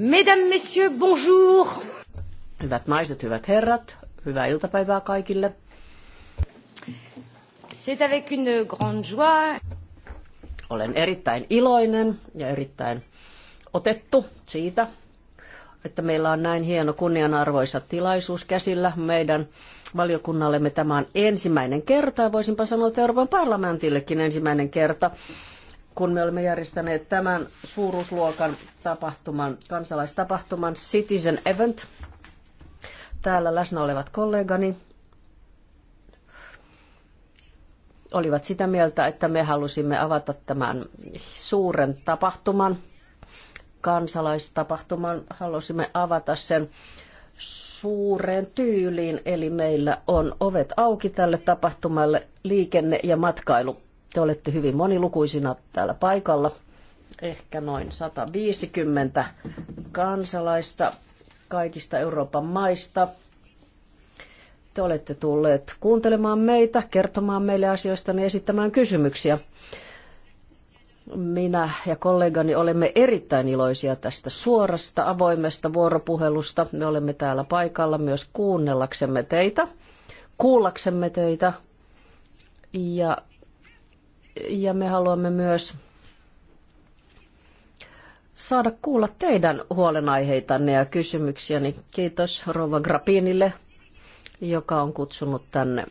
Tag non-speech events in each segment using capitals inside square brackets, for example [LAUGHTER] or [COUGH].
Mesdames, messieurs, bonjour! Hyvät naiset, hyvät herrat, hyvää iltapäivää kaikille. C'est avec une grande joie. Olen erittäin iloinen ja erittäin otettu siitä, että meillä on näin hieno kunnianarvoisa tilaisuus käsillä meidän valiokunnallemme. Tämä on ensimmäinen kerta ja voisinpa sanoa, että Euroopan parlamentillekin ensimmäinen kerta kun me olemme järjestäneet tämän suuruusluokan tapahtuman, kansalaistapahtuman Citizen Event. Täällä läsnä olevat kollegani olivat sitä mieltä, että me halusimme avata tämän suuren tapahtuman, kansalaistapahtuman, halusimme avata sen suureen tyyliin, eli meillä on ovet auki tälle tapahtumalle liikenne- ja matkailu te olette hyvin monilukuisina täällä paikalla. Ehkä noin 150 kansalaista kaikista Euroopan maista. Te olette tulleet kuuntelemaan meitä, kertomaan meille asioista ja niin esittämään kysymyksiä. Minä ja kollegani olemme erittäin iloisia tästä suorasta, avoimesta vuoropuhelusta. Me olemme täällä paikalla myös kuunnellaksemme teitä, kuullaksemme teitä ja ja me haluamme myös saada kuulla teidän huolenaiheitanne ja kysymyksiäni. Kiitos Rova Grapinille, joka on kutsunut tänne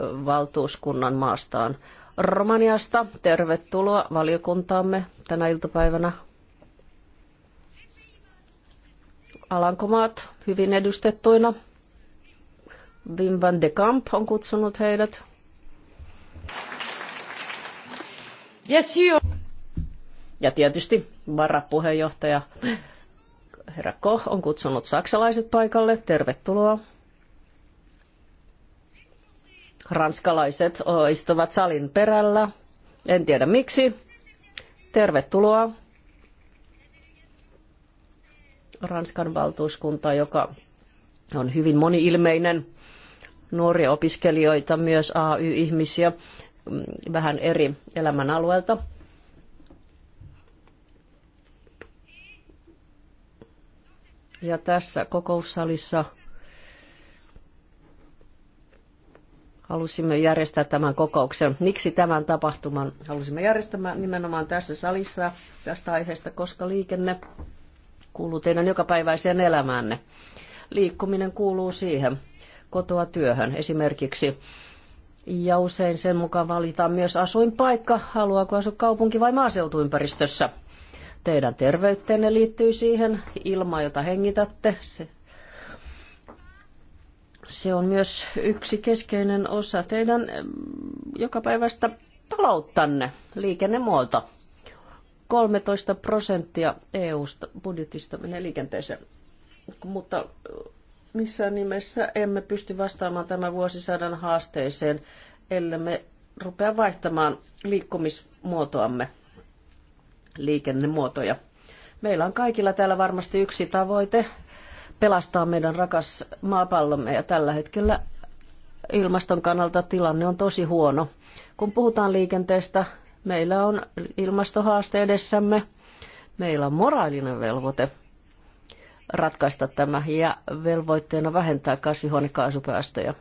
valtuuskunnan maastaan Romaniasta. Tervetuloa valiokuntaamme tänä iltapäivänä. Alankomaat hyvin edustettuina. Wim van de Kamp on kutsunut heidät. Yes, you. Ja tietysti varapuheenjohtaja herra Koch on kutsunut saksalaiset paikalle. Tervetuloa. Ranskalaiset istuvat salin perällä. En tiedä miksi. Tervetuloa. Ranskan valtuuskunta, joka on hyvin moniilmeinen nuoria opiskelijoita, myös AY-ihmisiä. Mm, vähän eri elämän alueelta. Ja tässä kokoussalissa halusimme järjestää tämän kokouksen. Miksi tämän tapahtuman halusimme järjestää nimenomaan tässä salissa tästä aiheesta, koska liikenne kuuluu teidän jokapäiväiseen elämäänne. Liikkuminen kuuluu siihen kotoa työhön. Esimerkiksi ja usein sen mukaan valitaan myös asuinpaikka, haluaako asua kaupunki- vai maaseutuympäristössä. Teidän terveyttenne liittyy siihen, ilma, jota hengitätte. Se, se on myös yksi keskeinen osa teidän jokapäiväistä talouttanne liikennemuolta. 13 prosenttia EU-budjetista menee liikenteeseen, mutta missään nimessä emme pysty vastaamaan tämän vuosisadan haasteeseen, ellei me rupea vaihtamaan liikkumismuotoamme, liikennemuotoja. Meillä on kaikilla täällä varmasti yksi tavoite, pelastaa meidän rakas maapallomme ja tällä hetkellä ilmaston kannalta tilanne on tosi huono. Kun puhutaan liikenteestä, meillä on ilmastohaaste edessämme, meillä on moraalinen velvoite ratkaista tämä ja velvoitteena vähentää kasvihuonekaasupäästöjä.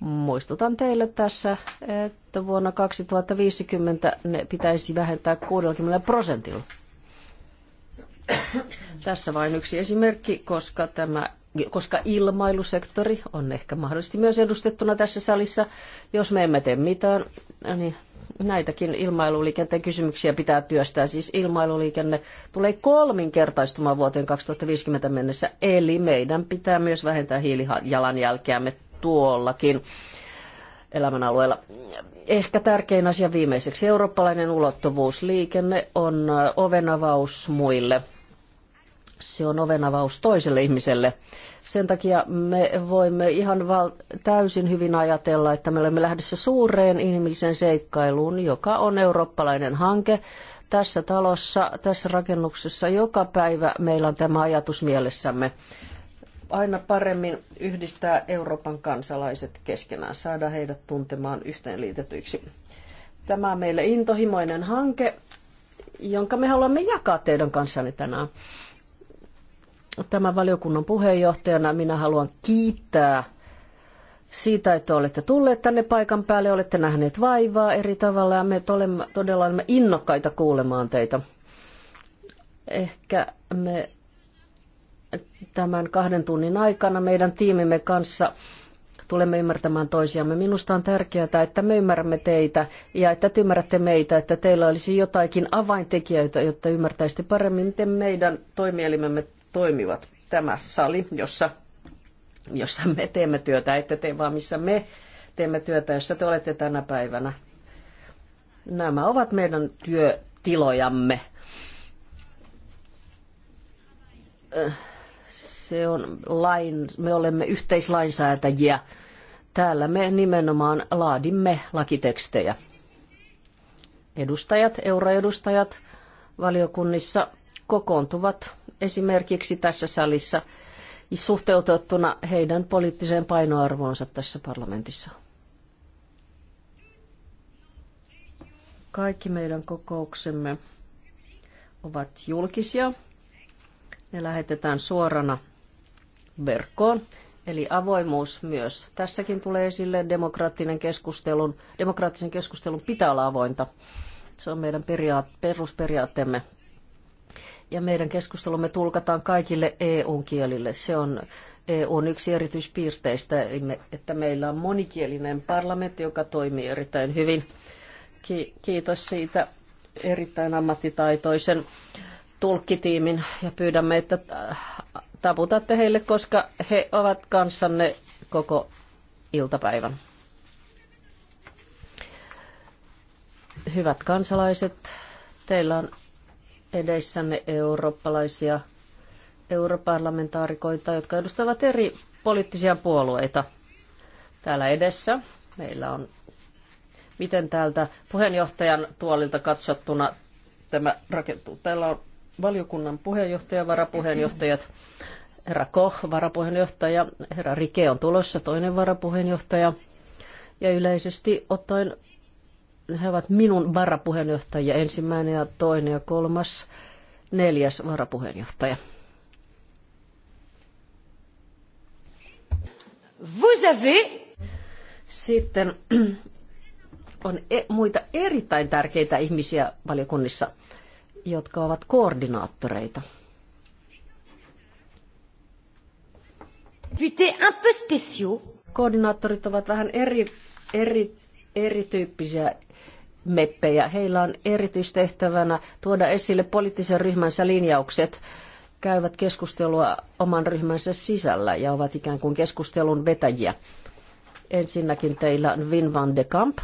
Muistutan teille tässä, että vuonna 2050 ne pitäisi vähentää 60 prosentilla. Tässä vain yksi esimerkki, koska, tämä, koska ilmailusektori on ehkä mahdollisesti myös edustettuna tässä salissa. Jos me emme tee mitään, niin näitäkin ilmailuliikenteen kysymyksiä pitää työstää. Siis ilmailuliikenne tulee kolminkertaistumaan vuoteen 2050 mennessä, eli meidän pitää myös vähentää hiilijalanjälkeämme tuollakin elämänalueella. Ehkä tärkein asia viimeiseksi, eurooppalainen ulottuvuus. Liikenne on äh, ovenavaus muille se on ovenavaus toiselle ihmiselle. Sen takia me voimme ihan val- täysin hyvin ajatella, että me olemme lähdössä suureen inhimilliseen seikkailuun, joka on eurooppalainen hanke. Tässä talossa, tässä rakennuksessa joka päivä meillä on tämä ajatus mielessämme. Aina paremmin yhdistää Euroopan kansalaiset keskenään, saada heidät tuntemaan yhteenliitetyiksi. Tämä on meille intohimoinen hanke, jonka me haluamme jakaa teidän kanssanne tänään tämän valiokunnan puheenjohtajana minä haluan kiittää siitä, että olette tulleet tänne paikan päälle, olette nähneet vaivaa eri tavalla ja me todella olemme innokkaita kuulemaan teitä. Ehkä me tämän kahden tunnin aikana meidän tiimimme kanssa tulemme ymmärtämään toisiamme. Minusta on tärkeää, että me ymmärrämme teitä ja että te ymmärrätte meitä, että teillä olisi jotakin avaintekijöitä, jotta ymmärtäisitte paremmin, miten meidän toimielimemme toimivat. Tämä sali, jossa, jossa me teemme työtä, ette tee vaan missä me teemme työtä, jossa te olette tänä päivänä. Nämä ovat meidän työtilojamme. Se on lain, me olemme yhteislainsäätäjiä. Täällä me nimenomaan laadimme lakitekstejä. Edustajat, euroedustajat valiokunnissa kokoontuvat esimerkiksi tässä salissa suhteutettuna heidän poliittiseen painoarvoonsa tässä parlamentissa. Kaikki meidän kokouksemme ovat julkisia. Ne lähetetään suorana verkkoon. Eli avoimuus myös. Tässäkin tulee esille demokraattinen keskustelun, demokraattisen keskustelun pitää olla avointa. Se on meidän perusperiaatteemme ja meidän keskustelumme tulkataan kaikille EU-kielille. Se on EUn yksi erityispiirteistä, että meillä on monikielinen parlamentti, joka toimii erittäin hyvin. Kiitos siitä erittäin ammattitaitoisen tulkkitiimin ja pyydämme, että taputatte heille, koska he ovat kanssanne koko iltapäivän. Hyvät kansalaiset, teillä on edessämme eurooppalaisia europarlamentaarikoita, jotka edustavat eri poliittisia puolueita. Täällä edessä meillä on, miten täältä puheenjohtajan tuolilta katsottuna tämä rakentuu. Täällä on valiokunnan puheenjohtaja, varapuheenjohtajat, herra Koh, varapuheenjohtaja, herra Rike on tulossa, toinen varapuheenjohtaja. Ja yleisesti ottaen he ovat minun varapuheenjohtajia, ensimmäinen ja toinen ja kolmas, neljäs varapuheenjohtaja. Vous avez... Sitten [CLEARS THROAT] on e-, muita erittäin tärkeitä ihmisiä valiokunnissa, jotka ovat koordinaattoreita. Koordinaattorit ovat vähän eri, eri, erityyppisiä meppejä. Heillä on erityistehtävänä tuoda esille poliittisen ryhmänsä linjaukset, käyvät keskustelua oman ryhmänsä sisällä ja ovat ikään kuin keskustelun vetäjiä. Ensinnäkin teillä on Wim van de Kamp.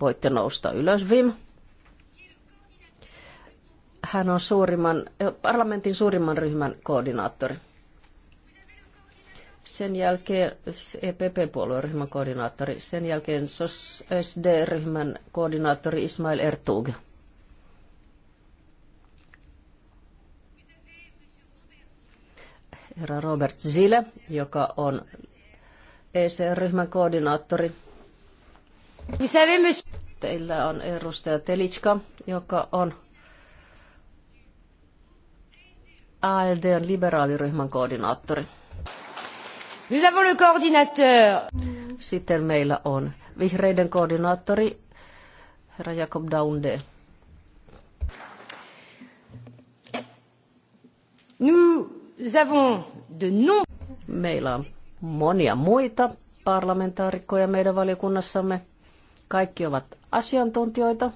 Voitte nousta ylös, Wim. Hän on suurimman, eh, parlamentin suurimman ryhmän koordinaattori. Sen jälkeen EPP-puolueryhmän koordinaattori, sen jälkeen SD-ryhmän koordinaattori Ismail Ertug. Herra Robert Zile, joka on EC-ryhmän koordinaattori. Teillä on edustaja Telitska, joka on ald liberaaliryhmän koordinaattori. Nous avons le coordinateur. Sitten meillä on vihreiden koordinaattori herra Jakob Daunde. Nous avons de non... Meillä on monia muita parlamentaarikkoja meidän valiokunnassamme. Kaikki ovat asiantuntijoita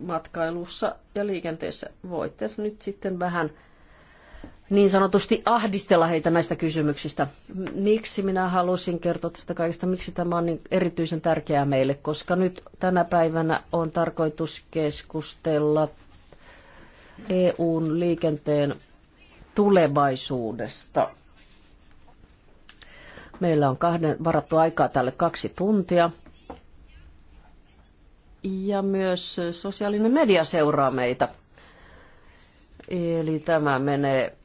matkailussa ja liikenteessä. Voitte nyt sitten vähän niin sanotusti ahdistella heitä näistä kysymyksistä. Miksi minä halusin kertoa tästä kaikesta, miksi tämä on niin erityisen tärkeää meille, koska nyt tänä päivänä on tarkoitus keskustella EUn liikenteen tulevaisuudesta. Meillä on kahden, varattu aikaa tälle kaksi tuntia. Ja myös sosiaalinen media seuraa meitä. Eli tämä menee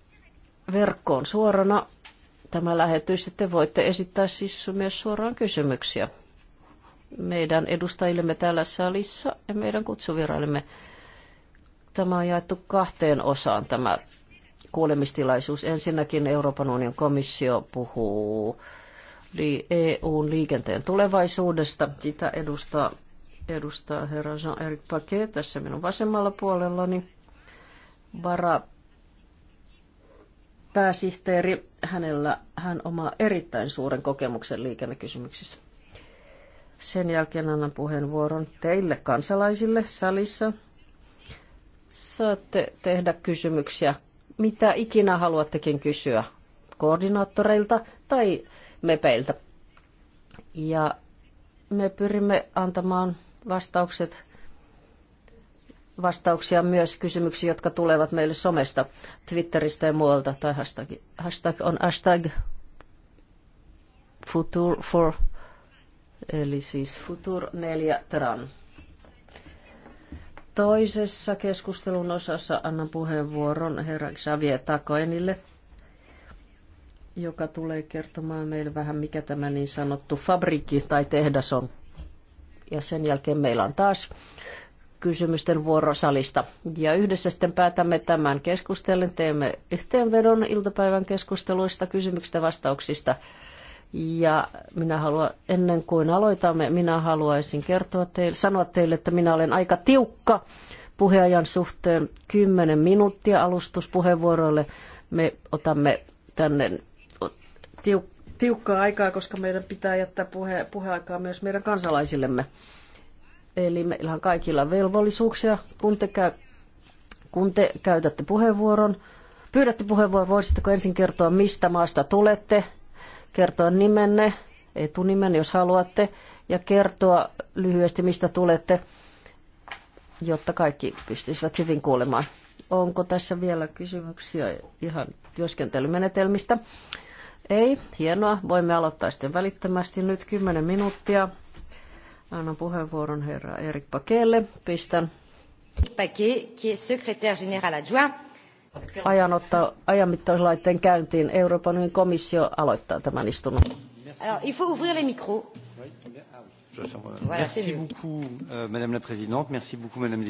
verkkoon suorana tämä lähetys, Sitten te voitte esittää siis myös suoraan kysymyksiä meidän edustajillemme täällä salissa ja meidän kutsuvieraillemme. Tämä on jaettu kahteen osaan tämä kuulemistilaisuus. Ensinnäkin Euroopan unionin komissio puhuu EUn liikenteen tulevaisuudesta. Sitä edustaa, edustaa herra Jean-Éric Paquet tässä minun vasemmalla puolellani. Vara pääsihteeri. Hänellä hän omaa erittäin suuren kokemuksen liikennekysymyksissä. Sen jälkeen annan puheenvuoron teille kansalaisille salissa. Saatte tehdä kysymyksiä, mitä ikinä haluattekin kysyä koordinaattoreilta tai mepeiltä. Ja me pyrimme antamaan vastaukset vastauksia myös kysymyksiin, jotka tulevat meille somesta, Twitteristä ja muualta, tai hashtag, hashtag on hashtag futur for, eli siis futur 4 tran. Toisessa keskustelun osassa annan puheenvuoron herra Xavier Takoenille, joka tulee kertomaan meille vähän, mikä tämä niin sanottu fabrikki tai tehdas on. Ja sen jälkeen meillä on taas kysymysten vuorosalista. Ja yhdessä sitten päätämme tämän keskustelun. Teemme yhteenvedon iltapäivän keskusteluista, kysymyksistä vastauksista. Ja minä haluan, ennen kuin aloitamme, minä haluaisin kertoa teille, sanoa teille, että minä olen aika tiukka puheajan suhteen 10 minuuttia alustuspuheenvuoroille. Me otamme tänne tiukkaa aikaa, koska meidän pitää jättää puhe- puheaikaa myös meidän kansalaisillemme. Eli meillä on kaikilla velvollisuuksia, kun te, käy, kun te käytätte puheenvuoron. Pyydätte puheenvuoron, voisitteko ensin kertoa, mistä maasta tulette, kertoa nimenne, etunimen, jos haluatte, ja kertoa lyhyesti, mistä tulette, jotta kaikki pystyisivät hyvin kuulemaan. Onko tässä vielä kysymyksiä ihan työskentelymenetelmistä? Ei, hienoa. Voimme aloittaa sitten välittömästi nyt 10 minuuttia Annan puheenvuoron herra Erik Pakelle. Pistän. Paquet, qui est secrétaire général adjoint. Ajan ottaa käyntiin. Euroopan komissio aloittaa tämän istunnon. Alors, il faut ouvrir les micros. Merci beaucoup, euh, Madame la Présidente. Merci beaucoup, Madame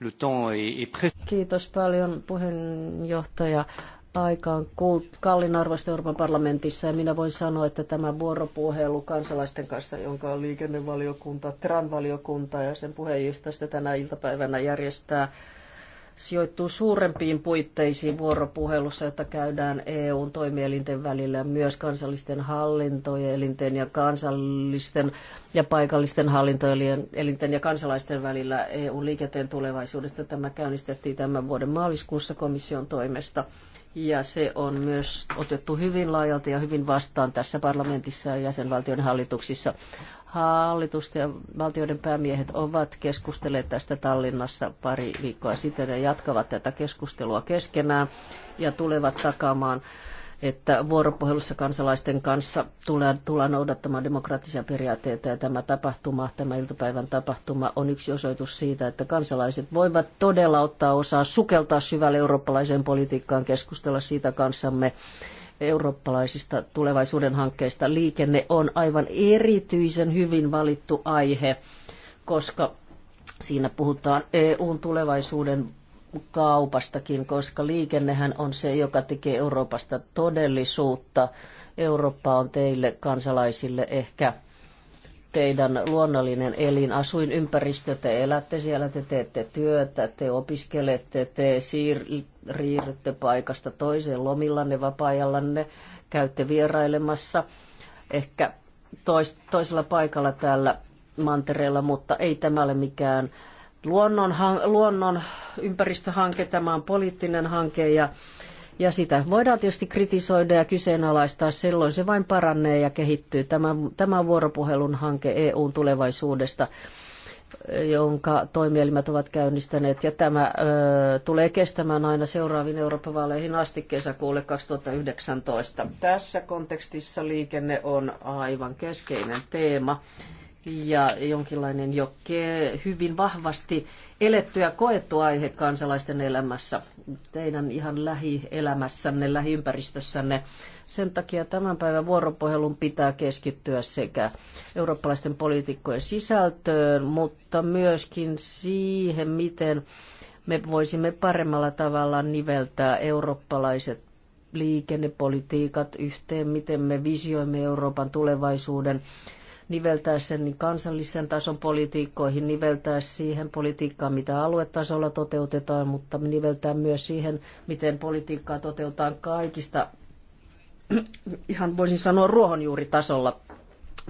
Le temps est, est Kiitos paljon, puheenjohtaja aikaan kallinarvoista Euroopan parlamentissa ja minä voin sanoa, että tämä vuoropuhelu kansalaisten kanssa, jonka on liikennevaliokunta, TRAN-valiokunta ja sen puheenjohtajista tänä iltapäivänä järjestää, sijoittuu suurempiin puitteisiin vuoropuhelussa, jota käydään EUn toimielinten välillä myös kansallisten hallintoelinten ja kansallisten ja paikallisten hallintoelinten ja kansalaisten välillä EUn liikenteen tulevaisuudesta. Tämä käynnistettiin tämän vuoden maaliskuussa komission toimesta ja se on myös otettu hyvin laajalti ja hyvin vastaan tässä parlamentissa ja jäsenvaltion hallituksissa. Hallitust ja valtioiden päämiehet ovat keskustelleet tästä Tallinnassa pari viikkoa sitten ja jatkavat tätä keskustelua keskenään ja tulevat takaamaan että vuoropuhelussa kansalaisten kanssa tullaan, tullaan noudattamaan demokraattisia periaatteita. Ja tämä tapahtuma, tämä iltapäivän tapahtuma on yksi osoitus siitä, että kansalaiset voivat todella ottaa osaa sukeltaa syvälle eurooppalaiseen politiikkaan, keskustella siitä kanssamme eurooppalaisista tulevaisuuden hankkeista. Liikenne on aivan erityisen hyvin valittu aihe, koska siinä puhutaan EUn tulevaisuuden kaupastakin, koska liikennehän on se, joka tekee Euroopasta todellisuutta. Eurooppa on teille kansalaisille ehkä teidän luonnollinen elin, asuinympäristö, te elätte siellä, te teette työtä, te opiskelette, te siirrytte paikasta toiseen lomillanne, vapaa-ajallanne, käytte vierailemassa, ehkä tois, toisella paikalla täällä mantereella, mutta ei tämä ole mikään luonnon, luonnon ympäristöhanke, tämä on poliittinen hanke ja, ja sitä voidaan tietysti kritisoida ja kyseenalaistaa, silloin se vain paranee ja kehittyy. Tämä, tämä vuoropuhelun hanke EUn tulevaisuudesta jonka toimielimet ovat käynnistäneet. Ja tämä ö, tulee kestämään aina seuraaviin Euroopan vaaleihin asti kesäkuulle 2019. Tässä kontekstissa liikenne on aivan keskeinen teema ja jonkinlainen jo hyvin vahvasti eletty ja koettu aihe kansalaisten elämässä, teidän ihan lähielämässänne, lähiympäristössänne. Sen takia tämän päivän vuoropuhelun pitää keskittyä sekä eurooppalaisten poliitikkojen sisältöön, mutta myöskin siihen, miten me voisimme paremmalla tavalla niveltää eurooppalaiset liikennepolitiikat yhteen, miten me visioimme Euroopan tulevaisuuden niveltää sen niin kansallisen tason politiikkoihin, niveltää siihen politiikkaan, mitä aluetasolla toteutetaan, mutta niveltää myös siihen, miten politiikkaa toteutetaan kaikista, [CLEARS THROAT] ihan voisin sanoa ruohonjuuritasolla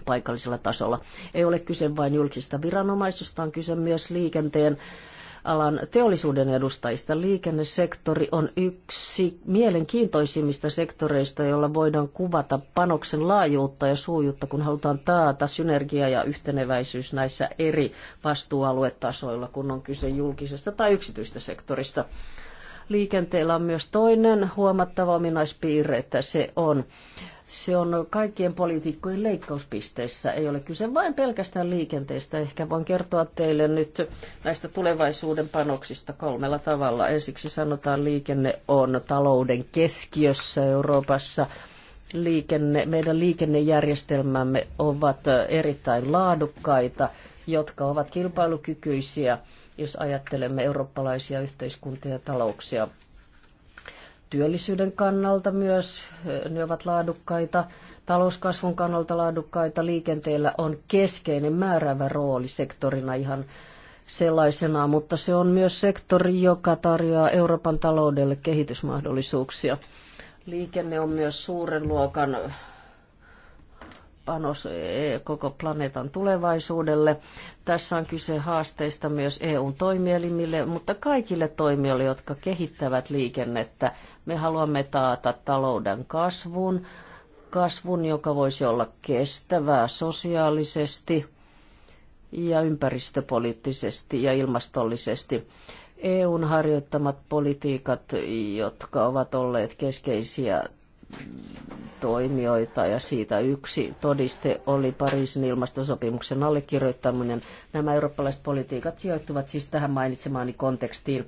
paikallisella tasolla. Ei ole kyse vain julkisista viranomaisista, on kyse myös liikenteen alan teollisuuden edustajista. Liikennesektori on yksi mielenkiintoisimmista sektoreista, jolla voidaan kuvata panoksen laajuutta ja suujuutta, kun halutaan taata synergia ja yhteneväisyys näissä eri vastuualuetasoilla, kun on kyse julkisesta tai yksityistä sektorista. Liikenteellä on myös toinen huomattava ominaispiirre, että se on se on kaikkien poliitikkojen leikkauspisteissä. Ei ole kyse vain pelkästään liikenteestä. Ehkä voin kertoa teille nyt näistä tulevaisuuden panoksista kolmella tavalla. Ensiksi sanotaan, liikenne on talouden keskiössä Euroopassa. Liikenne, meidän liikennejärjestelmämme ovat erittäin laadukkaita, jotka ovat kilpailukykyisiä jos ajattelemme eurooppalaisia yhteiskuntia ja talouksia. Työllisyyden kannalta myös ne ovat laadukkaita, talouskasvun kannalta laadukkaita. Liikenteellä on keskeinen määrävä rooli sektorina ihan sellaisena, mutta se on myös sektori, joka tarjoaa Euroopan taloudelle kehitysmahdollisuuksia. Liikenne on myös suuren luokan panos e, koko planeetan tulevaisuudelle. Tässä on kyse haasteista myös EUn toimielimille, mutta kaikille toimijoille, jotka kehittävät liikennettä. Me haluamme taata talouden kasvun, kasvun, joka voisi olla kestävää sosiaalisesti ja ympäristöpoliittisesti ja ilmastollisesti. EUn harjoittamat politiikat, jotka ovat olleet keskeisiä toimijoita ja siitä yksi todiste oli Pariisin ilmastosopimuksen allekirjoittaminen. Nämä eurooppalaiset politiikat sijoittuvat siis tähän mainitsemaani kontekstiin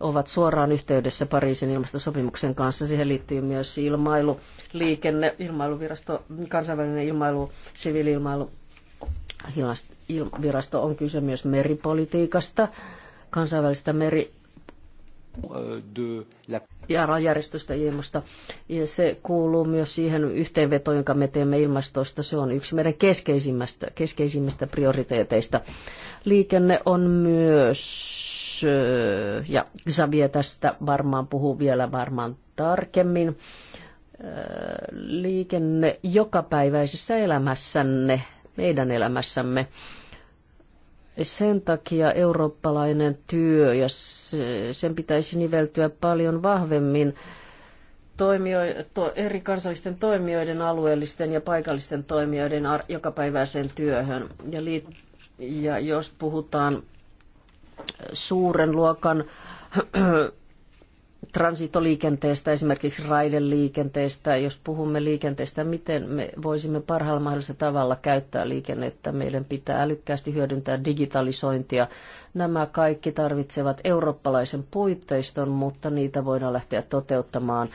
ovat suoraan yhteydessä Pariisin ilmastosopimuksen kanssa. Siihen liittyy myös ilmailu, liikenne, ilmailuvirasto, kansainvälinen ilmailu, siviili-ilmailuvirasto on kyse myös meripolitiikasta, kansainvälistä meri, ja rajärjestöstä ilmasta. Ja se kuuluu myös siihen yhteenvetoon, jonka me teemme ilmastosta. Se on yksi meidän keskeisimmistä, keskeisimmistä prioriteeteista. Liikenne on myös, ja Xavier tästä varmaan puhuu vielä varmaan tarkemmin, liikenne jokapäiväisessä elämässänne, meidän elämässämme. Sen takia eurooppalainen työ ja sen pitäisi niveltyä paljon vahvemmin toimio, to, eri kansallisten toimijoiden, alueellisten ja paikallisten toimijoiden ar- jokapäiväiseen työhön. Ja, liit- ja jos puhutaan suuren luokan transitoliikenteestä, esimerkiksi raideliikenteestä, jos puhumme liikenteestä, miten me voisimme parhaalla mahdollisella tavalla käyttää liikennettä. Meidän pitää älykkäästi hyödyntää digitalisointia. Nämä kaikki tarvitsevat eurooppalaisen puitteiston, mutta niitä voidaan lähteä toteuttamaan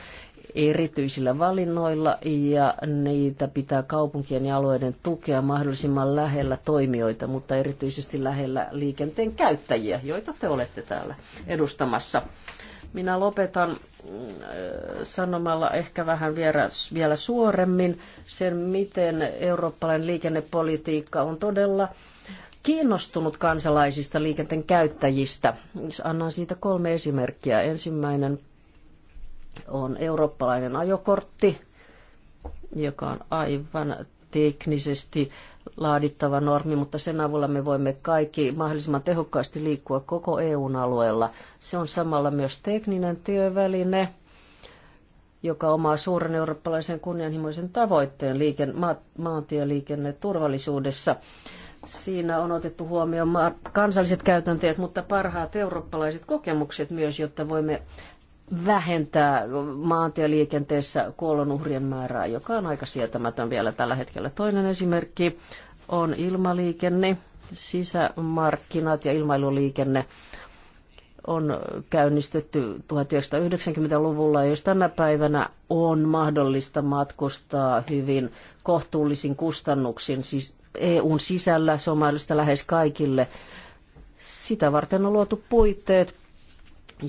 erityisillä valinnoilla ja niitä pitää kaupunkien ja alueiden tukea mahdollisimman lähellä toimijoita, mutta erityisesti lähellä liikenteen käyttäjiä, joita te olette täällä edustamassa. Minä lopetan äh, sanomalla ehkä vähän vielä, vielä suoremmin sen, miten eurooppalainen liikennepolitiikka on todella kiinnostunut kansalaisista liikenteen käyttäjistä. Annan siitä kolme esimerkkiä. Ensimmäinen on eurooppalainen ajokortti, joka on aivan teknisesti laadittava normi, mutta sen avulla me voimme kaikki mahdollisimman tehokkaasti liikkua koko EUn alueella. Se on samalla myös tekninen työväline, joka omaa suuren eurooppalaisen kunnianhimoisen tavoitteen liiken, ma- turvallisuudessa. Siinä on otettu huomioon kansalliset käytänteet, mutta parhaat eurooppalaiset kokemukset myös, jotta voimme vähentää maantieliikenteessä kuolonuhrien määrää, joka on aika sietämätön vielä tällä hetkellä. Toinen esimerkki on ilmaliikenne, sisämarkkinat ja ilmailuliikenne on käynnistetty 1990-luvulla. Jos tänä päivänä on mahdollista matkustaa hyvin kohtuullisin kustannuksin, siis EUn sisällä, se on mahdollista lähes kaikille. Sitä varten on luotu puitteet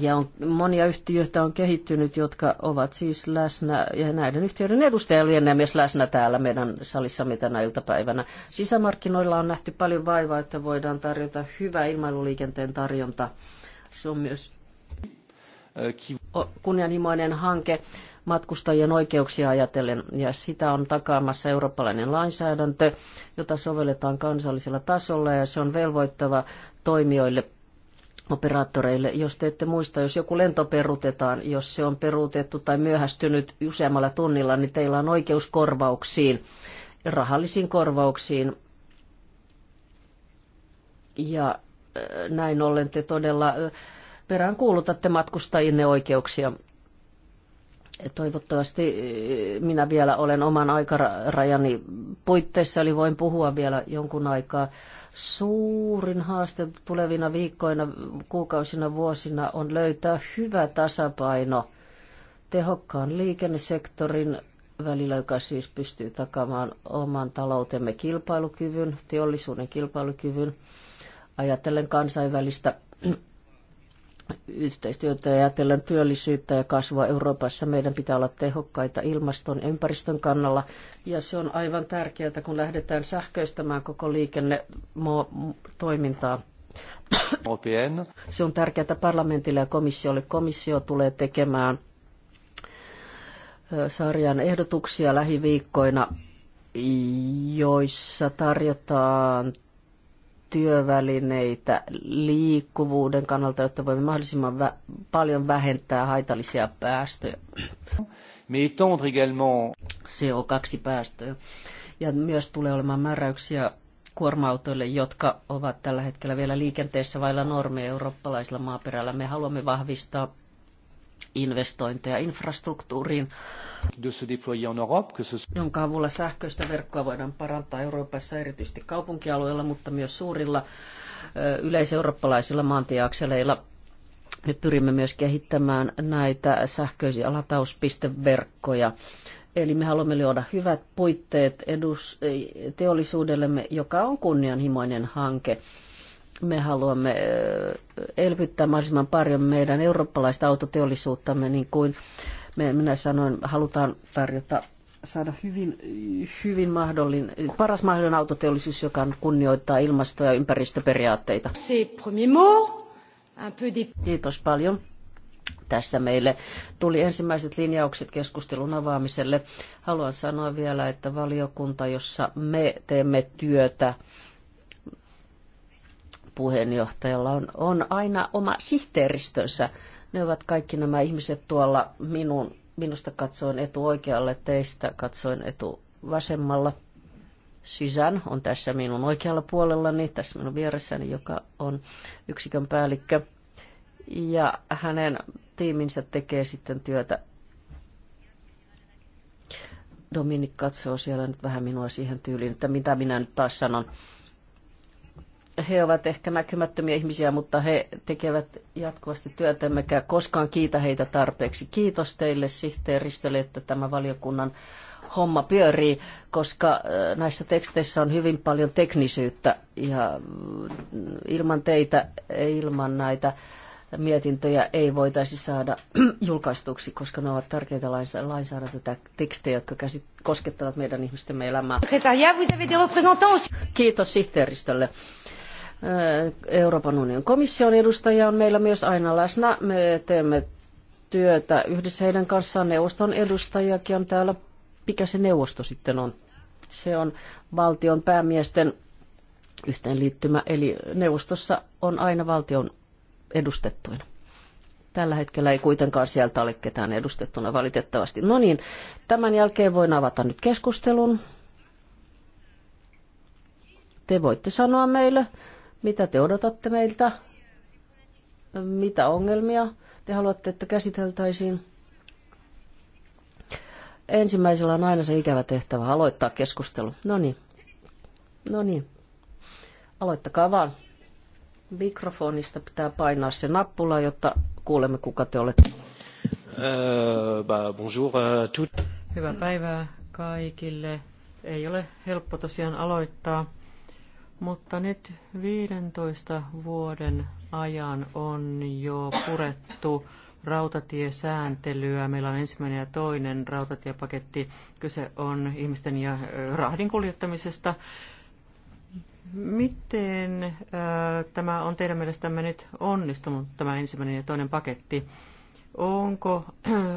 ja on, monia yhtiöitä on kehittynyt, jotka ovat siis läsnä, ja näiden yhtiöiden edustaja oli ennen myös läsnä täällä meidän salissamme tänä iltapäivänä. Sisämarkkinoilla on nähty paljon vaivaa, että voidaan tarjota hyvä ilmailuliikenteen tarjonta. Se on myös kunnianhimoinen hanke matkustajien oikeuksia ajatellen, ja sitä on takaamassa eurooppalainen lainsäädäntö, jota sovelletaan kansallisella tasolla, ja se on velvoittava toimijoille operaattoreille, jos te ette muista, jos joku lento peruutetaan, jos se on peruutettu tai myöhästynyt useammalla tunnilla, niin teillä on oikeus korvauksiin, rahallisiin korvauksiin. Ja äh, näin ollen te todella äh, peräänkuulutatte matkustajinne oikeuksia. Toivottavasti minä vielä olen oman aikarajani puitteissa, eli voin puhua vielä jonkun aikaa. Suurin haaste tulevina viikkoina, kuukausina, vuosina on löytää hyvä tasapaino tehokkaan liikennesektorin välillä, joka siis pystyy takamaan oman taloutemme kilpailukyvyn, teollisuuden kilpailukyvyn, ajatellen kansainvälistä yhteistyötä ja ajatellen työllisyyttä ja kasvua Euroopassa. Meidän pitää olla tehokkaita ilmaston ja ympäristön kannalla. Ja se on aivan tärkeää, kun lähdetään sähköistämään koko liikennetoimintaa. Se on tärkeää parlamentille ja komissiolle. Komissio tulee tekemään sarjan ehdotuksia lähiviikkoina, joissa tarjotaan työvälineitä liikkuvuuden kannalta, jotta voimme mahdollisimman vä- paljon vähentää haitallisia päästöjä. également... CO2-päästöjä. Ja myös tulee olemaan määräyksiä kuorma-autoille, jotka ovat tällä hetkellä vielä liikenteessä vailla normeja eurooppalaisella maaperällä. Me haluamme vahvistaa investointeja infrastruktuuriin, jonka avulla sähköistä verkkoa voidaan parantaa Euroopassa erityisesti kaupunkialueilla, mutta myös suurilla yleiseurooppalaisilla maantieakseleilla. Me pyrimme myös kehittämään näitä sähköisiä latauspisteverkkoja. Eli me haluamme luoda hyvät puitteet edus, teollisuudellemme, joka on kunnianhimoinen hanke. Me haluamme elvyttää mahdollisimman paljon meidän eurooppalaista autoteollisuuttamme, niin kuin minä sanoin, halutaan tarjota saada hyvin, hyvin mahdollinen, paras mahdollinen autoteollisuus, joka kunnioittaa ilmasto- ja ympäristöperiaatteita. Kiitos paljon. Tässä meille tuli ensimmäiset linjaukset keskustelun avaamiselle. Haluan sanoa vielä, että valiokunta, jossa me teemme työtä, puheenjohtajalla on, on aina oma sihteeristönsä. Ne ovat kaikki nämä ihmiset tuolla minun, minusta katsoen etu oikealle, teistä katsoen etu vasemmalla. Sysän on tässä minun oikealla puolellani, tässä minun vieressäni, joka on yksikön päällikkö. Ja hänen tiiminsä tekee sitten työtä. Dominik katsoo siellä nyt vähän minua siihen tyyliin, että mitä minä nyt taas sanon he ovat ehkä näkymättömiä ihmisiä, mutta he tekevät jatkuvasti työtä, emmekä koskaan kiitä heitä tarpeeksi. Kiitos teille sihteeristölle, että tämä valiokunnan homma pyörii, koska äh, näissä teksteissä on hyvin paljon teknisyyttä ja mm, ilman teitä, ilman näitä mietintöjä ei voitaisi saada [CLEARS THROAT] julkaistuksi, koska ne ovat tärkeitä lainsäädäntötekstejä, jotka käsit, koskettavat meidän ihmistemme elämää. Kiitos sihteeristölle. Euroopan unionin komission edustajia on meillä myös aina läsnä. Me teemme työtä yhdessä heidän kanssaan. Neuvoston edustajakin on täällä. Mikä se neuvosto sitten on? Se on valtion päämiesten yhteenliittymä, eli neuvostossa on aina valtion edustettuina. Tällä hetkellä ei kuitenkaan sieltä ole ketään edustettuna valitettavasti. No niin, tämän jälkeen voin avata nyt keskustelun. Te voitte sanoa meille mitä te odotatte meiltä? Mitä ongelmia te haluatte, että käsiteltäisiin? Ensimmäisellä on aina se ikävä tehtävä aloittaa keskustelu. No niin. No niin. Aloittakaa vaan. Mikrofonista pitää painaa se nappula, jotta kuulemme, kuka te olette. Äh, bah, bonjour, äh, tout... Hyvää päivää kaikille. Ei ole helppo tosiaan aloittaa mutta nyt 15 vuoden ajan on jo purettu rautatiesääntelyä. Meillä on ensimmäinen ja toinen rautatiepaketti. Kyse on ihmisten ja rahdin kuljettamisesta. Miten äh, tämä on teidän mielestämme nyt onnistunut, tämä ensimmäinen ja toinen paketti? Onko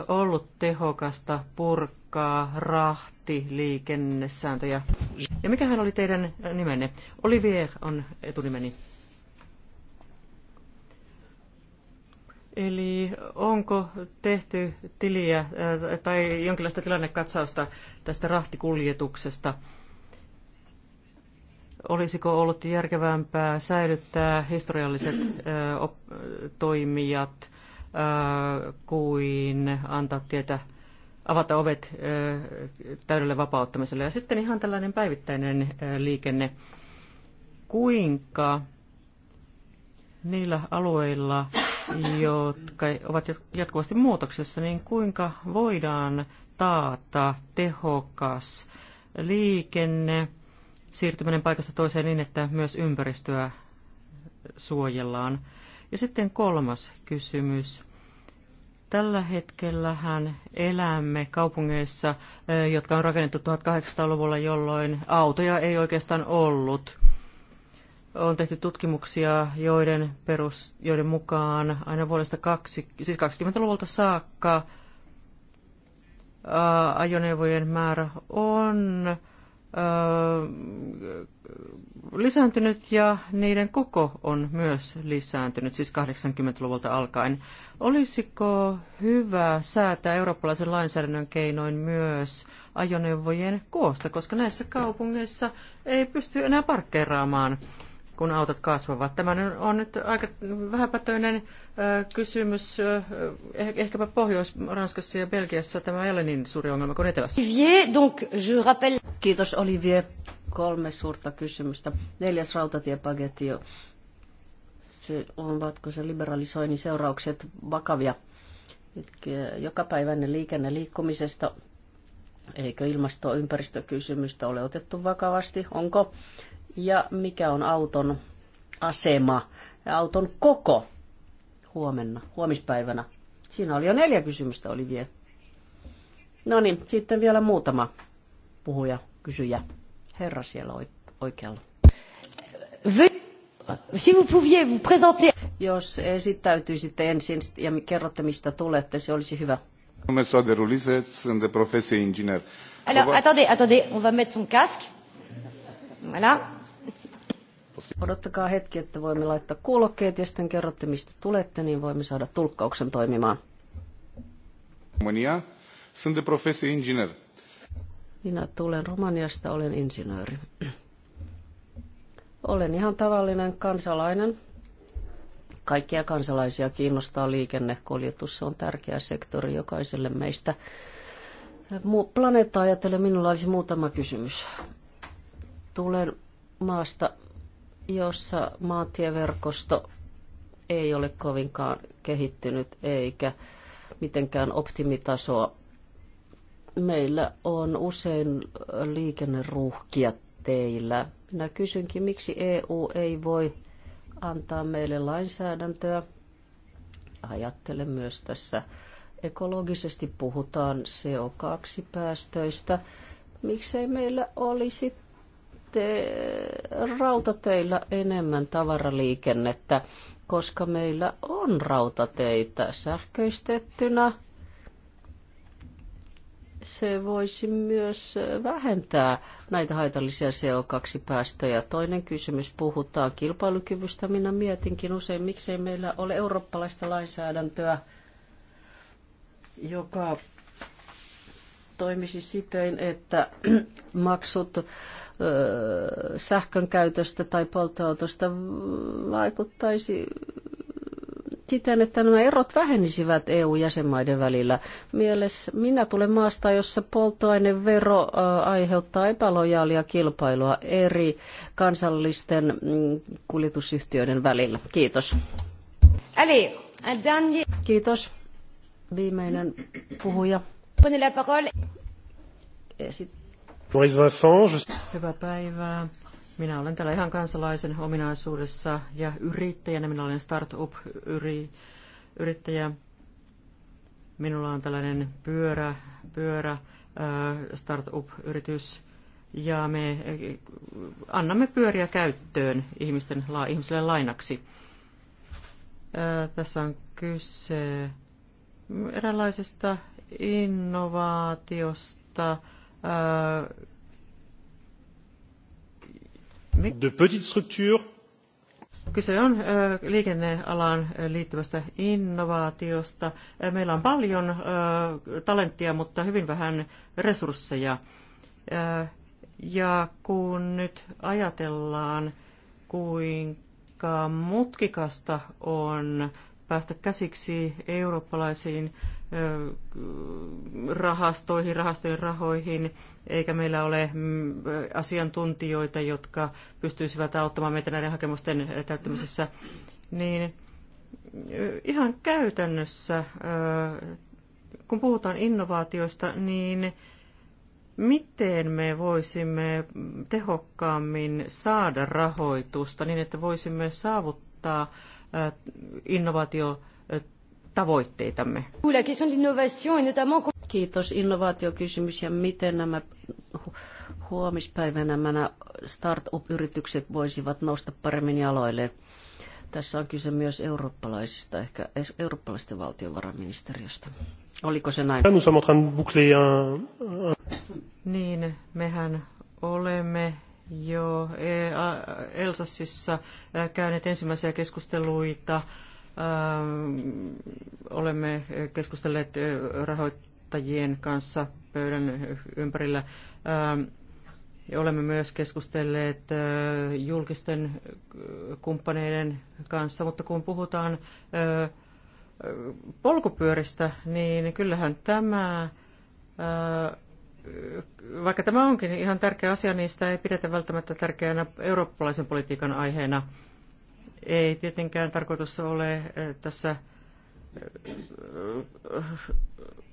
ollut tehokasta purkaa raht ammattiliikennesääntöjä. Ja mikähän oli teidän nimenne? Olivier on etunimeni. Eli onko tehty tiliä äh, tai jonkinlaista tilannekatsausta tästä rahtikuljetuksesta? Olisiko ollut järkevämpää säilyttää historialliset äh, toimijat äh, kuin antaa tietä avata ovet täydelle vapauttamiselle. Ja sitten ihan tällainen päivittäinen liikenne. Kuinka niillä alueilla, jotka ovat jatkuvasti muutoksessa, niin kuinka voidaan taata tehokas liikenne, siirtyminen paikasta toiseen niin, että myös ympäristöä suojellaan. Ja sitten kolmas kysymys Tällä hetkellähän elämme kaupungeissa, jotka on rakennettu 1800-luvulla, jolloin autoja ei oikeastaan ollut. On tehty tutkimuksia, joiden, perus, joiden mukaan aina vuodesta 20, siis 20-luvulta saakka ajoneuvojen määrä on lisääntynyt ja niiden koko on myös lisääntynyt, siis 80-luvulta alkaen. Olisiko hyvä säätää eurooppalaisen lainsäädännön keinoin myös ajoneuvojen koosta, koska näissä kaupungeissa ei pysty enää parkkeeraamaan kun autot kasvavat. Tämä on nyt aika vähäpätöinen kysymys. Eh, ehkäpä Pohjois-Ranskassa ja Belgiassa tämä ei ole niin suuri ongelma kuin Etelässä. Kiitos Olivier. Kolme suurta kysymystä. Neljäs rautatiepaketti jo. Se, vaatko se liberalisoinnin seuraukset vakavia? Jokapäiväinen liikenne liikkumisesta Eikö ilmasto- ympäristökysymystä ole otettu vakavasti? Onko ja mikä on auton asema ja auton koko huomenna, huomispäivänä. Siinä oli jo neljä kysymystä oli vielä. No niin, sitten vielä muutama puhuja, kysyjä. Herra siellä oikealla. Si vous pouviez vous présenter... Jos esittäytyisitte ensin ja kerrotte, mistä tulette, se olisi hyvä. Numesc de Ulise, sunt de profesie inginer. Alors, attendez, attendez, on va mettre son casque. Voilà. Odottakaa hetki, että voimme laittaa kuulokkeet ja sitten kerrotte, mistä tulette, niin voimme saada tulkkauksen toimimaan. Romania, sunt de profesie inginer. Minä tulen Romaniasta, olen insinööri. Olen ihan tavallinen kansalainen. Kaikkia kansalaisia kiinnostaa liikenne. Se on tärkeä sektori jokaiselle meistä. Planeetta ajatellen minulla olisi muutama kysymys. Tulen maasta, jossa maantieverkosto ei ole kovinkaan kehittynyt eikä mitenkään optimitasoa. Meillä on usein liikenneruhkia teillä. Minä kysynkin, miksi EU ei voi antaa meille lainsäädäntöä. Ajattelen myös tässä ekologisesti puhutaan CO2-päästöistä. Miksei meillä olisi te, rautateillä enemmän tavaraliikennettä, koska meillä on rautateitä sähköistettynä. Se voisi myös vähentää näitä haitallisia CO2-päästöjä. Toinen kysymys, puhutaan kilpailukyvystä. Minä mietinkin usein, miksei meillä ole eurooppalaista lainsäädäntöä, joka toimisi siten, että [CLEARS THROAT] maksut sähkön käytöstä tai polttoautosta vaikuttaisi siten, että nämä erot vähenisivät EU-jäsenmaiden välillä. Mielessä minä tulen maasta, jossa polttoainevero aiheuttaa epälojaalia kilpailua eri kansallisten mm, kuljetusyhtiöiden välillä. Kiitos. Kiitos. Viimeinen puhuja. Prenez la parole. Boris Vincent, je... Hyvää päivää. Minä olen täällä ihan kansalaisen ominaisuudessa ja yrittäjänä. Minä olen startup-yrittäjä. Minulla on tällainen pyörä, pyörä startup-yritys ja me e, annamme pyöriä käyttöön ihmisten, ihmisille lainaksi. Tässä on kyse eräänlaisesta innovaatiosta. De petite structure. Kyse on liikennealaan liittyvästä innovaatiosta. Meillä on paljon talenttia, mutta hyvin vähän resursseja. Ja kun nyt ajatellaan, kuinka mutkikasta on päästä käsiksi eurooppalaisiin rahastoihin, rahastojen rahoihin, eikä meillä ole mm, asiantuntijoita, jotka pystyisivät auttamaan meitä näiden hakemusten täyttämisessä, niin ihan käytännössä, kun puhutaan innovaatioista, niin miten me voisimme tehokkaammin saada rahoitusta niin, että voisimme saavuttaa innovaatio tavoitteitamme. Kiitos. Innovaatiokysymys ja miten nämä huomispäivänä nämä startup-yritykset voisivat nousta paremmin jaloilleen. Tässä on kyse myös eurooppalaisista, ehkä eurooppalaisten valtiovarainministeriöstä. Oliko se näin? Niin, mehän olemme jo e- Elsassissa käyneet ensimmäisiä keskusteluita Äh, olemme keskustelleet äh, rahoittajien kanssa pöydän ympärillä. Äh, olemme myös keskustelleet julkisten kumppaneiden kanssa, mutta kun puhutaan polkupyöristä, niin kyllähän tämä, vaikka tämä onkin ihan tärkeä asia, niin sitä ei pidetä välttämättä tärkeänä eurooppalaisen politiikan aiheena – ei tietenkään tarkoitus ole eh, tässä eh,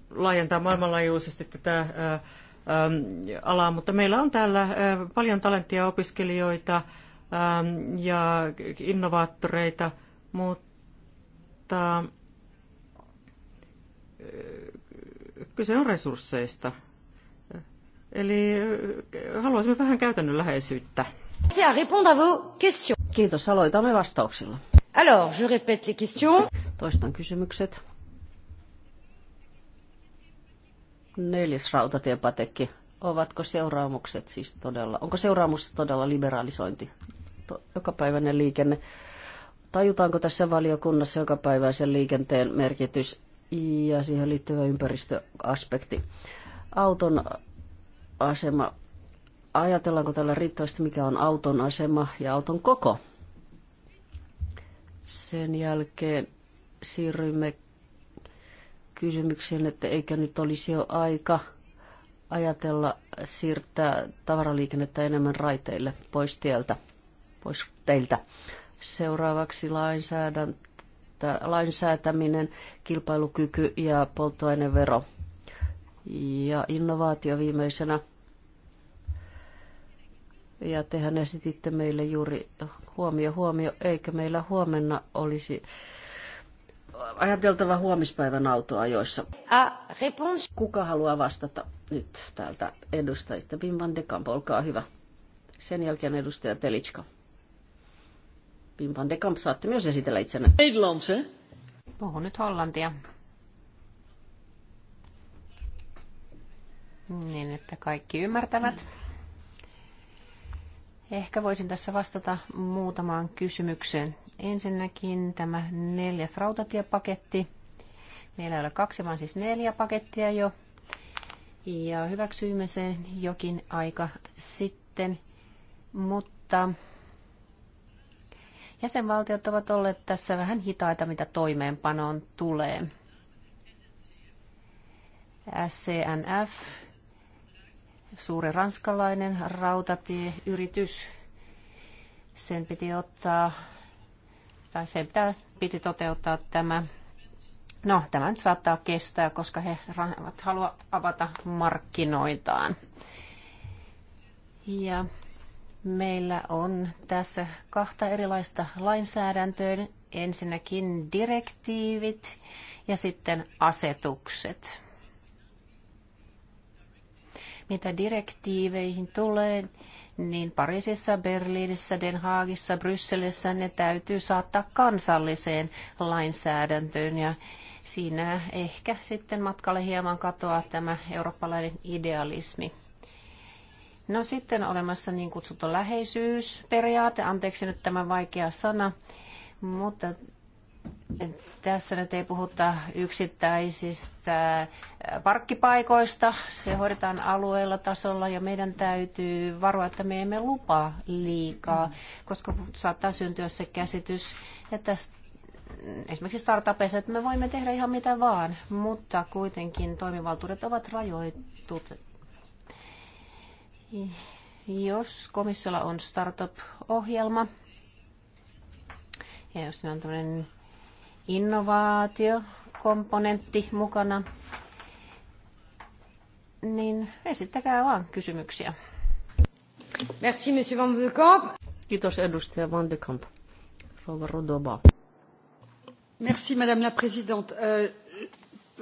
laajentaa maailmanlaajuisesti tätä eh, alaa, mutta meillä on täällä paljon talenttia opiskelijoita ja innovaattoreita, mutta kyse on resursseista. Eli haluaisimme vähän käytännönläheisyyttä. Kiitos, aloitamme vastauksilla. Alors, je répète les questions. Toistan kysymykset. Neljäs rautatiepatekki. Ovatko seuraamukset siis todella, onko seuraamus todella liberalisointi? To, jokapäiväinen liikenne. Tajutaanko tässä valiokunnassa jokapäiväisen liikenteen merkitys ja siihen liittyvä ympäristöaspekti? Auton asema ajatellaanko tällä riittävästi, mikä on auton asema ja auton koko. Sen jälkeen siirrymme kysymykseen, että eikö nyt olisi jo aika ajatella siirtää tavaraliikennettä enemmän raiteille pois tieltä, pois teiltä. Seuraavaksi lainsäädäntö lainsäätäminen, kilpailukyky ja polttoainevero. Ja innovaatio viimeisenä – ja tehän esititte meille juuri huomio, huomio, eikä meillä huomenna olisi ajateltava huomispäivän joissa. Kuka haluaa vastata nyt täältä edustajista? Bim van de Kamp, olkaa hyvä. Sen jälkeen edustaja Telitska. Bim van de Kamp, saatte myös esitellä itsenä. Nederlandse. Puhun nyt hollantia. Niin, että kaikki ymmärtävät. Mm. Ehkä voisin tässä vastata muutamaan kysymykseen. Ensinnäkin tämä neljäs rautatiepaketti. Meillä ei ole kaksi, vaan siis neljä pakettia jo. Ja hyväksyimme sen jokin aika sitten, mutta jäsenvaltiot ovat olleet tässä vähän hitaita, mitä toimeenpanoon tulee. SCNF suuri ranskalainen rautatieyritys. Sen piti ottaa, tai sen pitää, piti toteuttaa tämä. No, tämä nyt saattaa kestää, koska he eivät halua avata markkinoitaan. Ja meillä on tässä kahta erilaista lainsäädäntöä. Ensinnäkin direktiivit ja sitten asetukset. Mitä direktiiveihin tulee, niin Pariisissa, Berliinissä, Den Haagissa, Brysselissä ne täytyy saattaa kansalliseen lainsäädäntöön ja siinä ehkä sitten matkalle hieman katoaa tämä eurooppalainen idealismi. No sitten olemassa niin kutsuttu läheisyysperiaate, anteeksi nyt tämä vaikea sana, mutta tässä nyt ei puhuta yksittäisistä parkkipaikoista. Se hoidetaan alueella tasolla ja meidän täytyy varoa, että me emme lupaa liikaa, koska saattaa syntyä se käsitys, että esimerkiksi startupeissa, että me voimme tehdä ihan mitä vaan, mutta kuitenkin toimivaltuudet ovat rajoitut. Jos komissiolla on startup-ohjelma, ja jos siinä on tämmöinen innovaatiokomponentti mukana, niin esittäkää vaan kysymyksiä. Merci, monsieur Van de Kamp. Kiitos, edustaja Van de Kamp. Rouva Rodoba. Merci, madame la présidente.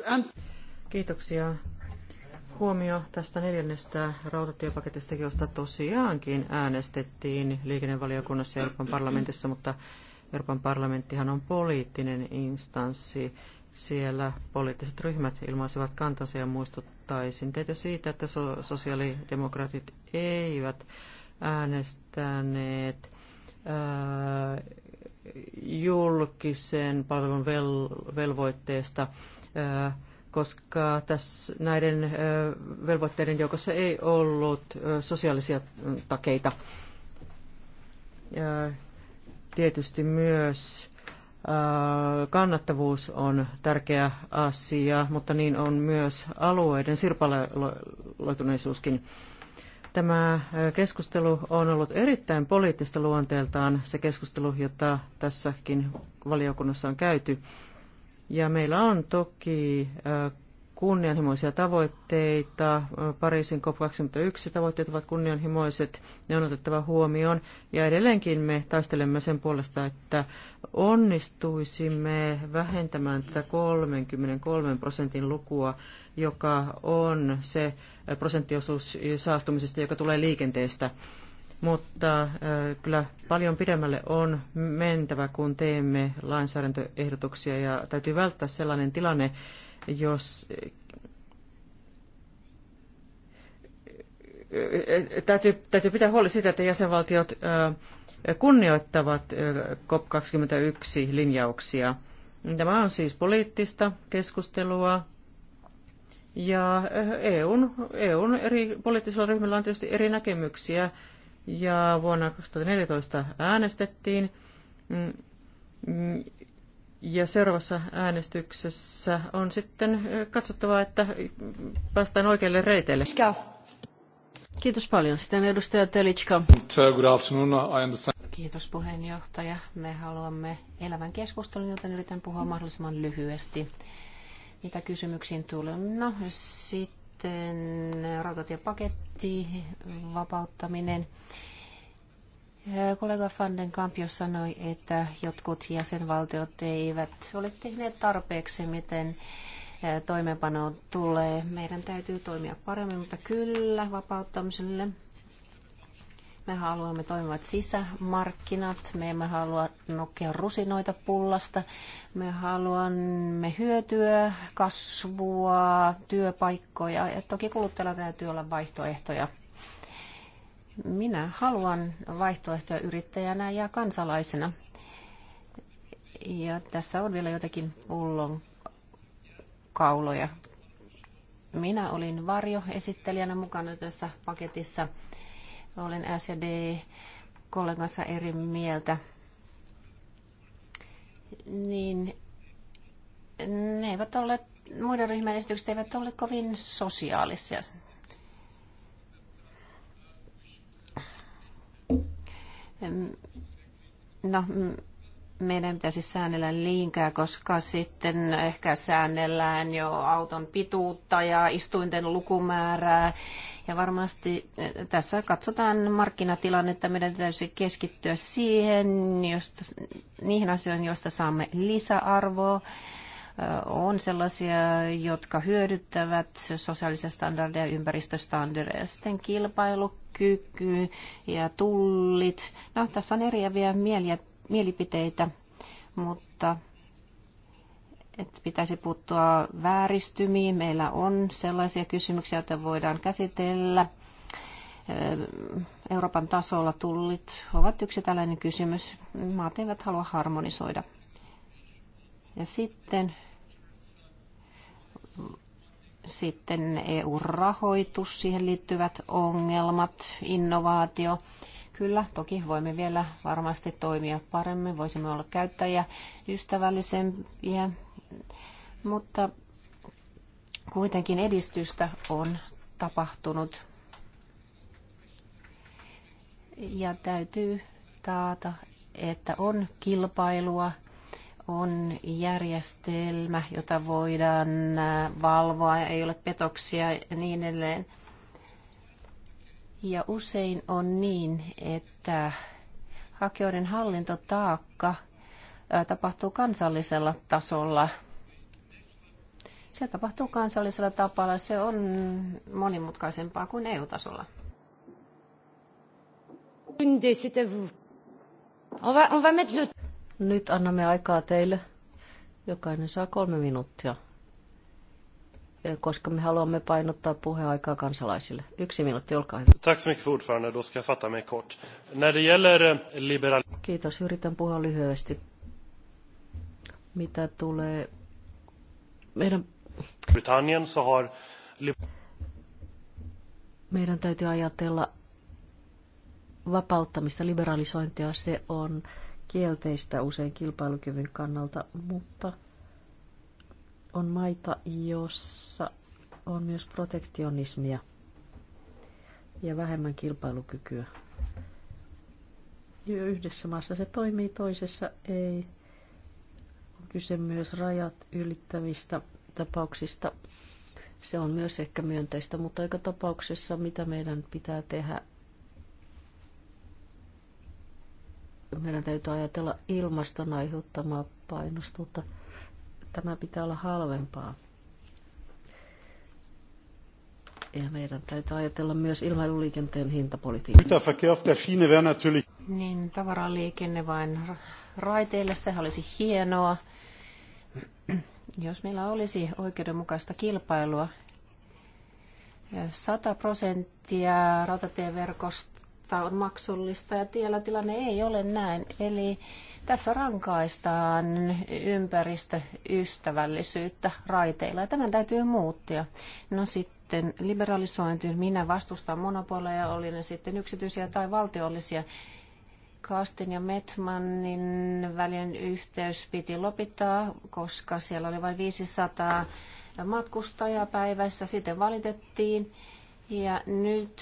Euh, Kiitoksia. Huomio tästä neljännestä rautatiepaketista, josta tosiaankin äänestettiin liikennevaliokunnassa ja Euroopan parlamentissa, mutta Euroopan parlamenttihan on poliittinen instanssi. Siellä poliittiset ryhmät ilmaisivat kantansa ja muistuttaisin teitä siitä, että so- sosiaalidemokraatit eivät äänestäneet ää, äh, julkisen palvelun vel- velvoitteesta, ää, äh, koska tässä näiden ää, äh, velvoitteiden joukossa ei ollut ää, sosiaalisia takeita. Ää, tietysti myös kannattavuus on tärkeä asia, mutta niin on myös alueiden sirpaloituneisuuskin. Tämä keskustelu on ollut erittäin poliittista luonteeltaan, se keskustelu, jota tässäkin valiokunnassa on käyty. Ja meillä on toki kunnianhimoisia tavoitteita. Pariisin COP21 tavoitteet ovat kunnianhimoiset, ne on otettava huomioon. Ja edelleenkin me taistelemme sen puolesta, että onnistuisimme vähentämään tätä 33 prosentin lukua, joka on se prosenttiosuus saastumisesta, joka tulee liikenteestä mutta äh, kyllä paljon pidemmälle on mentävä, kun teemme lainsäädäntöehdotuksia ja täytyy välttää sellainen tilanne, jos täytyy, täytyy pitää huoli siitä, että jäsenvaltiot kunnioittavat COP21 linjauksia. Tämä on siis poliittista keskustelua ja EUn, EUn eri poliittisilla ryhmillä on tietysti eri näkemyksiä ja vuonna 2014 äänestettiin mm, ja seuraavassa äänestyksessä on sitten katsottava, että päästään oikealle reiteille. Kiitos paljon. Sitten edustaja Telitska. Kiitos puheenjohtaja. Me haluamme elävän keskustelun, joten yritän puhua mahdollisimman lyhyesti. Mitä kysymyksiin tulee? No sitten rautatiepaketti, vapauttaminen. Kollega Fanden Kamp jo sanoi, että jotkut jäsenvaltiot eivät ole tehneet tarpeeksi, miten toimeenpano tulee. Meidän täytyy toimia paremmin, mutta kyllä vapauttamiselle. Me haluamme toimivat sisämarkkinat, me emme halua nokkia rusinoita pullasta, me haluamme hyötyä, kasvua, työpaikkoja ja toki kuluttajalla täytyy olla vaihtoehtoja. Minä haluan vaihtoehtoja yrittäjänä ja kansalaisena. Ja tässä on vielä jotakin pullon kauloja. Minä olin varjo esittelijänä mukana tässä paketissa. Olen SD kollegansa eri mieltä. Niin ne eivät ole, muiden ryhmän esitykset eivät ole kovin sosiaalisia No, meidän pitäisi säännellä liinkää, koska sitten ehkä säännellään jo auton pituutta ja istuinten lukumäärää. Ja varmasti e, tässä katsotaan markkinatilannetta. Meidän täytyy keskittyä siihen, josta, niihin asioihin, joista saamme lisäarvoa on sellaisia, jotka hyödyttävät sosiaalisia standardeja, ympäristöstandardeja, sitten kilpailukyky ja tullit. No, tässä on eriäviä mieliä, mielipiteitä, mutta että pitäisi puuttua vääristymiin. Meillä on sellaisia kysymyksiä, joita voidaan käsitellä. Euroopan tasolla tullit ovat yksi tällainen kysymys. Maat eivät halua harmonisoida ja sitten, sitten EU-rahoitus, siihen liittyvät ongelmat, innovaatio. Kyllä, toki voimme vielä varmasti toimia paremmin, voisimme olla käyttäjiä ystävällisempiä, mutta kuitenkin edistystä on tapahtunut. Ja täytyy taata, että on kilpailua on järjestelmä, jota voidaan äh, valvoa, ei ole petoksia ja niin edelleen. Ja usein on niin, että hakijoiden hallintotaakka äh, tapahtuu kansallisella tasolla. Se tapahtuu kansallisella tapalla. Se on monimutkaisempaa kuin EU-tasolla. Nyt annamme aikaa teille. Jokainen saa kolme minuuttia, eh, koska me haluamme painottaa puheaikaa kansalaisille. Yksi minuutti, olkaa hyvä. Tack så mycket för ordförande, då ska jag fatta mig kort. När det gäller eh, liberal... Kiitos, yritän puhua lyhyesti. Mitä tulee meidän... Britannien så har... Meidän täytyy ajatella vapauttamista, liberalisointia. Se on kielteistä usein kilpailukyvyn kannalta, mutta on maita, jossa on myös protektionismia ja vähemmän kilpailukykyä. Yhdessä maassa se toimii, toisessa ei. On kyse myös rajat ylittävistä tapauksista. Se on myös ehkä myönteistä, mutta joka tapauksessa mitä meidän pitää tehdä meidän täytyy ajatella ilmaston aiheuttamaa painostusta. Tämä pitää olla halvempaa. Ja meidän täytyy ajatella myös ilmailuliikenteen hintapolitiikkaa. Niin, tavaraliikenne vain raiteille, sehän olisi hienoa. Jos meillä olisi oikeudenmukaista kilpailua, 100 prosenttia rautatieverkosta kohta on maksullista ja tiellä tilanne ei ole näin. Eli tässä rankaistaan ympäristöystävällisyyttä raiteilla ja tämän täytyy muuttia. No sitten liberalisointi. Minä vastustan monopoleja, oli ne sitten yksityisiä tai valtiollisia. Kastin ja Metmanin välinen yhteys piti lopittaa, koska siellä oli vain 500 matkustajaa päivässä. Sitten valitettiin ja nyt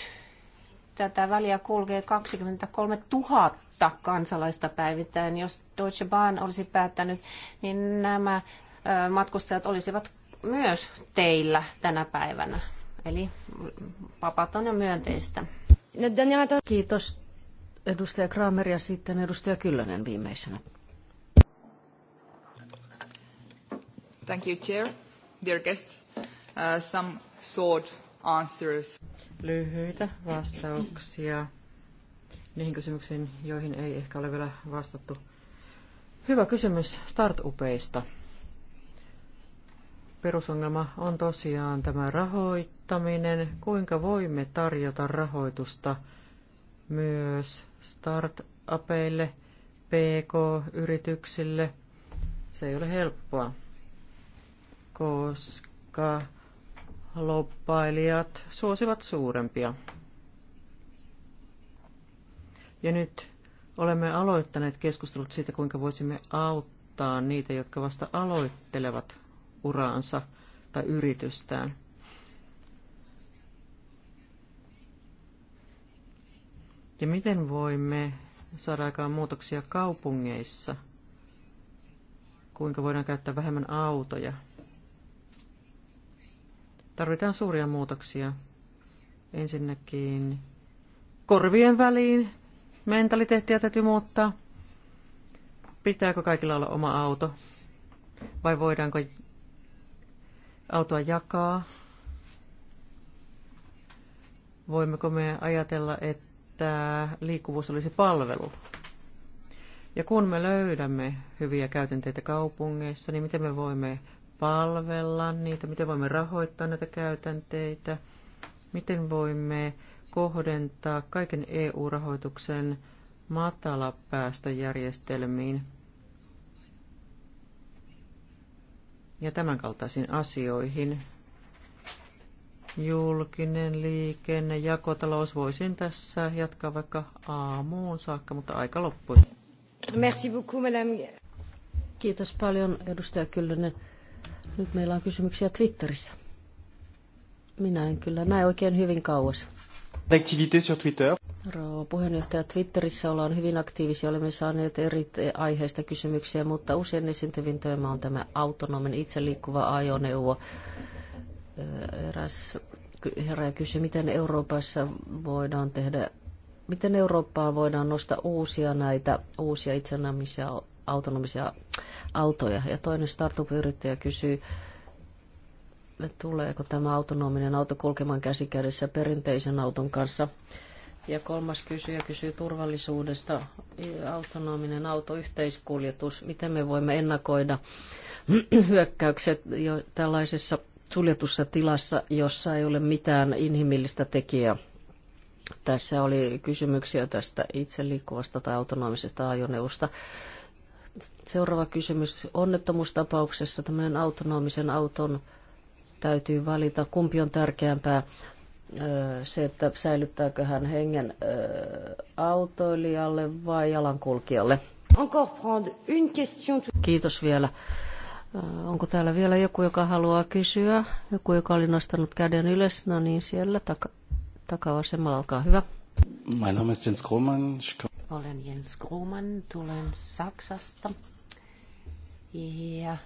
tätä väliä kulkee 23 000 kansalaista päivittäin. Jos Deutsche Bahn olisi päättänyt, niin nämä matkustajat olisivat myös teillä tänä päivänä. Eli vapaat on jo myönteistä. Kiitos edustaja Kramer ja sitten edustaja Kyllönen viimeisenä. Thank you, Chair. Dear guests, uh, some sort answers. Lyhyitä vastauksia niihin kysymyksiin, joihin ei ehkä ole vielä vastattu. Hyvä kysymys startupeista. Perusongelma on tosiaan tämä rahoittaminen. Kuinka voimme tarjota rahoitusta myös startupeille, pk-yrityksille? Se ei ole helppoa, koska lobbailijat suosivat suurempia. Ja nyt olemme aloittaneet keskustelut siitä, kuinka voisimme auttaa niitä, jotka vasta aloittelevat uraansa tai yritystään. Ja miten voimme saada aikaan muutoksia kaupungeissa? Kuinka voidaan käyttää vähemmän autoja? Tarvitaan suuria muutoksia. Ensinnäkin korvien väliin mentaliteettia täytyy muuttaa. Pitääkö kaikilla olla oma auto? Vai voidaanko autoa jakaa? Voimmeko me ajatella, että liikkuvuus olisi palvelu? Ja kun me löydämme hyviä käytänteitä kaupungeissa, niin miten me voimme palvella niitä, miten voimme rahoittaa näitä käytänteitä, miten voimme kohdentaa kaiken EU-rahoituksen matalapäästöjärjestelmiin ja tämänkaltaisiin asioihin. Julkinen liikenne, jakotalous, voisin tässä jatkaa vaikka aamuun saakka, mutta aika loppui. Merci beaucoup, madame. Kiitos paljon, edustaja Kyllönen. Nyt meillä on kysymyksiä Twitterissä. Minä en kyllä näe oikein hyvin kauas. Activité sur Twitter. Rouva puheenjohtaja, Twitterissä ollaan hyvin aktiivisia, olemme saaneet eri aiheista kysymyksiä, mutta usein esiintyvin teema on tämä autonomen itse liikkuva ajoneuvo. Eräs herra kysyi, miten Euroopassa voidaan tehdä miten Eurooppaan voidaan nostaa uusia näitä uusia itsenäisiä autonomisia autoja. Ja toinen startup-yrittäjä kysyy, tuleeko tämä autonominen auto kulkemaan käsikädessä perinteisen auton kanssa. Ja kolmas kysyjä kysyy turvallisuudesta. Autonominen auto, yhteiskuljetus. Miten me voimme ennakoida [CLEARS THROAT] hyökkäykset jo tällaisessa suljetussa tilassa, jossa ei ole mitään inhimillistä tekijää? Tässä oli kysymyksiä tästä itse liikkuvasta tai autonomisesta ajoneuvosta. Seuraava kysymys. Onnettomuustapauksessa tämmöinen autonomisen auton täytyy valita, kumpi on tärkeämpää. Se, että säilyttääkö hän hengen autoilijalle vai jalankulkijalle. Kiitos vielä. Onko täällä vielä joku, joka haluaa kysyä? Joku, joka oli nostanut käden ylös? No niin, siellä taka, takavasemmalla, olkaa hyvä. Mein Name ist Jens Krohmann. Olen Jens Gruman, tulen Saksasta. Ja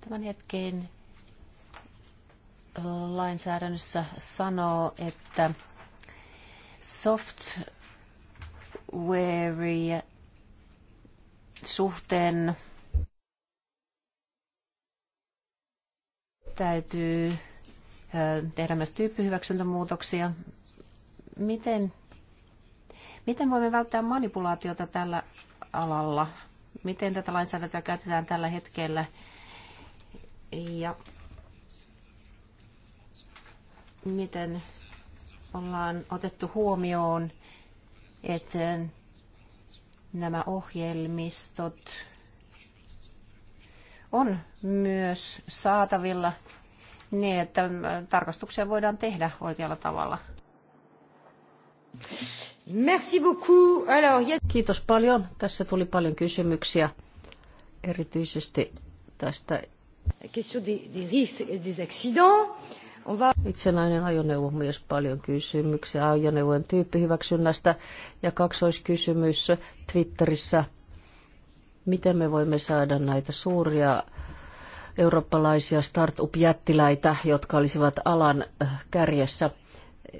tämän hetken lainsäädännössä sanoo, että software suhteen täytyy tehdä myös tyyppihyväksyntämuutoksia Miten, miten voimme välttää manipulaatiota tällä alalla? Miten tätä lainsäädäntöä käytetään tällä hetkellä? Ja miten ollaan otettu huomioon, että nämä ohjelmistot on myös saatavilla niin, että tarkastuksia voidaan tehdä oikealla tavalla. Merci beaucoup. Alors, ja... Kiitos paljon. Tässä tuli paljon kysymyksiä, erityisesti tästä question des, des risques et des accidents. On va... Itsenäinen ajoneuvo myös paljon kysymyksiä ajoneuvojen tyyppihyväksynnästä ja kaksoiskysymys Twitterissä. Miten me voimme saada näitä suuria eurooppalaisia startup-jättiläitä, jotka olisivat alan äh, kärjessä –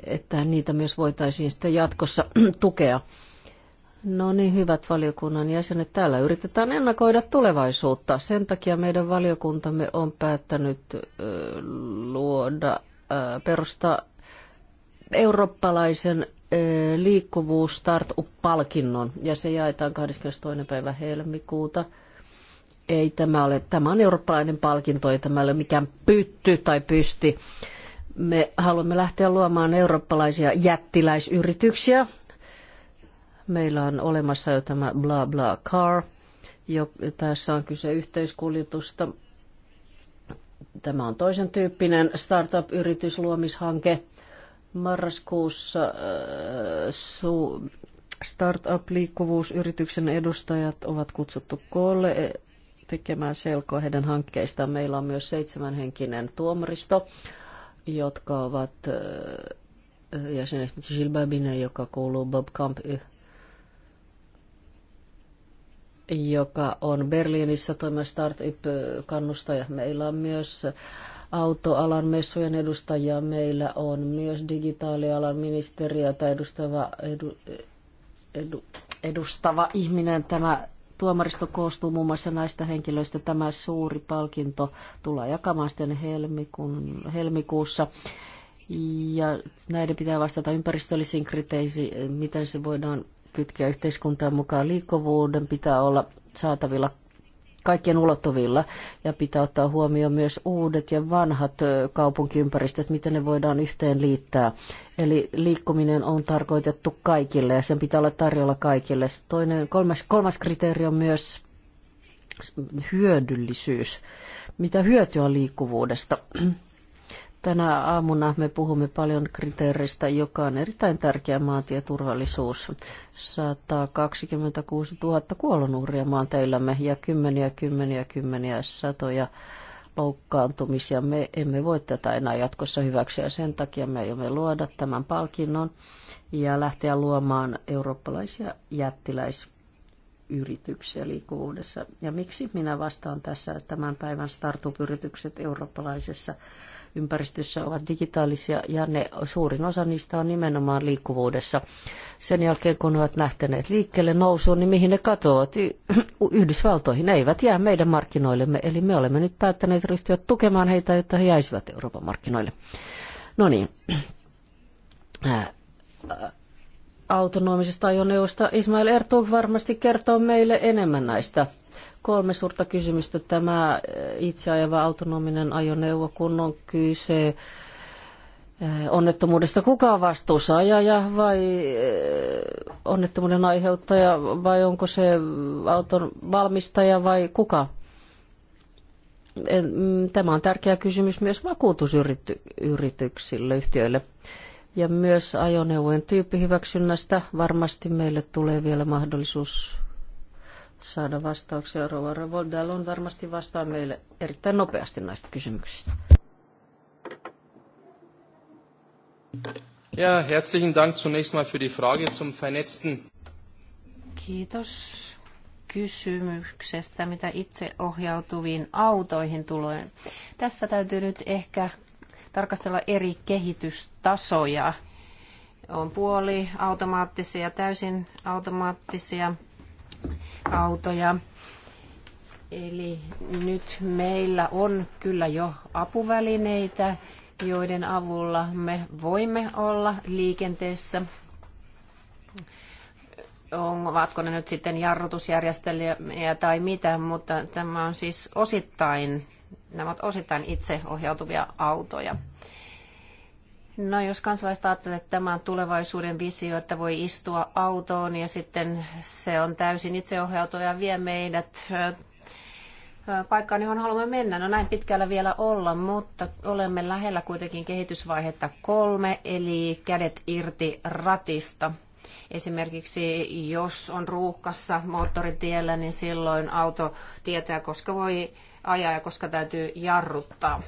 että niitä myös voitaisiin sitten jatkossa [CLEARS THROAT] tukea. No niin, hyvät valiokunnan jäsenet, täällä yritetään ennakoida tulevaisuutta. Sen takia meidän valiokuntamme on päättänyt luoda, perustaa eurooppalaisen liikkuvuus Startup-palkinnon ja se jaetaan 22. päivä helmikuuta. Ei tämä ole, tämä on eurooppalainen palkinto, ei tämä ole mikään pytty tai pysti me haluamme lähteä luomaan eurooppalaisia jättiläisyrityksiä. Meillä on olemassa jo tämä bla bla car. Jo, tässä on kyse yhteiskuljetusta. Tämä on toisen tyyppinen startup-yritys luomishanke. Marraskuussa start äh, su, startup-liikkuvuusyrityksen edustajat ovat kutsuttu koolle e, tekemään selkoa heidän hankkeistaan. Meillä on myös seitsemänhenkinen tuomaristo jotka ovat jäsenet, esimerkiksi Gilbabinen, joka kuuluu Bob Camp joka on Berliinissä toimiva Startup-kannustaja. Meillä on myös autoalan messujen edustajia, meillä on myös digitaalialan ministeriä tai edustava, edu, edu, edustava ihminen. Tämä tuomaristo koostuu muun muassa näistä henkilöistä. Tämä suuri palkinto tulee jakamaan sitten helmikuun, helmikuussa. Ja näiden pitää vastata ympäristöllisiin kriteisiin, miten se voidaan kytkeä yhteiskuntaan mukaan. Liikkuvuuden pitää olla saatavilla kaikkien ulottuvilla. Ja pitää ottaa huomioon myös uudet ja vanhat kaupunkiympäristöt, miten ne voidaan yhteen liittää. Eli liikkuminen on tarkoitettu kaikille ja sen pitää olla tarjolla kaikille. Toinen, kolmas, kolmas kriteeri on myös hyödyllisyys. Mitä hyötyä on liikkuvuudesta? Tänä aamuna me puhumme paljon kriteereistä, joka on erittäin tärkeä maantieturvallisuus. 126 000 kuolonuhria maanteillämme ja kymmeniä, kymmeniä, kymmeniä, satoja loukkaantumisia. Me emme voi tätä enää jatkossa hyväksyä. Sen takia me emme luoda tämän palkinnon ja lähteä luomaan eurooppalaisia jättiläisyrityksiä liikkuvuudessa. Ja miksi minä vastaan tässä tämän päivän startup-yritykset eurooppalaisessa ympäristössä ovat digitaalisia ja ne, suurin osa niistä on nimenomaan liikkuvuudessa. Sen jälkeen kun ne ovat nähteneet liikkeelle nousuun, niin mihin ne katoavat? [CLEARS THROAT] Yhdysvaltoihin ne eivät jää meidän markkinoillemme, eli me olemme nyt päättäneet ryhtyä tukemaan heitä, jotta he jäisivät Euroopan markkinoille. No niin äh, äh, autonomisesta ajoneuvosta. Ismail Ertug varmasti kertoo meille enemmän näistä kolme suurta kysymystä. Tämä eh, itseajava autonominen ajoneuvo, kun on kyse eh, onnettomuudesta. Kuka on vastuussa, ajaja vai eh, onnettomuuden aiheuttaja vai onko se auton valmistaja vai kuka? Mm, tämä on tärkeä kysymys myös vakuutusyrityksille, yhtiöille. Ja myös ajoneuvojen tyyppihyväksynnästä varmasti meille tulee vielä mahdollisuus saada vastauksia. Rova on varmasti vastaa meille erittäin nopeasti näistä kysymyksistä. Ja, herzlichen Dank zunächst mal für die Frage zum vernetzten. Kiitos kysymyksestä, mitä itse ohjautuviin autoihin tulee. Tässä täytyy nyt ehkä tarkastella eri kehitystasoja. On puoli automaattisia, täysin automaattisia autoja. Eli nyt meillä on kyllä jo apuvälineitä, joiden avulla me voimme olla liikenteessä. Ovatko ne nyt sitten jarrutusjärjestelmiä tai mitä, mutta tämä on siis osittain, nämä ovat osittain itseohjautuvia autoja. No jos kansalaiset ajattelevat, että tämä on tulevaisuuden visio, että voi istua autoon ja sitten se on täysin itseohjautuva, ja vie meidät paikkaan, johon haluamme mennä. No näin pitkällä vielä olla, mutta olemme lähellä kuitenkin kehitysvaihetta kolme, eli kädet irti ratista. Esimerkiksi jos on ruuhkassa moottoritiellä, niin silloin auto tietää, koska voi ajaa ja koska täytyy jarruttaa.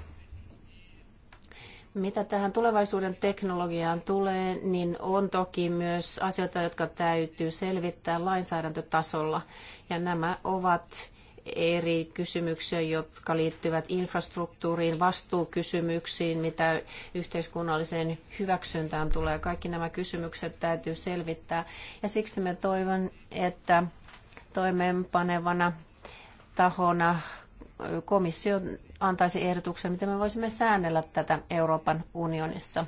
Mitä tähän tulevaisuuden teknologiaan tulee, niin on toki myös asioita, jotka täytyy selvittää lainsäädäntötasolla. Ja nämä ovat eri kysymyksiä, jotka liittyvät infrastruktuuriin, vastuukysymyksiin, mitä yhteiskunnalliseen hyväksyntään tulee. Kaikki nämä kysymykset täytyy selvittää. Ja siksi me toivon, että toimeenpanevana tahona komissio antaisi ehdotuksen, miten me voisimme säännellä tätä Euroopan unionissa.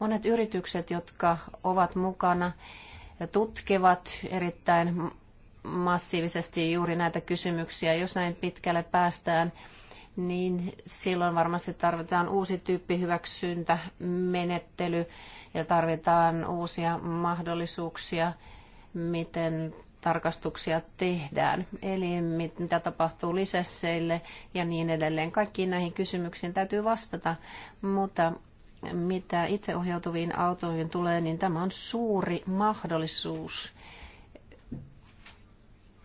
Monet yritykset, jotka ovat mukana, tutkivat erittäin massiivisesti juuri näitä kysymyksiä. Jos näin pitkälle päästään, niin silloin varmasti tarvitaan uusi tyyppi hyväksyntämenettely ja tarvitaan uusia mahdollisuuksia, miten tarkastuksia tehdään, eli mitä tapahtuu lisesseille ja niin edelleen. Kaikkiin näihin kysymyksiin täytyy vastata, mutta mitä itseohjautuviin autoihin tulee, niin tämä on suuri mahdollisuus.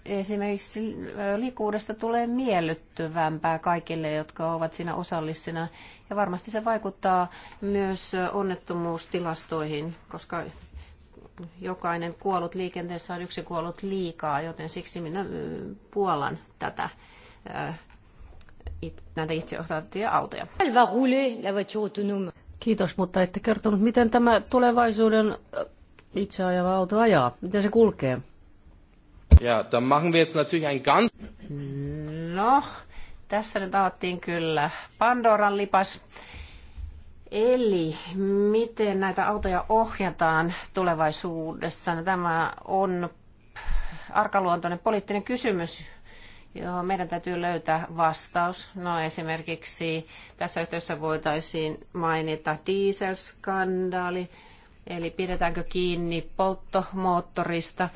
Esimerkiksi liikkuudesta tulee miellyttävämpää kaikille, jotka ovat siinä osallisina. Ja varmasti se vaikuttaa myös onnettomuustilastoihin, koska jokainen kuollut liikenteessä on yksi kuollut liikaa, joten siksi minä puolan tätä näitä itseohjautuvia autoja. Kiitos, mutta ette kertonut, miten tämä tulevaisuuden itseajava auto ajaa, miten se kulkee. Ja, dann machen wir jetzt natürlich ein ganz... No, tässä nyt avattiin kyllä Pandoran lipas. Eli miten näitä autoja ohjataan tulevaisuudessa? No, tämä on arkaluontoinen poliittinen kysymys, johon meidän täytyy löytää vastaus. No esimerkiksi tässä yhteydessä voitaisiin mainita dieselskandaali, eli pidetäänkö kiinni polttomoottorista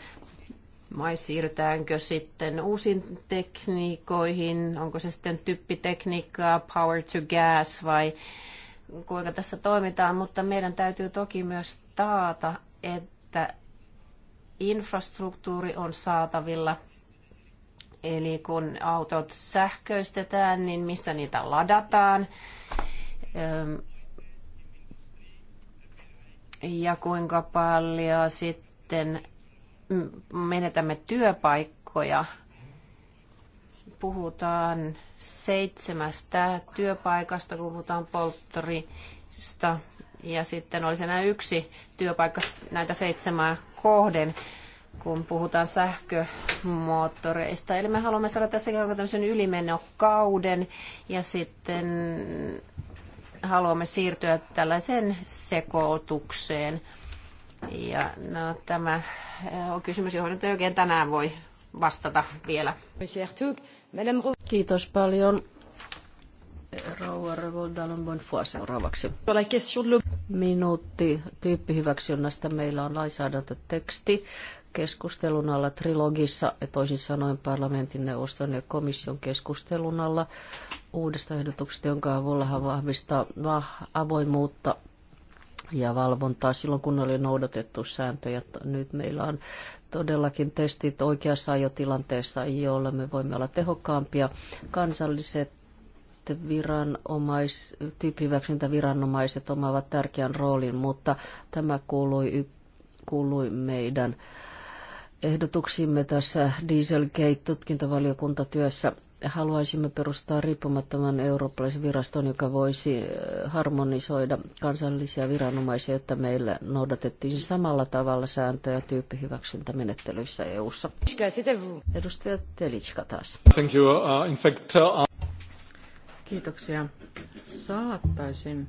vai siirrytäänkö sitten uusiin tekniikoihin, onko se sitten typpitekniikkaa, power to gas vai kuinka tässä toimitaan, mutta meidän täytyy toki myös taata, että infrastruktuuri on saatavilla. Eli kun autot sähköistetään, niin missä niitä ladataan ja kuinka paljon sitten menetämme työpaikkoja puhutaan seitsemästä työpaikasta, kun puhutaan polttorista, ja sitten olisi enää yksi työpaikka näitä seitsemää kohden, kun puhutaan sähkömoottoreista. Eli me haluamme saada tässä tämmöisen ylimenokauden ja sitten haluamme siirtyä tällaiseen sekoitukseen. Ja no, tämä on kysymys, johon nyt ei oikein tänään voi vastata vielä. Kiitos paljon. Rouva Revoldalon Bonfoy seuraavaksi. Minuutti tyyppihyväksynnästä meillä on lainsäädäntöteksti keskustelun alla trilogissa, toisin sanoen parlamentin neuvoston ja komission keskustelun alla uudesta ehdotuksesta, jonka avulla hän vahvistaa avoimuutta ja valvontaa silloin, kun oli noudatettu sääntöjä. Nyt meillä on todellakin testit oikeassa ajotilanteessa, joilla me voimme olla tehokkaampia. Kansalliset viranomais, tyyppihyväksyntäviranomaiset omaavat tärkeän roolin, mutta tämä kuului, kuului meidän ehdotuksimme tässä Dieselgate-tutkintavaliokuntatyössä haluaisimme perustaa riippumattoman eurooppalaisen viraston, joka voisi eh, harmonisoida kansallisia viranomaisia, jotta meillä noudatettiin samalla tavalla sääntöjä tyyppihyväksyntämenettelyissä EU-ssa. Edustaja Telitska taas. Thank you. Uh, in fact, uh... Kiitoksia. Saattaisin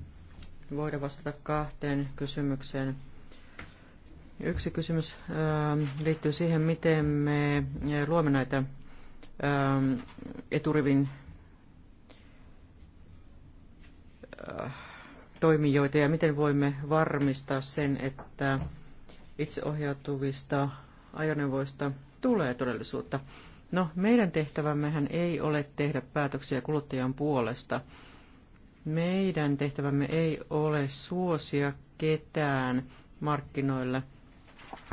voida vastata kahteen kysymykseen. Yksi kysymys ähm, liittyy siihen, miten me eh, luomme näitä Ähm, eturivin äh, toimijoita ja miten voimme varmistaa sen, että itseohjautuvista ajoneuvoista tulee todellisuutta. No, meidän tehtävämmehän ei ole tehdä päätöksiä kuluttajan puolesta. Meidän tehtävämme ei ole suosia ketään markkinoilla,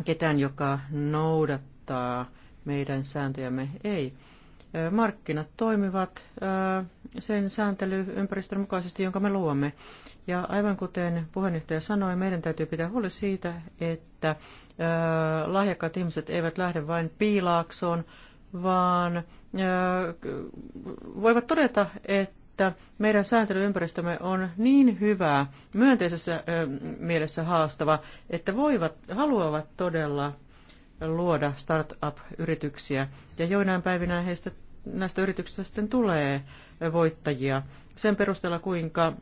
ketään, joka noudattaa meidän sääntöjämme. Ei. Markkinat toimivat sen sääntelyympäristön mukaisesti, jonka me luomme. Ja aivan kuten puheenjohtaja sanoi, meidän täytyy pitää huoli siitä, että lahjakkaat ihmiset eivät lähde vain piilaaksoon, vaan voivat todeta, että meidän sääntelyympäristömme on niin hyvää, myönteisessä mielessä haastava, että voivat, haluavat todella luoda startup-yrityksiä. Ja joinain päivinä heistä, näistä yrityksistä sitten tulee voittajia sen perusteella, kuinka,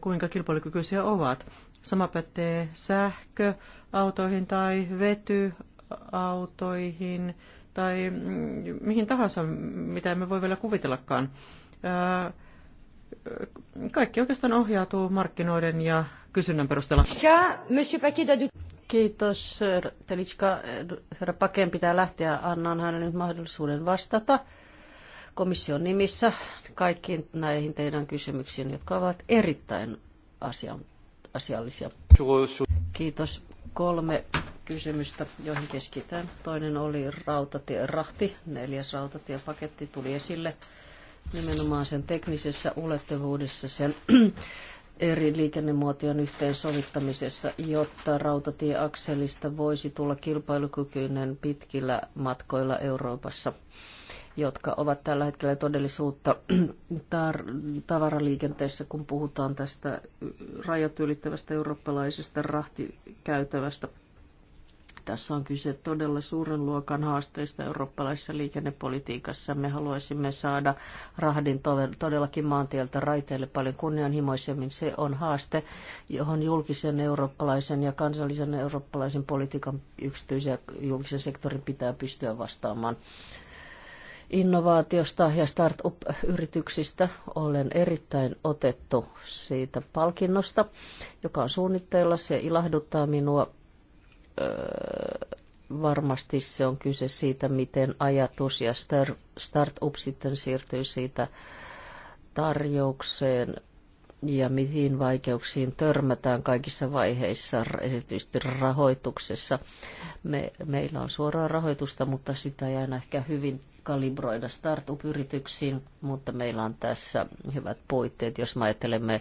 kuinka kilpailukykyisiä ovat. Sama pätee sähköautoihin tai vetyautoihin tai mm, mihin tahansa, mitä me voi vielä kuvitellakaan. Kaikki oikeastaan ohjautuu markkinoiden ja kysynnän perusteella. Kiitos, Telitska. Herra Paken pitää lähteä. Annan hänelle nyt mahdollisuuden vastata komission nimissä kaikkiin näihin teidän kysymyksiin, jotka ovat erittäin asian, asiallisia. Kiitos. Kolme kysymystä, joihin keskitään. Toinen oli rautatie, rahti, neljäs rautatiepaketti tuli esille nimenomaan sen teknisessä ulottuvuudessa, sen eri liikennemuotojen yhteensovittamisessa, jotta rautatieakselista voisi tulla kilpailukykyinen pitkillä matkoilla Euroopassa, jotka ovat tällä hetkellä todellisuutta [CLEARS THROAT] tavaraliikenteessä, kun puhutaan tästä rajat ylittävästä eurooppalaisesta rahtikäytävästä. Tässä on kyse todella suuren luokan haasteista eurooppalaisessa liikennepolitiikassa. Me haluaisimme saada rahdin todellakin maantieltä raiteille paljon kunnianhimoisemmin. Se on haaste, johon julkisen eurooppalaisen ja kansallisen eurooppalaisen politiikan yksityisen ja julkisen sektorin pitää pystyä vastaamaan innovaatiosta ja startup-yrityksistä. Olen erittäin otettu siitä palkinnosta, joka on suunnitteilla. Se ilahduttaa minua Öö, varmasti se on kyse siitä, miten ajatus ja startup sitten siirtyy siitä tarjoukseen ja mihin vaikeuksiin törmätään kaikissa vaiheissa, erityisesti rahoituksessa. Me, meillä on suoraa rahoitusta, mutta sitä ei aina ehkä hyvin kalibroida startup-yrityksiin, mutta meillä on tässä hyvät puitteet, jos me ajattelemme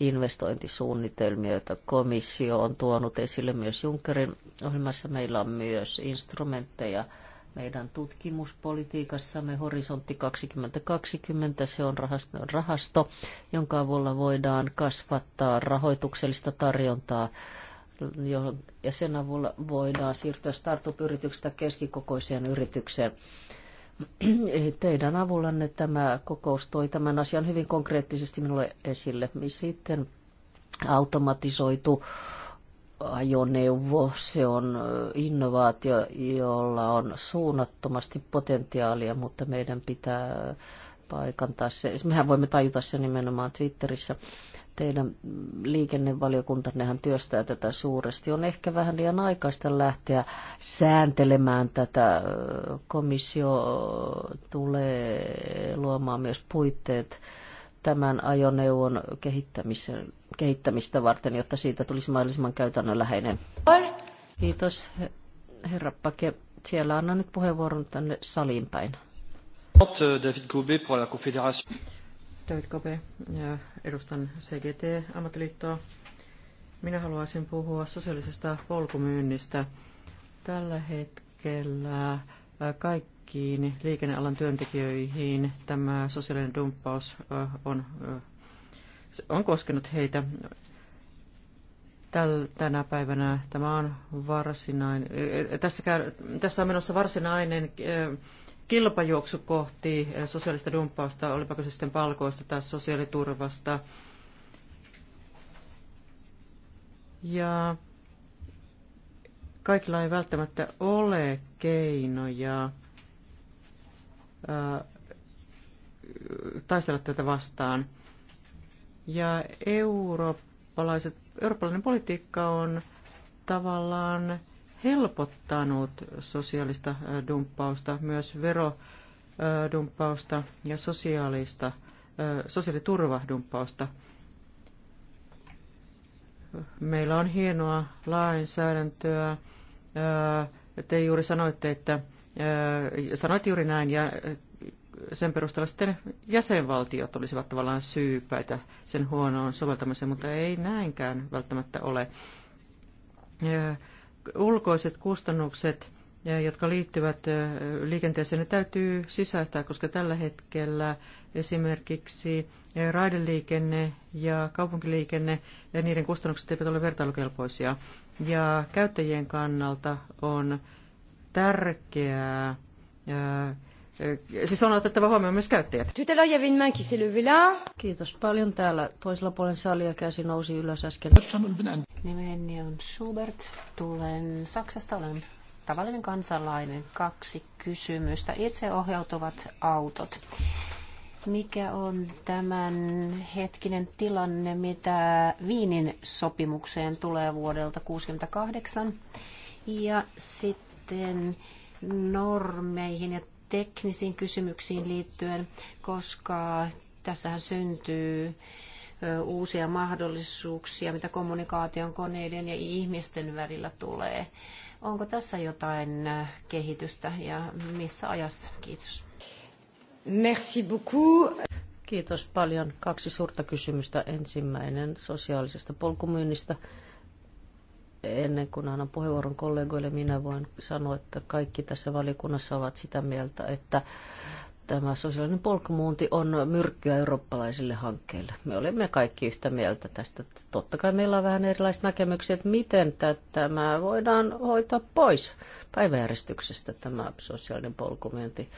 investointisuunnitelmia, joita komissio on tuonut esille myös Junckerin ohjelmassa. Meillä on myös instrumentteja meidän tutkimuspolitiikassamme Horisontti 2020. Se on rahasto, jonka avulla voidaan kasvattaa rahoituksellista tarjontaa ja sen avulla voidaan siirtyä startup-yrityksestä keskikokoiseen yritykseen. Teidän avullanne tämä kokous toi tämän asian hyvin konkreettisesti minulle esille. Sitten automatisoitu ajoneuvo, se on innovaatio, jolla on suunnattomasti potentiaalia, mutta meidän pitää paikantaa se. Mehän voimme tajuta se nimenomaan Twitterissä. Teidän liikennevaliokuntannehan työstää tätä suuresti. On ehkä vähän liian aikaista lähteä sääntelemään tätä. Komissio tulee luomaan myös puitteet tämän ajoneuvon kehittämistä varten, jotta siitä tulisi mahdollisimman käytännönläheinen. Kiitos, herra Pake. Siellä annan nyt puheenvuoron tänne saliin päin. David Gobet pour la Confédération. David Kope, ja edustan CGT-ammattiliittoa. Minä haluaisin puhua sosiaalisesta polkumyynnistä. Tällä hetkellä kaikkiin liikennealan työntekijöihin tämä sosiaalinen dumppaus on, on koskenut heitä. Tänä päivänä tämä on varsinainen, tässä, käy, tässä on menossa varsinainen kilpajuoksu kohti eh, sosiaalista dumppausta, olipa kyse sitten palkoista tai sosiaaliturvasta. Ja kaikilla ei välttämättä ole keinoja eh, taistella tätä vastaan. Ja eurooppalaiset, eurooppalainen politiikka on tavallaan helpottanut sosiaalista dumppausta, myös verodumppausta ja sosiaalista, sosiaaliturvadumppausta. Meillä on hienoa lainsäädäntöä. Te juuri sanoitte, että sanoit juuri näin, ja sen perusteella sitten jäsenvaltiot olisivat tavallaan syypäitä sen huonoon soveltamiseen, mutta ei näinkään välttämättä ole ulkoiset kustannukset, jotka liittyvät liikenteeseen, ne täytyy sisäistää, koska tällä hetkellä esimerkiksi raideliikenne ja kaupunkiliikenne ja niiden kustannukset eivät ole vertailukelpoisia. Ja käyttäjien kannalta on tärkeää, siis on otettava huomioon myös käyttäjät. Kiitos paljon. Täällä toisella puolen salia käsi nousi ylös äsken. Nimeni on Schubert, tulen Saksasta, olen tavallinen kansalainen. Kaksi kysymystä. Itse ohjautuvat autot. Mikä on tämän hetkinen tilanne, mitä Viinin sopimukseen tulee vuodelta 1968? Ja sitten normeihin ja teknisiin kysymyksiin liittyen, koska tässähän syntyy uusia mahdollisuuksia, mitä kommunikaation koneiden ja ihmisten välillä tulee. Onko tässä jotain kehitystä ja missä ajassa? Kiitos. Merci beaucoup. Kiitos paljon. Kaksi suurta kysymystä. Ensimmäinen sosiaalisesta polkumyynnistä. Ennen kuin annan puheenvuoron kollegoille, minä voin sanoa, että kaikki tässä valiokunnassa ovat sitä mieltä, että tämä sosiaalinen polkumuunti on myrkkyä eurooppalaisille hankkeille. Me olemme kaikki yhtä mieltä tästä. Totta kai meillä on vähän näkemyksiä, että miten tämä voidaan hoitaa pois päiväjärjestyksestä, tämä sosiaalinen polkumuunti.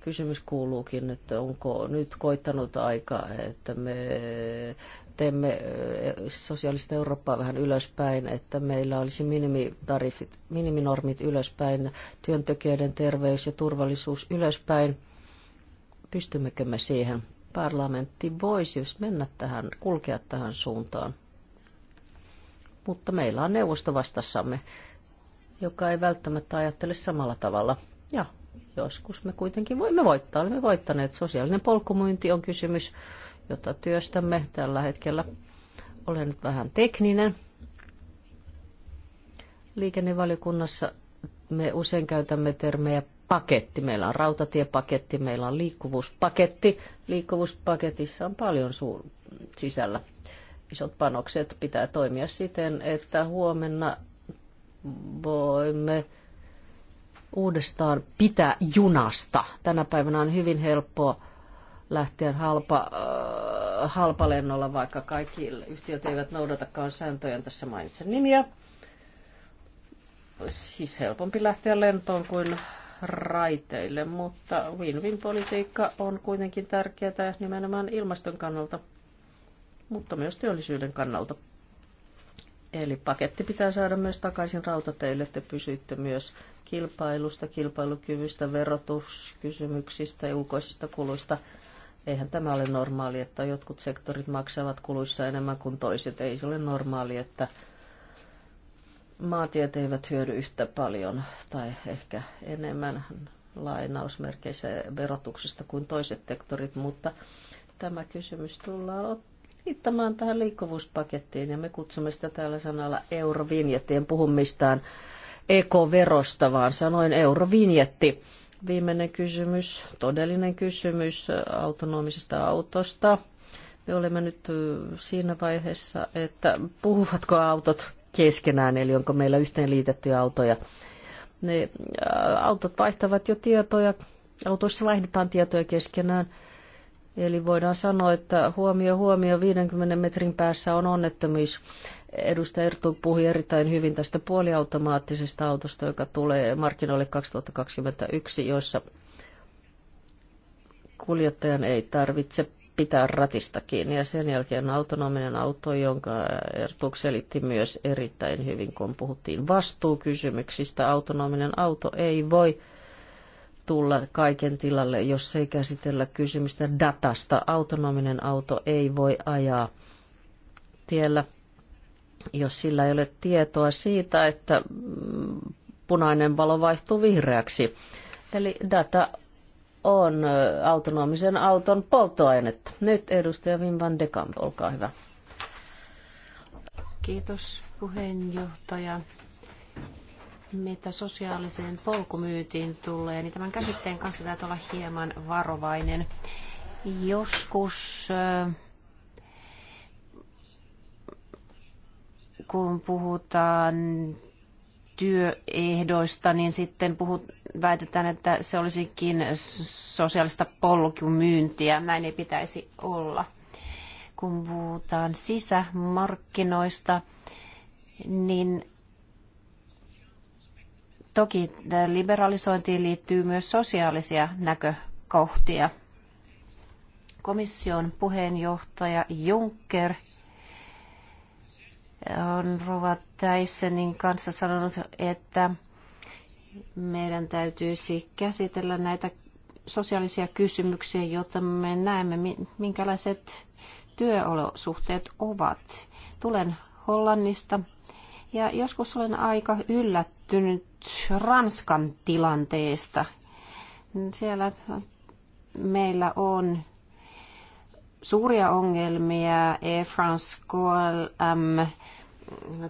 Kysymys kuuluukin, että onko nyt koittanut aika, että me teemme eh, sosiaalista Eurooppaa vähän ylöspäin, että meillä olisi minimitarifit, miniminormit ylöspäin, työntekijöiden terveys ja turvallisuus ylöspäin – Pystymmekö me siihen? Parlamentti voisi mennä tähän, kulkea tähän suuntaan. Mutta meillä on neuvosto vastassamme, joka ei välttämättä ajattele samalla tavalla. Ja joskus me kuitenkin voimme voittaa, olemme voittaneet. Sosiaalinen polkumyynti on kysymys, jota työstämme tällä hetkellä. Olen nyt vähän tekninen. Liikennevaliokunnassa me usein käytämme termejä paketti. Meillä on rautatiepaketti, meillä on liikkuvuuspaketti. Liikkuvuuspaketissa on paljon suur- sisällä. Isot panokset pitää toimia siten, että huomenna voimme uudestaan pitää junasta. Tänä päivänä on hyvin helppoa lähteä halpa, äh, halpalennolla, vaikka kaikki yhtiöt eivät noudatakaan sääntöjä, tässä mainitsen nimiä. Siis helpompi lähteä lentoon kuin raiteille, mutta win-win-politiikka on kuitenkin tärkeää nimenomaan ilmaston kannalta, mutta myös työllisyyden kannalta. Eli paketti pitää saada myös takaisin rautateille, että pysytte myös kilpailusta, kilpailukyvystä, verotuskysymyksistä ja ulkoisista kuluista. Eihän tämä ole normaali, että jotkut sektorit maksavat kuluissa enemmän kuin toiset. Ei se ole normaali, että maatiet eivät hyödy yhtä paljon tai ehkä enemmän lainausmerkeissä verotuksesta kuin toiset sektorit, mutta tämä kysymys tullaan liittämään tähän liikkuvuuspakettiin ja me kutsumme sitä tällä sanalla eurovinjettien puhumistaan ekoverosta, vaan sanoin eurovinjetti. Viimeinen kysymys, todellinen kysymys autonomisesta autosta. Me olemme nyt siinä vaiheessa, että puhuvatko autot keskenään, eli onko meillä yhteenliitettyjä autoja. Ne äh, autot vaihtavat jo tietoja, autoissa vaihdetaan tietoja keskenään. Eli voidaan sanoa, että huomio huomio 50 metrin päässä on onnettomuus. Edustaja Erttu puhui erittäin hyvin tästä puoliautomaattisesta autosta, joka tulee markkinoille 2021, jossa kuljettajan ei tarvitse pitää ratista kiinni. Ja sen jälkeen autonominen auto, jonka Ertuk selitti myös erittäin hyvin, kun puhuttiin vastuukysymyksistä. Autonominen auto ei voi tulla kaiken tilalle, jos ei käsitellä kysymystä datasta. Autonominen auto ei voi ajaa tiellä, jos sillä ei ole tietoa siitä, että punainen valo vaihtuu vihreäksi. Eli data on autonomisen auton polttoainetta. Nyt edustaja Wim van de Kamp, olkaa hyvä. Kiitos puheenjohtaja. Mitä sosiaaliseen polkumyytiin tulee, niin tämän käsitteen kanssa täytyy olla hieman varovainen. Joskus kun puhutaan työehdoista, niin sitten puhut, väitetään, että se olisikin sosiaalista polkumyyntiä. Näin ei pitäisi olla. Kun puhutaan sisämarkkinoista, niin toki liberalisointiin liittyy myös sosiaalisia näkökohtia. Komission puheenjohtaja Juncker – on Rova Tysonin kanssa sanonut, että meidän täytyisi käsitellä näitä sosiaalisia kysymyksiä, jotta me näemme, minkälaiset työolosuhteet ovat. Tulen Hollannista ja joskus olen aika yllättynyt Ranskan tilanteesta. Siellä meillä on suuria ongelmia Air France KLM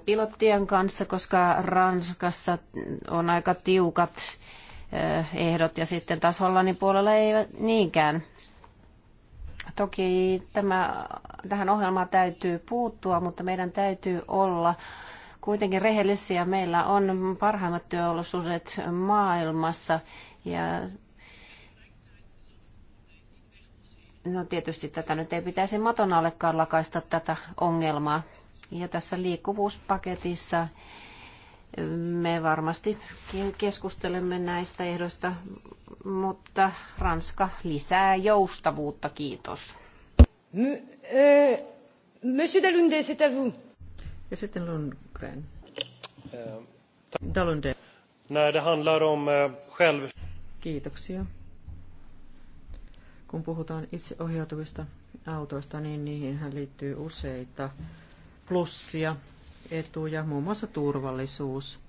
pilottien kanssa, koska Ranskassa on aika tiukat eh, ehdot ja sitten taas Hollannin puolella ei niinkään. Toki tämä, tähän ohjelmaan täytyy puuttua, mutta meidän täytyy olla kuitenkin rehellisiä. Meillä on parhaimmat työolosuhteet maailmassa ja No tietysti tätä nyt ei pitäisi maton allekaan lakaista tätä ongelmaa. Ja tässä liikkuvuuspaketissa mm, me varmasti keskustelemme näistä ehdoista, mutta Ranska lisää joustavuutta, kiitos. E, Monsieur Dalunde, c'est à vous. Ja sitten Lundgren. Dalunde. När det handlar om själv... Kiitoksia. Kun puhutaan itseohjautuvista autoista, niin niihin liittyy useita plussia, etuja, muun muassa turvallisuus.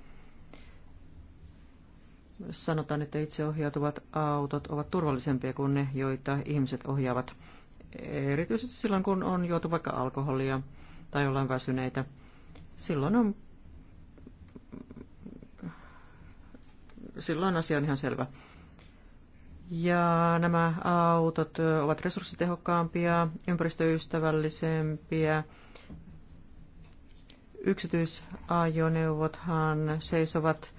Sanotaan, että itseohjautuvat autot ovat turvallisempia kuin ne, joita ihmiset ohjaavat. Erityisesti silloin, kun on juotu vaikka alkoholia tai ollaan väsyneitä. Silloin on silloin asia on ihan selvä. Ja nämä autot ovat resurssitehokkaampia, ympäristöystävällisempiä. Yksityisajoneuvothan seisovat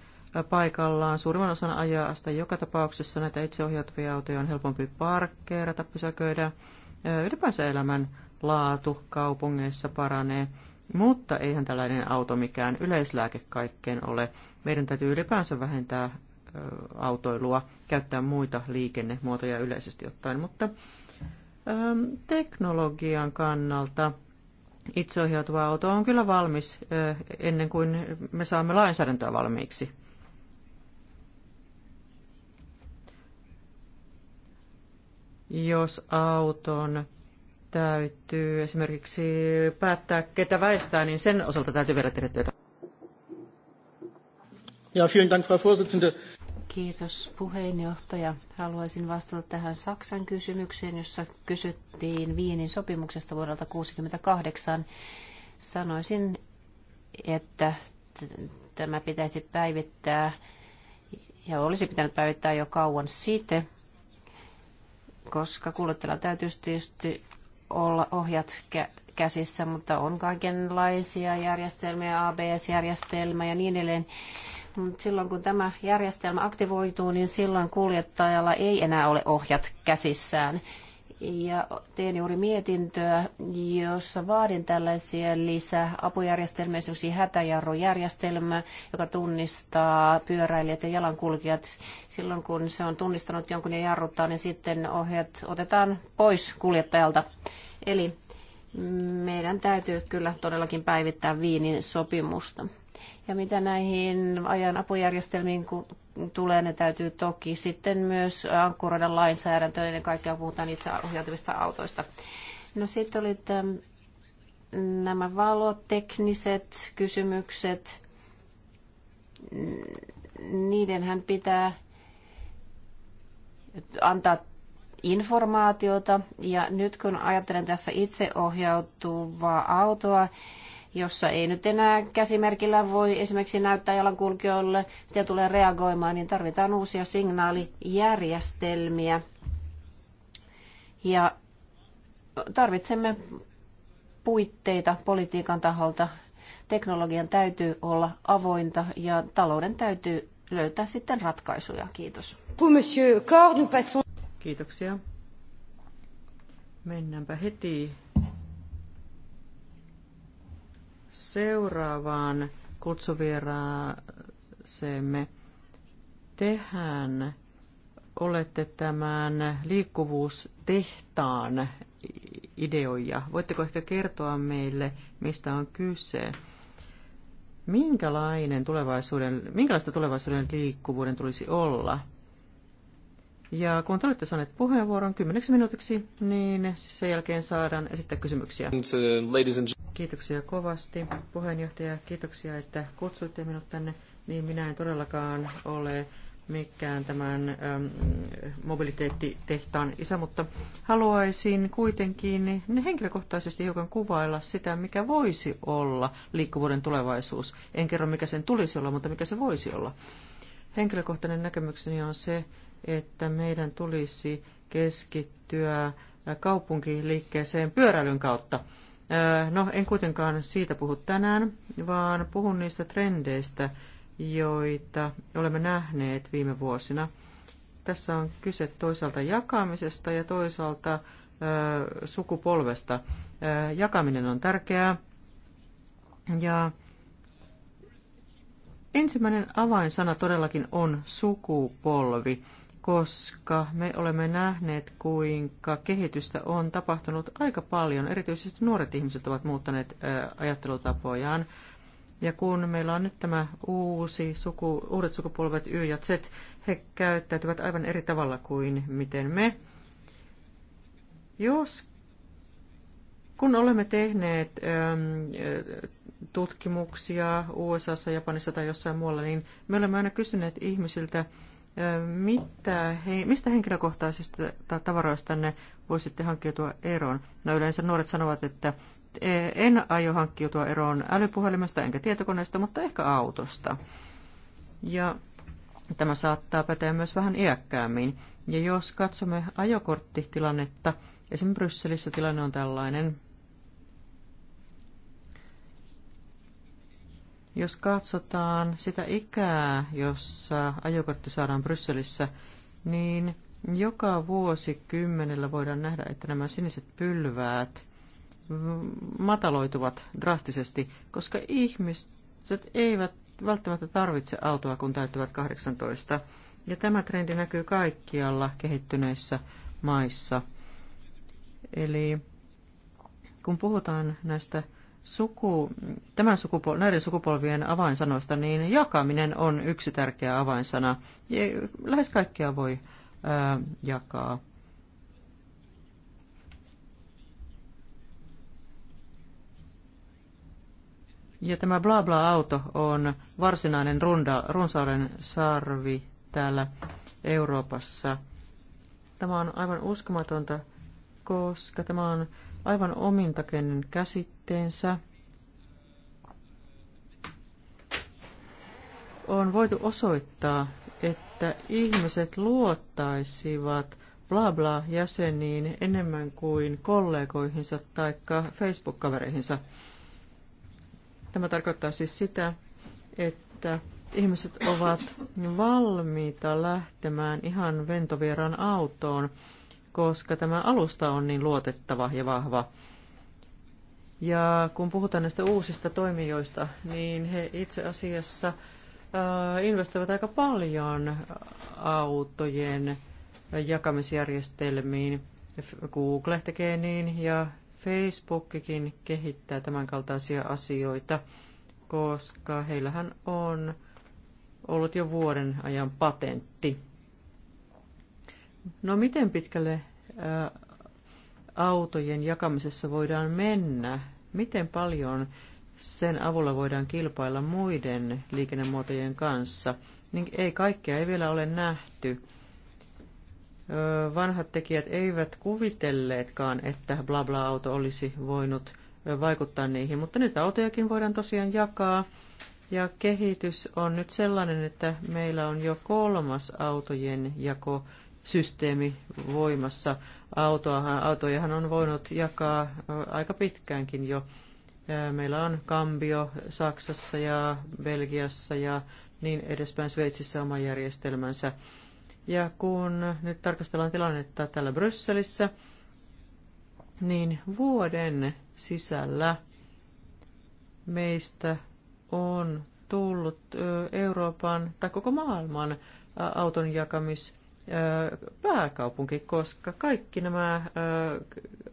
paikallaan suurimman osan ajasta. Joka tapauksessa näitä itseohjautuvia autoja on helpompi parkkeerata, pysäköidä. Ylipäänsä elämän laatu kaupungeissa paranee. Mutta eihän tällainen auto mikään yleislääke kaikkeen ole. Meidän täytyy ylipäänsä vähentää autoilua, käyttää muita liikennemuotoja yleisesti ottaen, mutta teknologian kannalta itseohjautuva auto on kyllä valmis ennen kuin me saamme lainsäädäntöä valmiiksi. Jos auton täytyy esimerkiksi päättää, ketä väistää, niin sen osalta täytyy vielä tehdä työtä. Ja, vielen Dank, Frau Vorsitzende. Kiitos puheenjohtaja. Haluaisin vastata tähän Saksan kysymykseen, jossa kysyttiin Viinin sopimuksesta vuodelta 1968. Sanoisin, että tämä pitäisi päivittää ja olisi pitänyt päivittää jo kauan sitten, koska kuluttajalla täytyy tietysti olla ohjat käsissä, mutta on kaikenlaisia järjestelmiä, ABS-järjestelmä ja niin edelleen mutta silloin kun tämä järjestelmä aktivoituu, niin silloin kuljettajalla ei enää ole ohjat käsissään. Ja teen juuri mietintöä, jossa vaadin tällaisia lisäapujärjestelmiä, esimerkiksi hätäjarrujärjestelmä, joka tunnistaa pyöräilijät ja jalankulkijat. Silloin kun se on tunnistanut jonkun ja jarruttaa, niin sitten ohjat otetaan pois kuljettajalta. Eli meidän täytyy kyllä todellakin päivittää Viinin sopimusta. Ja mitä näihin ajan apujärjestelmiin tulee, ne täytyy toki sitten myös ankkuroida lainsäädäntöön, ennen kaikkea puhutaan itse ohjautuvista autoista. No sitten oli nämä valotekniset kysymykset. Niidenhän pitää antaa informaatiota. Ja nyt kun ajattelen tässä itseohjautuvaa autoa, jossa ei nyt enää käsimerkillä voi esimerkiksi näyttää jalankulkijoille, miten tulee reagoimaan, niin tarvitaan uusia signaalijärjestelmiä. Ja tarvitsemme puitteita politiikan taholta. Teknologian täytyy olla avointa ja talouden täytyy löytää sitten ratkaisuja. Kiitos. Kiitoksia. Mennäänpä heti seuraavaan kutsuvieraaseemme. Tehän olette tämän liikkuvuustehtaan ideoja. Voitteko ehkä kertoa meille, mistä on kyse? Minkälainen tulevaisuuden, minkälaista tulevaisuuden liikkuvuuden tulisi olla? Ja kun te olette saaneet puheenvuoron kymmeneksi minuutiksi, niin sen jälkeen saadaan esittää kysymyksiä. Uh, kiitoksia kovasti puheenjohtaja, kiitoksia, että kutsuitte minut tänne. Niin minä en todellakaan ole mikään tämän äm, mobiliteettitehtaan isä, mutta haluaisin kuitenkin henkilökohtaisesti hiukan kuvailla sitä, mikä voisi olla liikkuvuuden tulevaisuus. En kerro, mikä sen tulisi olla, mutta mikä se voisi olla. Henkilökohtainen näkemykseni on se, että meidän tulisi keskittyä kaupunkiliikkeeseen pyöräilyn kautta. Äh, no, en kuitenkaan siitä puhu tänään, vaan puhun niistä trendeistä, joita olemme nähneet viime vuosina. Tässä on kyse toisaalta jakamisesta ja toisaalta äh, sukupolvesta. Äh, jakaminen on tärkeää. Ja ensimmäinen avainsana todellakin on sukupolvi koska me olemme nähneet, kuinka kehitystä on tapahtunut aika paljon. Erityisesti nuoret ihmiset ovat muuttaneet ajattelutapojaan. Ja kun meillä on nyt tämä uusi suku, uudet sukupolvet Y ja Z, he käyttäytyvät aivan eri tavalla kuin miten me. Jos kun olemme tehneet ähm, tutkimuksia USAssa, Japanissa tai jossain muualla, niin me olemme aina kysyneet ihmisiltä, mitä, hei, mistä henkilökohtaisista ne voisitte hankkiutua eroon? No yleensä nuoret sanovat, että e, en aio hankkiutua eroon älypuhelimesta enkä tietokoneesta, mutta ehkä autosta. Ja tämä saattaa päteä myös vähän iäkkäämmin. Ja jos katsomme ajokorttitilannetta, esimerkiksi Brysselissä tilanne on tällainen, Jos katsotaan sitä ikää, jossa ajokortti saadaan Brysselissä, niin joka vuosi kymmenellä voidaan nähdä, että nämä siniset pylväät mataloituvat drastisesti, koska ihmiset eivät välttämättä tarvitse autoa, kun täyttävät 18. Ja tämä trendi näkyy kaikkialla kehittyneissä maissa. Eli kun puhutaan näistä suku, tämän sukupol, näiden sukupolvien avainsanoista, niin jakaminen on yksi tärkeä avainsana. Lähes kaikkea voi ää, jakaa. Ja tämä bla bla auto on varsinainen runda, runsauden sarvi täällä Euroopassa. Tämä on aivan uskomatonta, koska tämä on aivan omintakeinen käsitteensä. On voitu osoittaa, että ihmiset luottaisivat blabla jäseniin enemmän kuin kollegoihinsa tai Facebook-kavereihinsa. Tämä tarkoittaa siis sitä, että ihmiset ovat valmiita lähtemään ihan ventovieraan autoon koska tämä alusta on niin luotettava ja vahva. Ja kun puhutaan näistä uusista toimijoista, niin he itse asiassa äh, investoivat aika paljon autojen jakamisjärjestelmiin. Google tekee niin ja Facebookkin kehittää tämänkaltaisia asioita, koska heillähän on ollut jo vuoden ajan patentti No miten pitkälle autojen jakamisessa voidaan mennä? Miten paljon sen avulla voidaan kilpailla muiden liikennemuotojen kanssa? Niin ei kaikkea ei vielä ole nähty. Vanhat tekijät eivät kuvitelleetkaan, että blabla-auto olisi voinut vaikuttaa niihin, mutta nyt autojakin voidaan tosiaan jakaa. Ja kehitys on nyt sellainen, että meillä on jo kolmas autojen jako systeemi voimassa. Autoahan, autojahan on voinut jakaa aika pitkäänkin jo. Meillä on Kambio Saksassa ja Belgiassa ja niin edespäin Sveitsissä oma järjestelmänsä. Ja kun nyt tarkastellaan tilannetta täällä Brysselissä, niin vuoden sisällä meistä on tullut Euroopan tai koko maailman auton jakamis pääkaupunki, koska kaikki nämä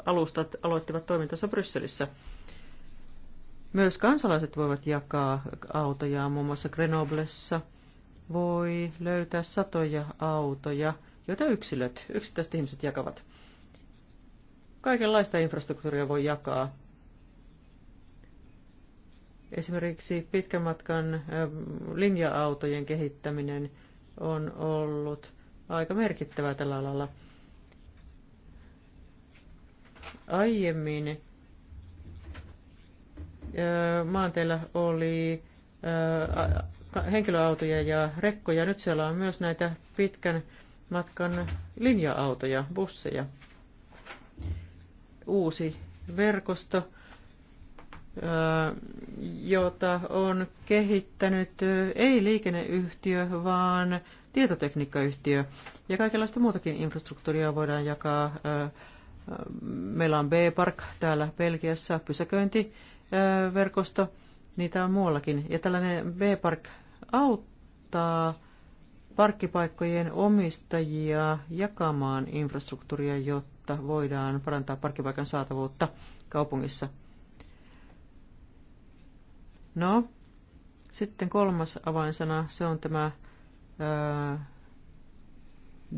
alustat aloittivat toimintansa Brysselissä. Myös kansalaiset voivat jakaa autoja, muun muassa Grenoblessa voi löytää satoja autoja, joita yksilöt, yksittäiset ihmiset jakavat. Kaikenlaista infrastruktuuria voi jakaa. Esimerkiksi pitkän matkan linja-autojen kehittäminen on ollut aika merkittävää tällä alalla. Aiemmin maanteillä oli henkilöautoja ja rekkoja. Nyt siellä on myös näitä pitkän matkan linja-autoja, busseja. Uusi verkosto, jota on kehittänyt ei liikenneyhtiö, vaan tietotekniikkayhtiö ja kaikenlaista muutakin infrastruktuuria voidaan jakaa. Meillä on B-Park täällä Belgiassa, pysäköintiverkosto, niitä on muuallakin. Ja tällainen B-Park auttaa parkkipaikkojen omistajia jakamaan infrastruktuuria, jotta voidaan parantaa parkkipaikan saatavuutta kaupungissa. No, sitten kolmas avainsana, se on tämä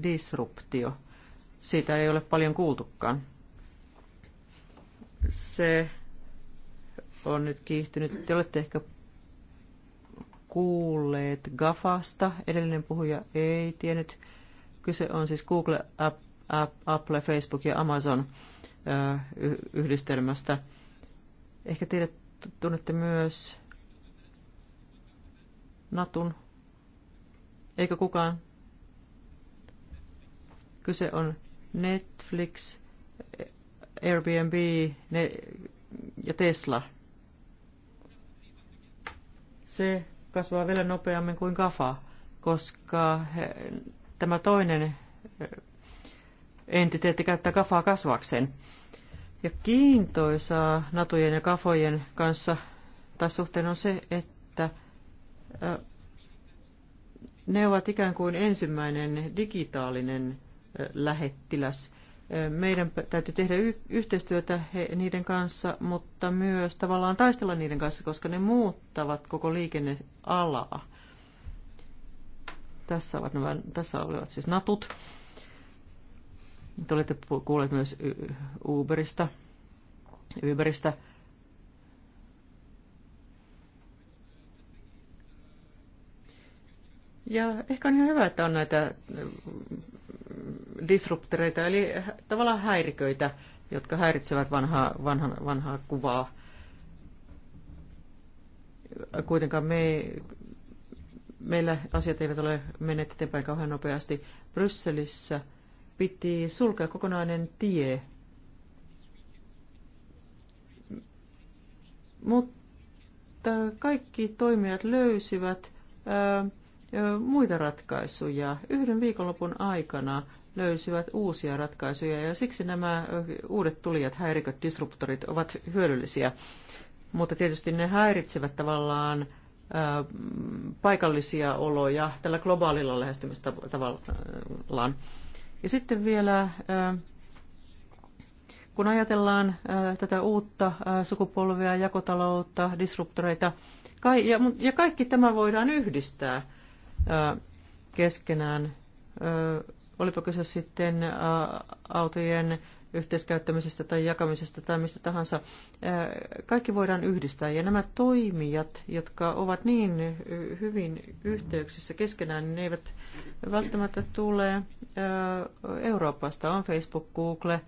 disruptio. Siitä ei ole paljon kuultukaan. Se on nyt kiihtynyt. Te olette ehkä kuulleet GAFAsta. Edellinen puhuja ei tiennyt. Kyse on siis Google, Apple, Facebook ja Amazon yhdistelmästä. Ehkä tiedät, tunnette myös Natun Eikö kukaan? Kyse on Netflix, Airbnb ne, ja Tesla. Se kasvaa vielä nopeammin kuin GAFA, koska he, tämä toinen eh, entiteetti käyttää GAFAa kasvakseen. Ja kiintoisaa Natojen ja Kafojen kanssa tai suhteen on se, että eh, ne ovat ikään kuin ensimmäinen digitaalinen lähettiläs. Meidän täytyy tehdä yhteistyötä niiden kanssa, mutta myös tavallaan taistella niiden kanssa, koska ne muuttavat koko liikennealaa. Tässä, ovat nämä, tässä olivat siis natut. Te olette kuulleet myös Uberista. Uberista. Ja ehkä on ihan hyvä, että on näitä mm, disruptoreita, eli tavallaan häiriköitä, jotka häiritsevät vanhaa, vanhan, vanhaa kuvaa. Kuitenkaan me, meillä asiat eivät ole menneet eteenpäin kauhean nopeasti. Brysselissä piti sulkea kokonainen tie. Mutta kaikki toimijat löysivät Ää, muita ratkaisuja. Yhden viikonlopun aikana löysivät uusia ratkaisuja ja siksi nämä uudet tulijat, häiriköt, disruptorit ovat hyödyllisiä. Mutta tietysti ne häiritsevät tavallaan paikallisia oloja tällä globaalilla lähestymistavallaan. Ja sitten vielä, kun ajatellaan tätä uutta sukupolvea, jakotaloutta, disruptoreita, ja kaikki tämä voidaan yhdistää – keskenään. Olipa kyse sitten autojen yhteiskäyttämisestä tai jakamisesta tai mistä tahansa. Kaikki voidaan yhdistää ja nämä toimijat, jotka ovat niin hyvin yhteyksissä keskenään, niin ne eivät välttämättä tule Euroopasta. On Facebook, Google,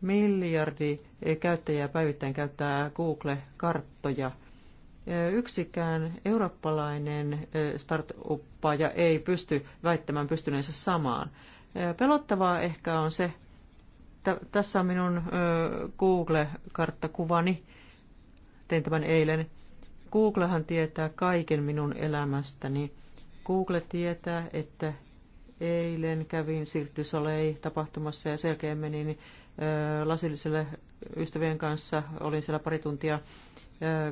miljardi käyttäjää päivittäin käyttää Google-karttoja – Yksikään eurooppalainen startuppaja ei pysty väittämään pystyneensä samaan. Pelottavaa ehkä on se, tässä on minun Google-karttakuvani, tein tämän eilen. Googlehan tietää kaiken minun elämästäni. Google tietää, että eilen kävin Cirque du Soleil-tapahtumassa ja selkeä menin lasilliselle ystävien kanssa. Olin siellä pari tuntia.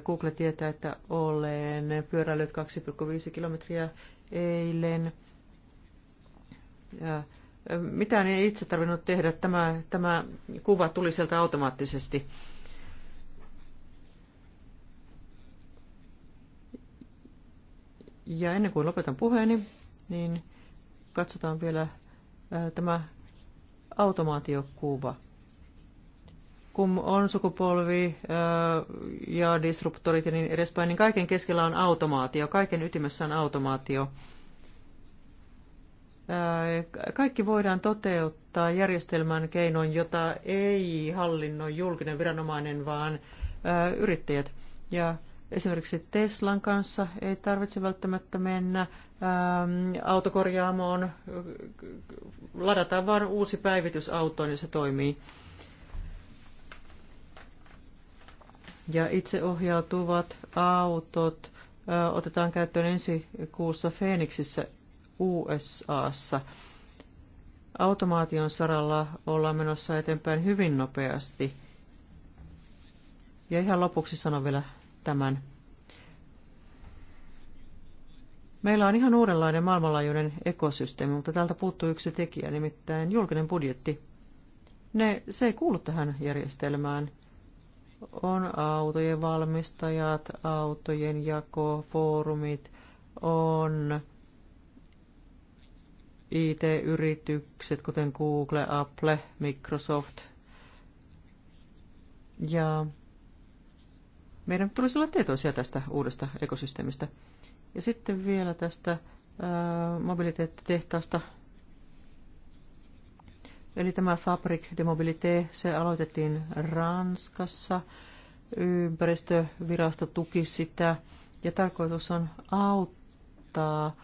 Google tietää, että olen pyöräillyt 2,5 kilometriä eilen. Ja mitään ei itse tarvinnut tehdä. Tämä, tämä kuva tuli sieltä automaattisesti. Ja ennen kuin lopetan puheeni, niin katsotaan vielä tämä automaatiokuva kun on sukupolvi äh, ja disruptorit ja niin edespäin, niin kaiken keskellä on automaatio, kaiken ytimessä on automaatio. Äh, kaikki voidaan toteuttaa järjestelmän keinoin, jota ei hallinnoi julkinen viranomainen, vaan äh, yrittäjät. Ja esimerkiksi Teslan kanssa ei tarvitse välttämättä mennä ähm, autokorjaamoon. Ladataan vain uusi päivitys autoon niin ja se toimii. Ja itseohjautuvat autot otetaan käyttöön ensi kuussa Phoenixissä USAssa. Automaation saralla ollaan menossa eteenpäin hyvin nopeasti. Ja ihan lopuksi sanon vielä tämän. Meillä on ihan uudenlainen maailmanlaajuinen ekosysteemi, mutta täältä puuttuu yksi tekijä, nimittäin julkinen budjetti. Ne, se ei kuulu tähän järjestelmään on autojen valmistajat, autojen jako, foorumit, on IT-yritykset, kuten Google, Apple, Microsoft. Ja meidän tulisi olla tietoisia tästä uudesta ekosysteemistä. Ja sitten vielä tästä ää, mobiliteettitehtaasta Eli tämä fabrik de Mobilité, se aloitettiin Ranskassa. Ympäristövirasto tuki sitä ja tarkoitus on auttaa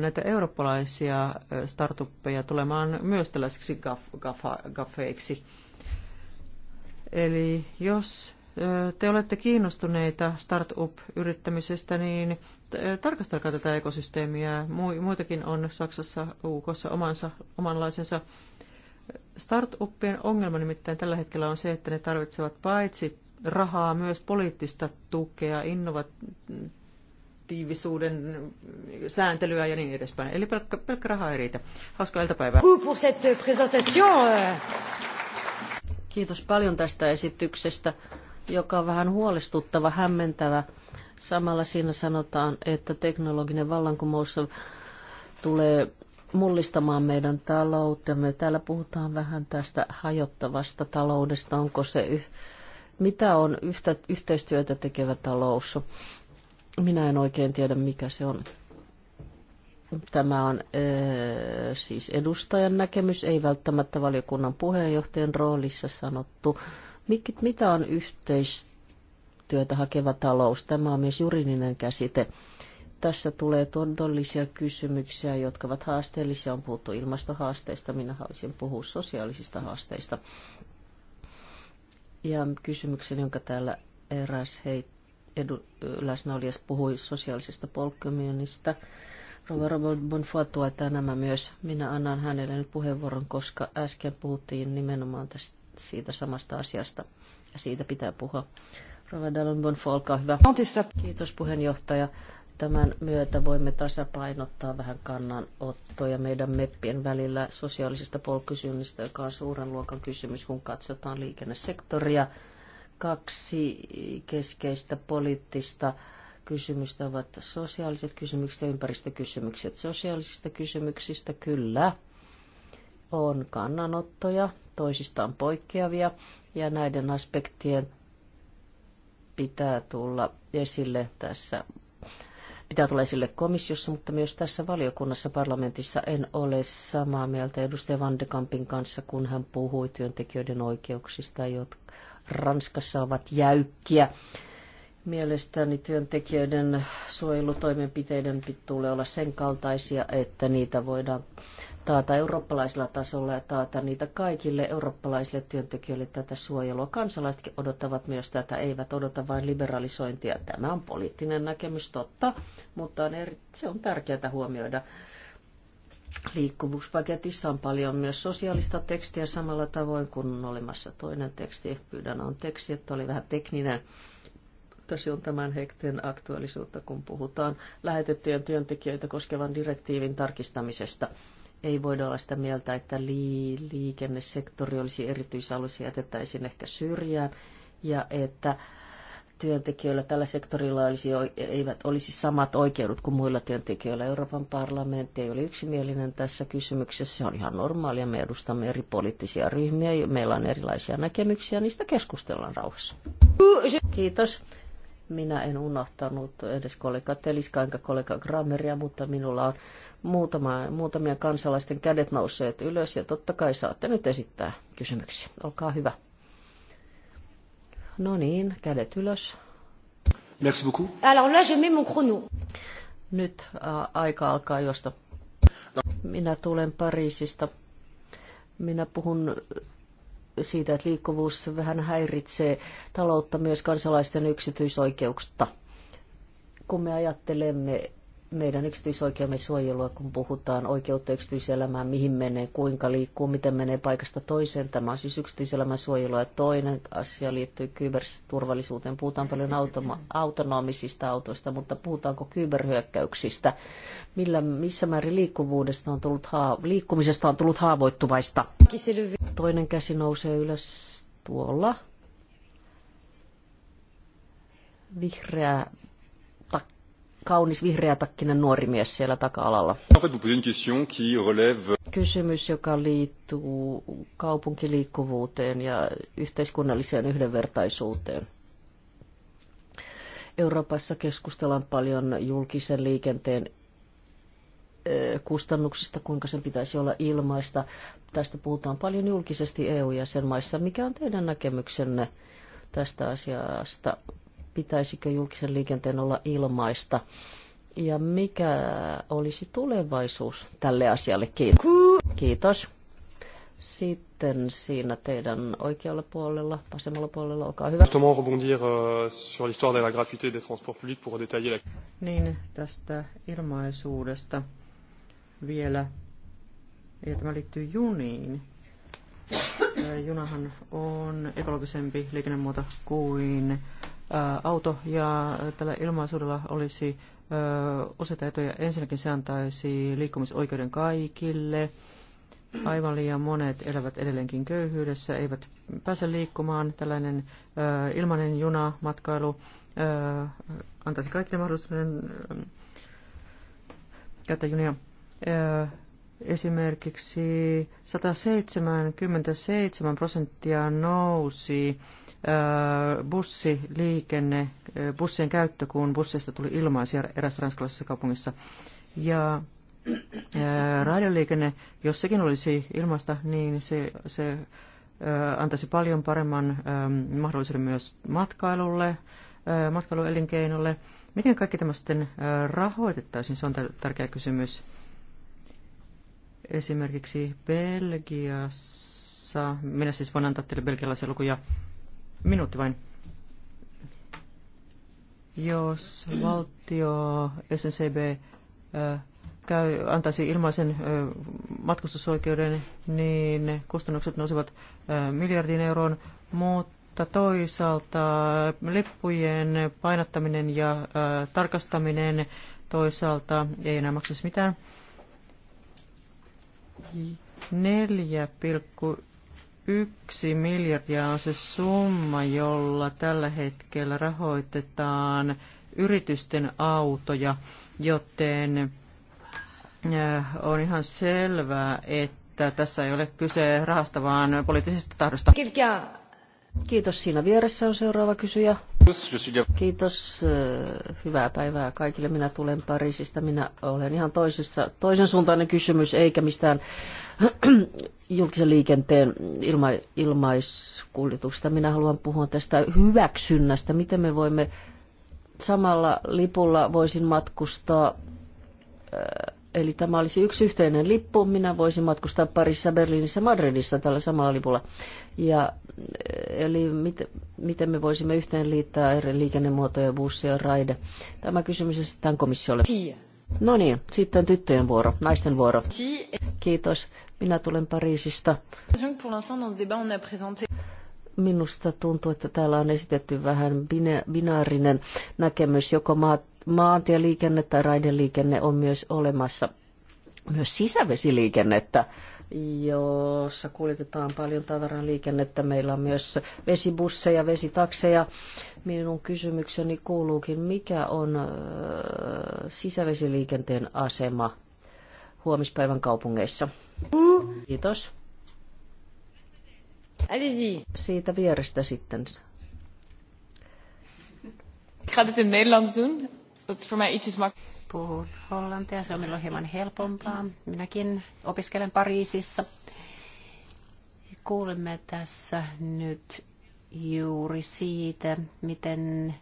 näitä eurooppalaisia startuppeja tulemaan myös tällaisiksi gaf, gaf, gafeiksi. Eli jos te olette kiinnostuneita startup-yrittämisestä, niin tarkastelkaa tätä ekosysteemiä. Muitakin on Saksassa, UKssa omansa, omanlaisensa. Startuppien ongelma nimittäin tällä hetkellä on se, että ne tarvitsevat paitsi rahaa, myös poliittista tukea, innovatiivisuuden sääntelyä ja niin edespäin. Eli pelkkä, pelkkä raha ei riitä. Hauskaa iltapäivää. Kiitos paljon tästä esityksestä joka on vähän huolestuttava, hämmentävä. Samalla siinä sanotaan, että teknologinen vallankumous tulee mullistamaan meidän taloutemme. Täällä puhutaan vähän tästä hajottavasta taloudesta. Onko se, mitä on yhtä, yhteistyötä tekevä talous? Minä en oikein tiedä, mikä se on. Tämä on ee, eh, siis edustajan näkemys, ei välttämättä valiokunnan puheenjohtajan roolissa sanottu. Mitä on yhteistyötä hakeva talous? Tämä on myös juridinen käsite. Tässä tulee todellisia kysymyksiä, jotka ovat haasteellisia. On puhuttu ilmastohaasteista, minä haluaisin puhua sosiaalisista haasteista. Ja kysymyksen, jonka täällä eräs heitti läsnäolijas puhui sosiaalisesta polkkomyynnistä. Rova Robert tuetaan nämä myös. Minä annan hänelle nyt puheenvuoron, koska äsken puhuttiin nimenomaan tästä siitä samasta asiasta. Ja siitä pitää puhua. Rova Dallon Bonfo, olkaa hyvä. Kiitos puheenjohtaja. Tämän myötä voimme tasapainottaa vähän kannanottoja meidän meppien välillä sosiaalisista polkysymystä, joka on suuren luokan kysymys, kun katsotaan liikennesektoria. Kaksi keskeistä poliittista kysymystä ovat sosiaaliset kysymykset ja ympäristökysymykset. Sosiaalisista kysymyksistä kyllä on kannanottoja toisistaan poikkeavia ja näiden aspektien pitää tulla esille tässä pitää tulla esille komissiossa, mutta myös tässä valiokunnassa parlamentissa en ole samaa mieltä edustaja Van de Kampin kanssa, kun hän puhui työntekijöiden oikeuksista, jotka Ranskassa ovat jäykkiä. Mielestäni työntekijöiden suojelutoimenpiteiden tulee olla sen kaltaisia, että niitä voidaan taata eurooppalaisella tasolla ja taata niitä kaikille eurooppalaisille työntekijöille tätä suojelua. Kansalaisetkin odottavat myös tätä, eivät odota vain liberalisointia. Tämä on poliittinen näkemys, totta, mutta on eri, se on tärkeää huomioida. Liikkuvuuspaketissa on paljon myös sosiaalista tekstiä samalla tavoin kuin on olemassa toinen teksti. Pyydän anteeksi, että oli vähän tekninen Tässä on tämän hekteen aktuaalisuutta, kun puhutaan lähetettyjen työntekijöitä koskevan direktiivin tarkistamisesta. Ei voida olla sitä mieltä, että li- liikennesektori olisi erityisalus jätettäisiin ehkä syrjään ja että työntekijöillä tällä sektorilla olisi, eivät olisi samat oikeudet kuin muilla työntekijöillä. Euroopan parlamentti ei ole yksimielinen tässä kysymyksessä. Se on ihan normaalia. Me edustamme eri poliittisia ryhmiä ja meillä on erilaisia näkemyksiä. Niistä keskustellaan rauhassa. Kiitos. Minä en unohtanut edes kollega Teliska enkä kollega Grammeria, mutta minulla on muutama, muutamia kansalaisten kädet nousseet ylös ja totta kai saatte nyt esittää kysymyksiä. Olkaa hyvä. No niin, kädet ylös. Merci beaucoup. Alors là, je mets mon chrono. Nyt ä, aika alkaa josta. No. Minä tulen Pariisista. Minä puhun siitä, että liikkuvuus vähän häiritsee taloutta myös kansalaisten yksityisoikeuksista. Kun me ajattelemme meidän yksityisoikeamme suojelua, kun puhutaan oikeutta yksityiselämään, mihin menee, kuinka liikkuu, miten menee paikasta toiseen. Tämä on siis yksityiselämän suojelua. Toinen asia liittyy kyberturvallisuuteen. Puhutaan paljon automa- autonomisista autoista, mutta puhutaanko kyberhyökkäyksistä? Millä, missä määrin liikkuvuudesta on tullut haa- liikkumisesta on tullut haavoittuvaista? Toinen käsi nousee ylös tuolla. Vihreä kaunis vihreä takkinen nuori mies siellä taka-alalla. Euh, Kysymys, joka liittyy kaupunkiliikkuvuuteen ja yhteiskunnalliseen yhdenvertaisuuteen. Euroopassa keskustellaan paljon julkisen liikenteen äh, kustannuksista, kuinka sen pitäisi olla ilmaista. Tästä puhutaan paljon julkisesti EU-jäsenmaissa. Mikä on teidän näkemyksenne tästä asiasta? pitäisikö julkisen liikenteen olla ilmaista ja mikä olisi tulevaisuus tälle asialle. Kiitos. Kiitos. Sitten siinä teidän oikealla puolella, vasemmalla puolella, olkaa hyvä. Justement rebondir euh, sur l'histoire de la gratuité des transports publics pour détailler la... Niin, tästä ilmaisuudesta vielä, ja tämä liittyy juniin. Äh, junahan on ekologisempi liikennemuoto kuin auto ja tällä ilmaisuudella olisi osataitoja. Ensinnäkin se antaisi liikkumisoikeuden kaikille. Aivan liian monet elävät edelleenkin köyhyydessä, eivät pääse liikkumaan. Tällainen ö, ilmainen juna, matkailu ö, antaisi kaikille mahdollisuuden käyttää junia. Ö, esimerkiksi 177 prosenttia nousi Äh, bussiliikenne, äh, bussien käyttö, kun busseista tuli ilmaisia erässä ranskalaisessa kaupungissa. Ja äh, raideliikenne, jos sekin olisi ilmaista, niin se, se antaisi paljon paremman ähm, mahdollisuuden myös matkailulle, matkailuelinkeinolle. Miten kaikki tämä sitten rahoitettaisiin? Se on tärkeä kysymys. Esimerkiksi Belgiassa, minä siis voin antaa teille belgialaisia lukuja, Minuutti vain. Jos valtio, SNCB, käy, antaisi ilmaisen matkustusoikeuden, niin kustannukset nousivat miljardin euroon, mutta toisaalta lippujen painattaminen ja tarkastaminen toisaalta ei enää maksaisi mitään. Yksi miljardia on se summa, jolla tällä hetkellä rahoitetaan yritysten autoja, joten äh, on ihan selvää, että tässä ei ole kyse rahasta, vaan poliittisesta tahdosta. Kirkea Kiitos. Siinä vieressä on seuraava kysyjä. Kiitos. Äh, hyvää päivää kaikille. Minä tulen Pariisista. Minä olen ihan toisessa, toisen suuntainen kysymys, eikä mistään [CLEARS THROAT] julkisen liikenteen ilma, ilmaiskuljetuksesta. Minä haluan puhua tästä hyväksynnästä. Miten me voimme samalla lipulla voisin matkustaa äh, Eli tämä olisi yksi yhteinen lippu. Minä voisin matkustaa Parissa, Berliinissä, Madridissa tällä samalla lipulla. Ja, eh, eli mit, miten me voisimme yhteen liittää eri liikennemuotoja, bussia ja raide? Tämä kysymys esitetään komissiolle. No niin, sitten tyttöjen vuoro, naisten vuoro. Kiitos. Minä tulen Pariisista. Minusta tuntuu, että täällä on esitetty vähän binaarinen näkemys, joko maat maantieliikenne tai raideliikenne on myös olemassa myös sisävesiliikennettä, jossa kuljetetaan paljon tavaran liikennettä Meillä on myös vesibusseja, vesitakseja. Minun kysymykseni kuuluukin, mikä on sisävesiliikenteen asema huomispäivän kaupungeissa? Kiitos. Siitä vierestä sitten. Ik ga dit in Nederlands doen. Puhun hollantia, se on minulle hieman helpompaa. Minäkin opiskelen Pariisissa. Kuulemme tässä nyt juuri siitä, miten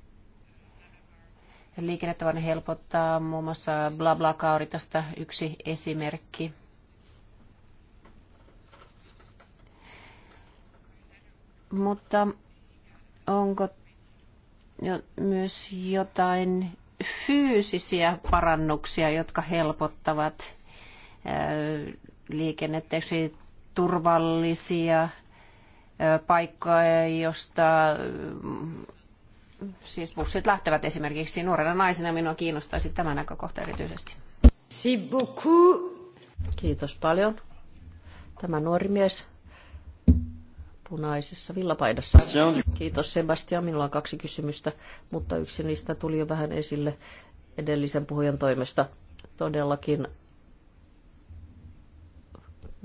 liikennettä voidaan helpottaa. Muun muassa BlaBlaCar tästä yksi esimerkki. Mutta onko jo myös jotain fyysisiä parannuksia, jotka helpottavat liikennettä, turvallisia paikkoja, josta mm, siis bussit lähtevät esimerkiksi. Nuorena naisena minua kiinnostaisi tämä näkökohta erityisesti. Kiitos paljon. Tämä nuori mies punaisessa villapaidassa. Kiitos Sebastian, minulla on kaksi kysymystä, mutta yksi niistä tuli jo vähän esille edellisen puhujan toimesta. Todellakin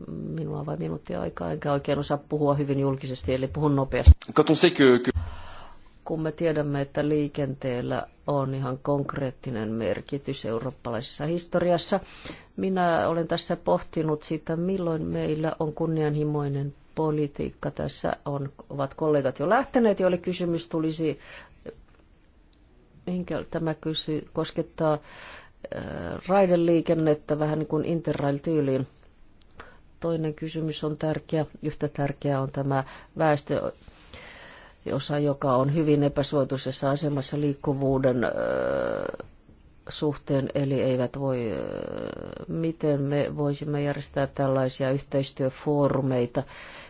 minulla on vain minuuttia aikaa, enkä oikein osaa puhua hyvin julkisesti, eli puhun nopeasti. Kun me tiedämme, että liikenteellä on ihan konkreettinen merkitys eurooppalaisessa historiassa, minä olen tässä pohtinut sitä, milloin meillä on kunnianhimoinen politiikka. Tässä on, ovat kollegat jo lähteneet, joille kysymys tulisi, minkä tämä kysy, koskettaa äh, raideliikennettä vähän niin kuin interrail-tyyliin. Toinen kysymys on tärkeä, yhtä tärkeä on tämä väestö osa, joka on hyvin epäsuotuisessa asemassa liikkuvuuden äh, suhteen, eli eivät voi, miten me voisimme järjestää tällaisia yhteistyöfoorumeita,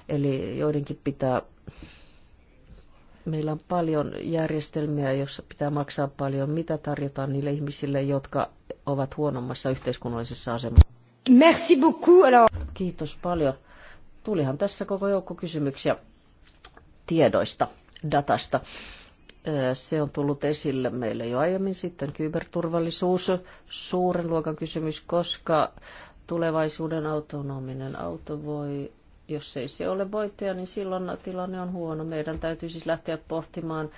eli joidenkin pitää, meillä on paljon järjestelmiä, joissa pitää maksaa paljon, mitä tarjotaan niille ihmisille, jotka ovat huonommassa yhteiskunnallisessa asemassa. Merci beaucoup. Alors... Kiitos paljon. Tulihan tässä koko joukko kysymyksiä tiedoista, datasta. Se on tullut esille meille jo aiemmin sitten kyberturvallisuus, suuren luokan kysymys, koska tulevaisuuden autonominen auto voi, jos ei se ole voittaja, niin silloin tilanne on huono. Meidän täytyy siis lähteä pohtimaan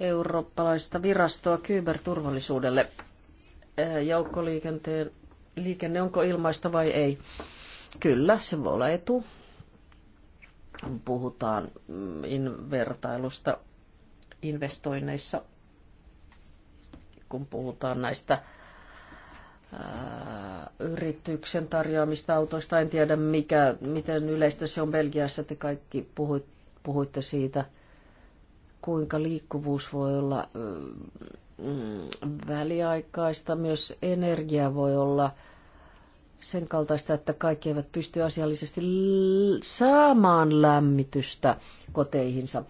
eurooppalaista virastoa kyberturvallisuudelle. Joukkoliikenteen liikenne onko ilmaista vai ei? Kyllä, se voi olla etu. Puhutaan mm, vertailusta investoinneissa, kun puhutaan näistä ää, yrityksen tarjoamista autoista. En tiedä, mikä, miten yleistä se on Belgiassa. Te kaikki puhuit, puhuitte siitä, kuinka liikkuvuus voi olla mm, väliaikaista. Myös energia voi olla sen kaltaista, että kaikki eivät pysty asiallisesti saamaan lämmitystä koteihinsa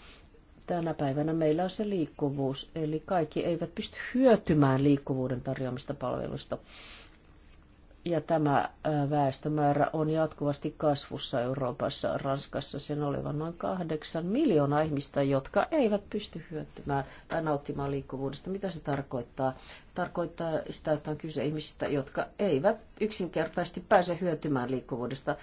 tänä päivänä meillä on se liikkuvuus, eli kaikki eivät pysty hyötymään liikkuvuuden tarjoamista palveluista. Ja tämä äh, väestömäärä on jatkuvasti kasvussa Euroopassa, Ranskassa sen olevan noin kahdeksan miljoonaa ihmistä, jotka eivät pysty hyötymään tai nauttimaan liikkuvuudesta. Mitä se tarkoittaa? Tarkoittaa sitä, että on kyse ihmisistä, jotka eivät yksinkertaisesti pääse hyötymään liikkuvuudesta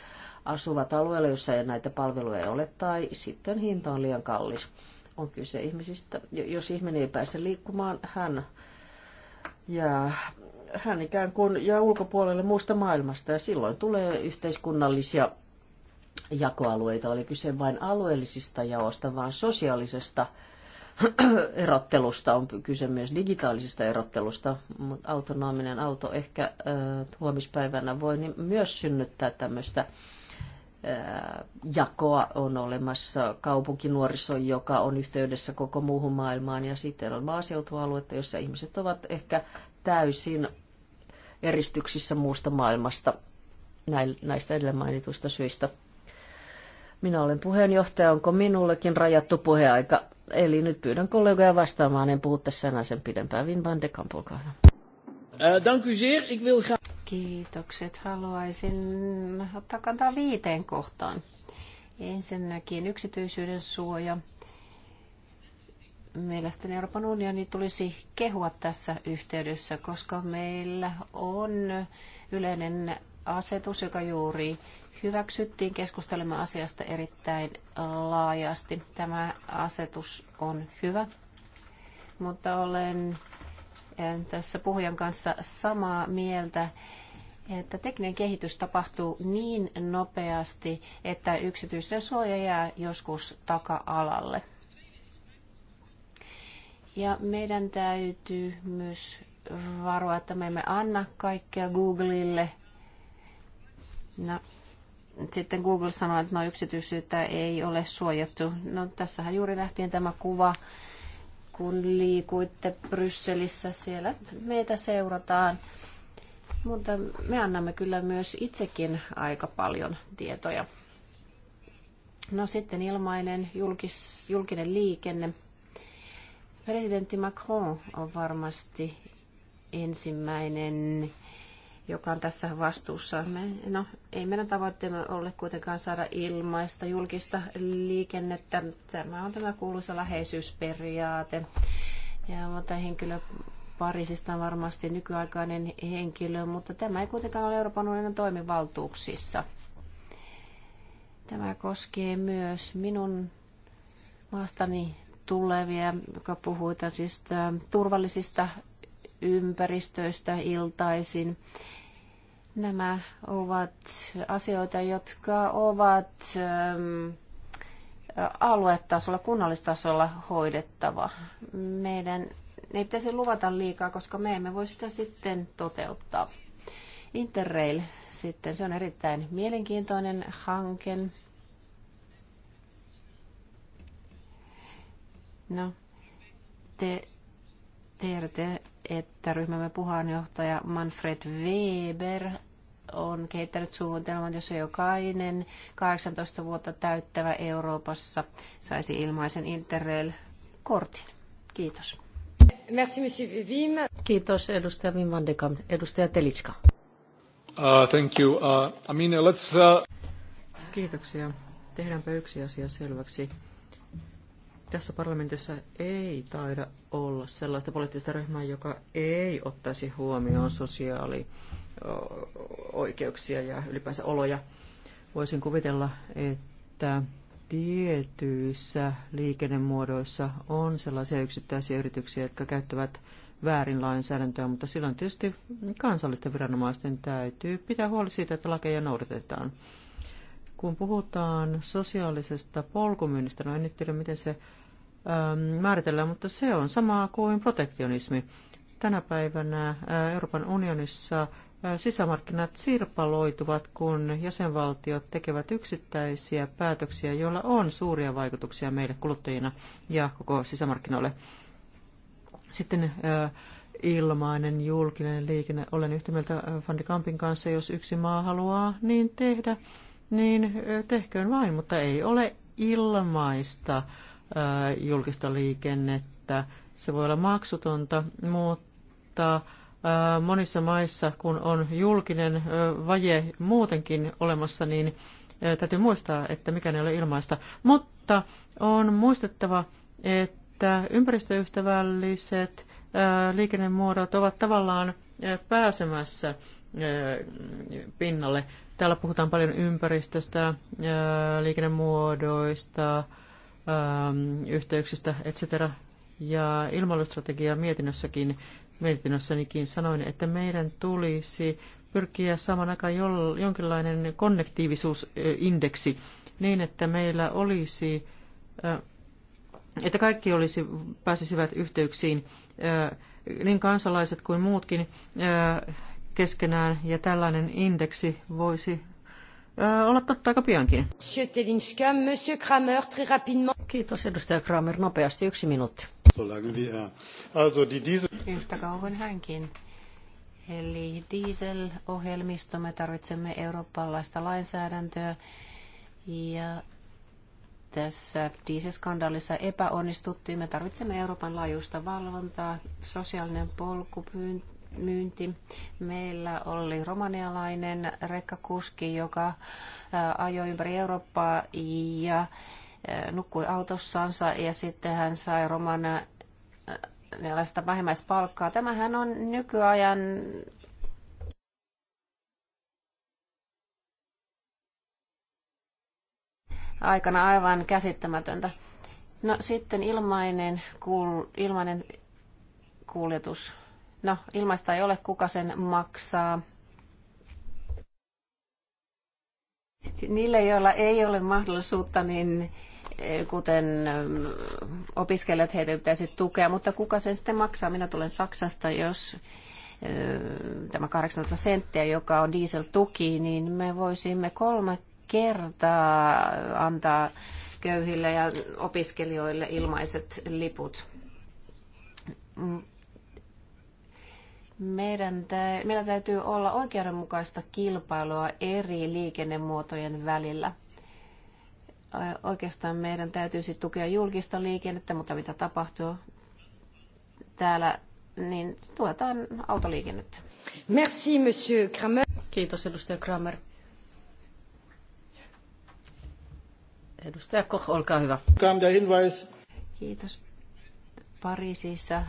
asuvat alueella, jossa ei näitä palveluja ole, tai sitten hinta on liian kallis on kyse ihmisistä. Jos ihminen ei pääse liikkumaan, hän jää, hän ikään kuin jää ulkopuolelle muusta maailmasta ja silloin tulee yhteiskunnallisia jakoalueita. Oli kyse vain alueellisista jaosta, vaan sosiaalisesta [CLEARS THROAT] erottelusta on kyse myös digitaalisesta erottelusta, mutta autonominen auto ehkä äh, huomispäivänä voi niin myös synnyttää tämmöistä äh, jakoa on olemassa. Kaupunkinuoriso, joka on yhteydessä koko muuhun maailmaan, ja sitten on maaseutualuetta, jossa ihmiset ovat ehkä täysin eristyksissä muusta maailmasta näistä edellä mainituista syistä. Minä olen puheenjohtaja, onko minullekin rajattu puheaika? Eli nyt pyydän kollegoja vastaamaan, en puhu tässä enää sen pidempään. Wim van de Kamp, olkaa Kiitokset. Haluaisin ottaa kantaa viiteen kohtaan. Ensinnäkin yksityisyyden suoja. Mielestäni Euroopan unioni tulisi kehua tässä yhteydessä, koska meillä on yleinen asetus, joka juuri hyväksyttiin. keskustelemaan asiasta erittäin laajasti. Tämä asetus on hyvä, mutta olen tässä puhujan kanssa samaa mieltä, että tekninen kehitys tapahtuu niin nopeasti, että yksityisyyden suoja jää joskus taka-alalle. Ja meidän täytyy myös varoa, että me emme anna kaikkea Googlille. No, sitten Google sanoi, että no yksityisyyttä ei ole suojattu. No tässähän juuri nähtiin tämä kuva kun liikuitte Brysselissä. Siellä meitä seurataan. Mutta me annamme kyllä myös itsekin aika paljon tietoja. No sitten ilmainen julkis, julkinen liikenne. Presidentti Macron on varmasti ensimmäinen joka on tässä vastuussa. Me, no, ei meidän tavoitteemme ole kuitenkaan saada ilmaista julkista liikennettä. Tämä on tämä kuuluisa läheisyysperiaate. Ja, mutta henkilö Pariisista on varmasti nykyaikainen henkilö, mutta tämä ei kuitenkaan ole Euroopan unionin toimivaltuuksissa. Tämä koskee myös minun maastani tulevia, joka puhutaan siis turvallisista ympäristöistä iltaisin. Nämä ovat asioita, jotka ovat ähm, aluetasolla, kunnallistasolla hoidettava. Meidän ne ei pitäisi luvata liikaa, koska me emme voi sitä sitten toteuttaa. Interrail sitten, se on erittäin mielenkiintoinen hanke. No, te tiedätte, että ryhmämme puheenjohtaja Manfred Weber on kehittänyt suunnitelman, jossa jokainen 18 vuotta täyttävä Euroopassa saisi ilmaisen Interrail-kortin. Kiitos. Merci, monsieur Vim. Kiitos, edustaja Wim van de Edustaja Telitska. Uh, thank you. Uh, I mean, let's, uh... Kiitoksia. Tehdäänpä yksi asia selväksi tässä parlamentissa ei taida olla sellaista poliittista ryhmää, joka ei ottaisi huomioon sosiaali- oikeuksia ja ylipäänsä oloja. Voisin kuvitella, että tietyissä liikennemuodoissa on sellaisia yksittäisiä yrityksiä, jotka käyttävät väärin lainsäädäntöä, mutta silloin tietysti kansallisten viranomaisten täytyy pitää huoli siitä, että lakeja noudatetaan. Kun puhutaan sosiaalisesta polkumyynnistä, no en nyt tiedä miten se ähm, määritellään, mutta se on sama kuin protektionismi. Tänä päivänä äh, Euroopan unionissa sisämarkkinat sirpaloituvat, kun jäsenvaltiot tekevät yksittäisiä päätöksiä, joilla on suuria vaikutuksia meille kuluttajina ja koko sisämarkkinoille. Sitten ilmainen julkinen liikenne. Olen yhtä mieltä Van de Kampin kanssa, jos yksi maa haluaa niin tehdä, niin tehköön vain, mutta ei ole ilmaista julkista liikennettä. Se voi olla maksutonta, mutta monissa maissa, kun on julkinen vaje muutenkin olemassa, niin täytyy muistaa, että mikään ei ole ilmaista. Mutta on muistettava, että ympäristöystävälliset liikennemuodot ovat tavallaan pääsemässä pinnalle. Täällä puhutaan paljon ympäristöstä, liikennemuodoista, yhteyksistä, etc. Ja ilmailustrategia mietinnössäkin mietinnössänikin sanoin, että meidän tulisi pyrkiä saman aikaan jonkinlainen konnektiivisuusindeksi niin, että meillä olisi, että kaikki olisi, pääsisivät yhteyksiin, niin kansalaiset kuin muutkin keskenään, ja tällainen indeksi voisi olla totta aika piankin. Monsieur Monsieur Kramer, Kiitos edustaja Kramer, nopeasti yksi minuutti. Yhtä kauan hänkin. Eli diesel-ohjelmisto, me tarvitsemme eurooppalaista lainsäädäntöä ja tässä diesel-skandaalissa epäonnistuttiin. Me tarvitsemme Euroopan laajuista valvontaa, sosiaalinen polkupyyntö myynti. Meillä oli romanialainen rekkakuski, joka ajoi ympäri Eurooppaa ja nukkui autossansa ja sitten hän sai romanialaista vähimmäispalkkaa. Tämähän on nykyajan aikana aivan käsittämätöntä. No sitten ilmainen, kuul, ilmainen kuljetus No, ilmaista ei ole, kuka sen maksaa. Niille, joilla ei ole mahdollisuutta, niin eh, kuten eh, opiskelijat, heitä pitäisi tukea, mutta kuka sen sitten maksaa? Minä tulen Saksasta, jos eh, tämä 18 senttiä, joka on dieseltuki, niin me voisimme kolme kertaa antaa köyhille ja opiskelijoille ilmaiset liput. Mm. Meidän tä- meillä täytyy olla oikeudenmukaista kilpailua eri liikennemuotojen välillä. Oikeastaan meidän täytyisi tukea julkista liikennettä, mutta mitä tapahtuu täällä, niin tuetaan autoliikennettä. Merci, monsieur Kramer. Kiitos, edustaja Kramer. Edustaja Koch, olkaa hyvä. Kiitos. Pariisissa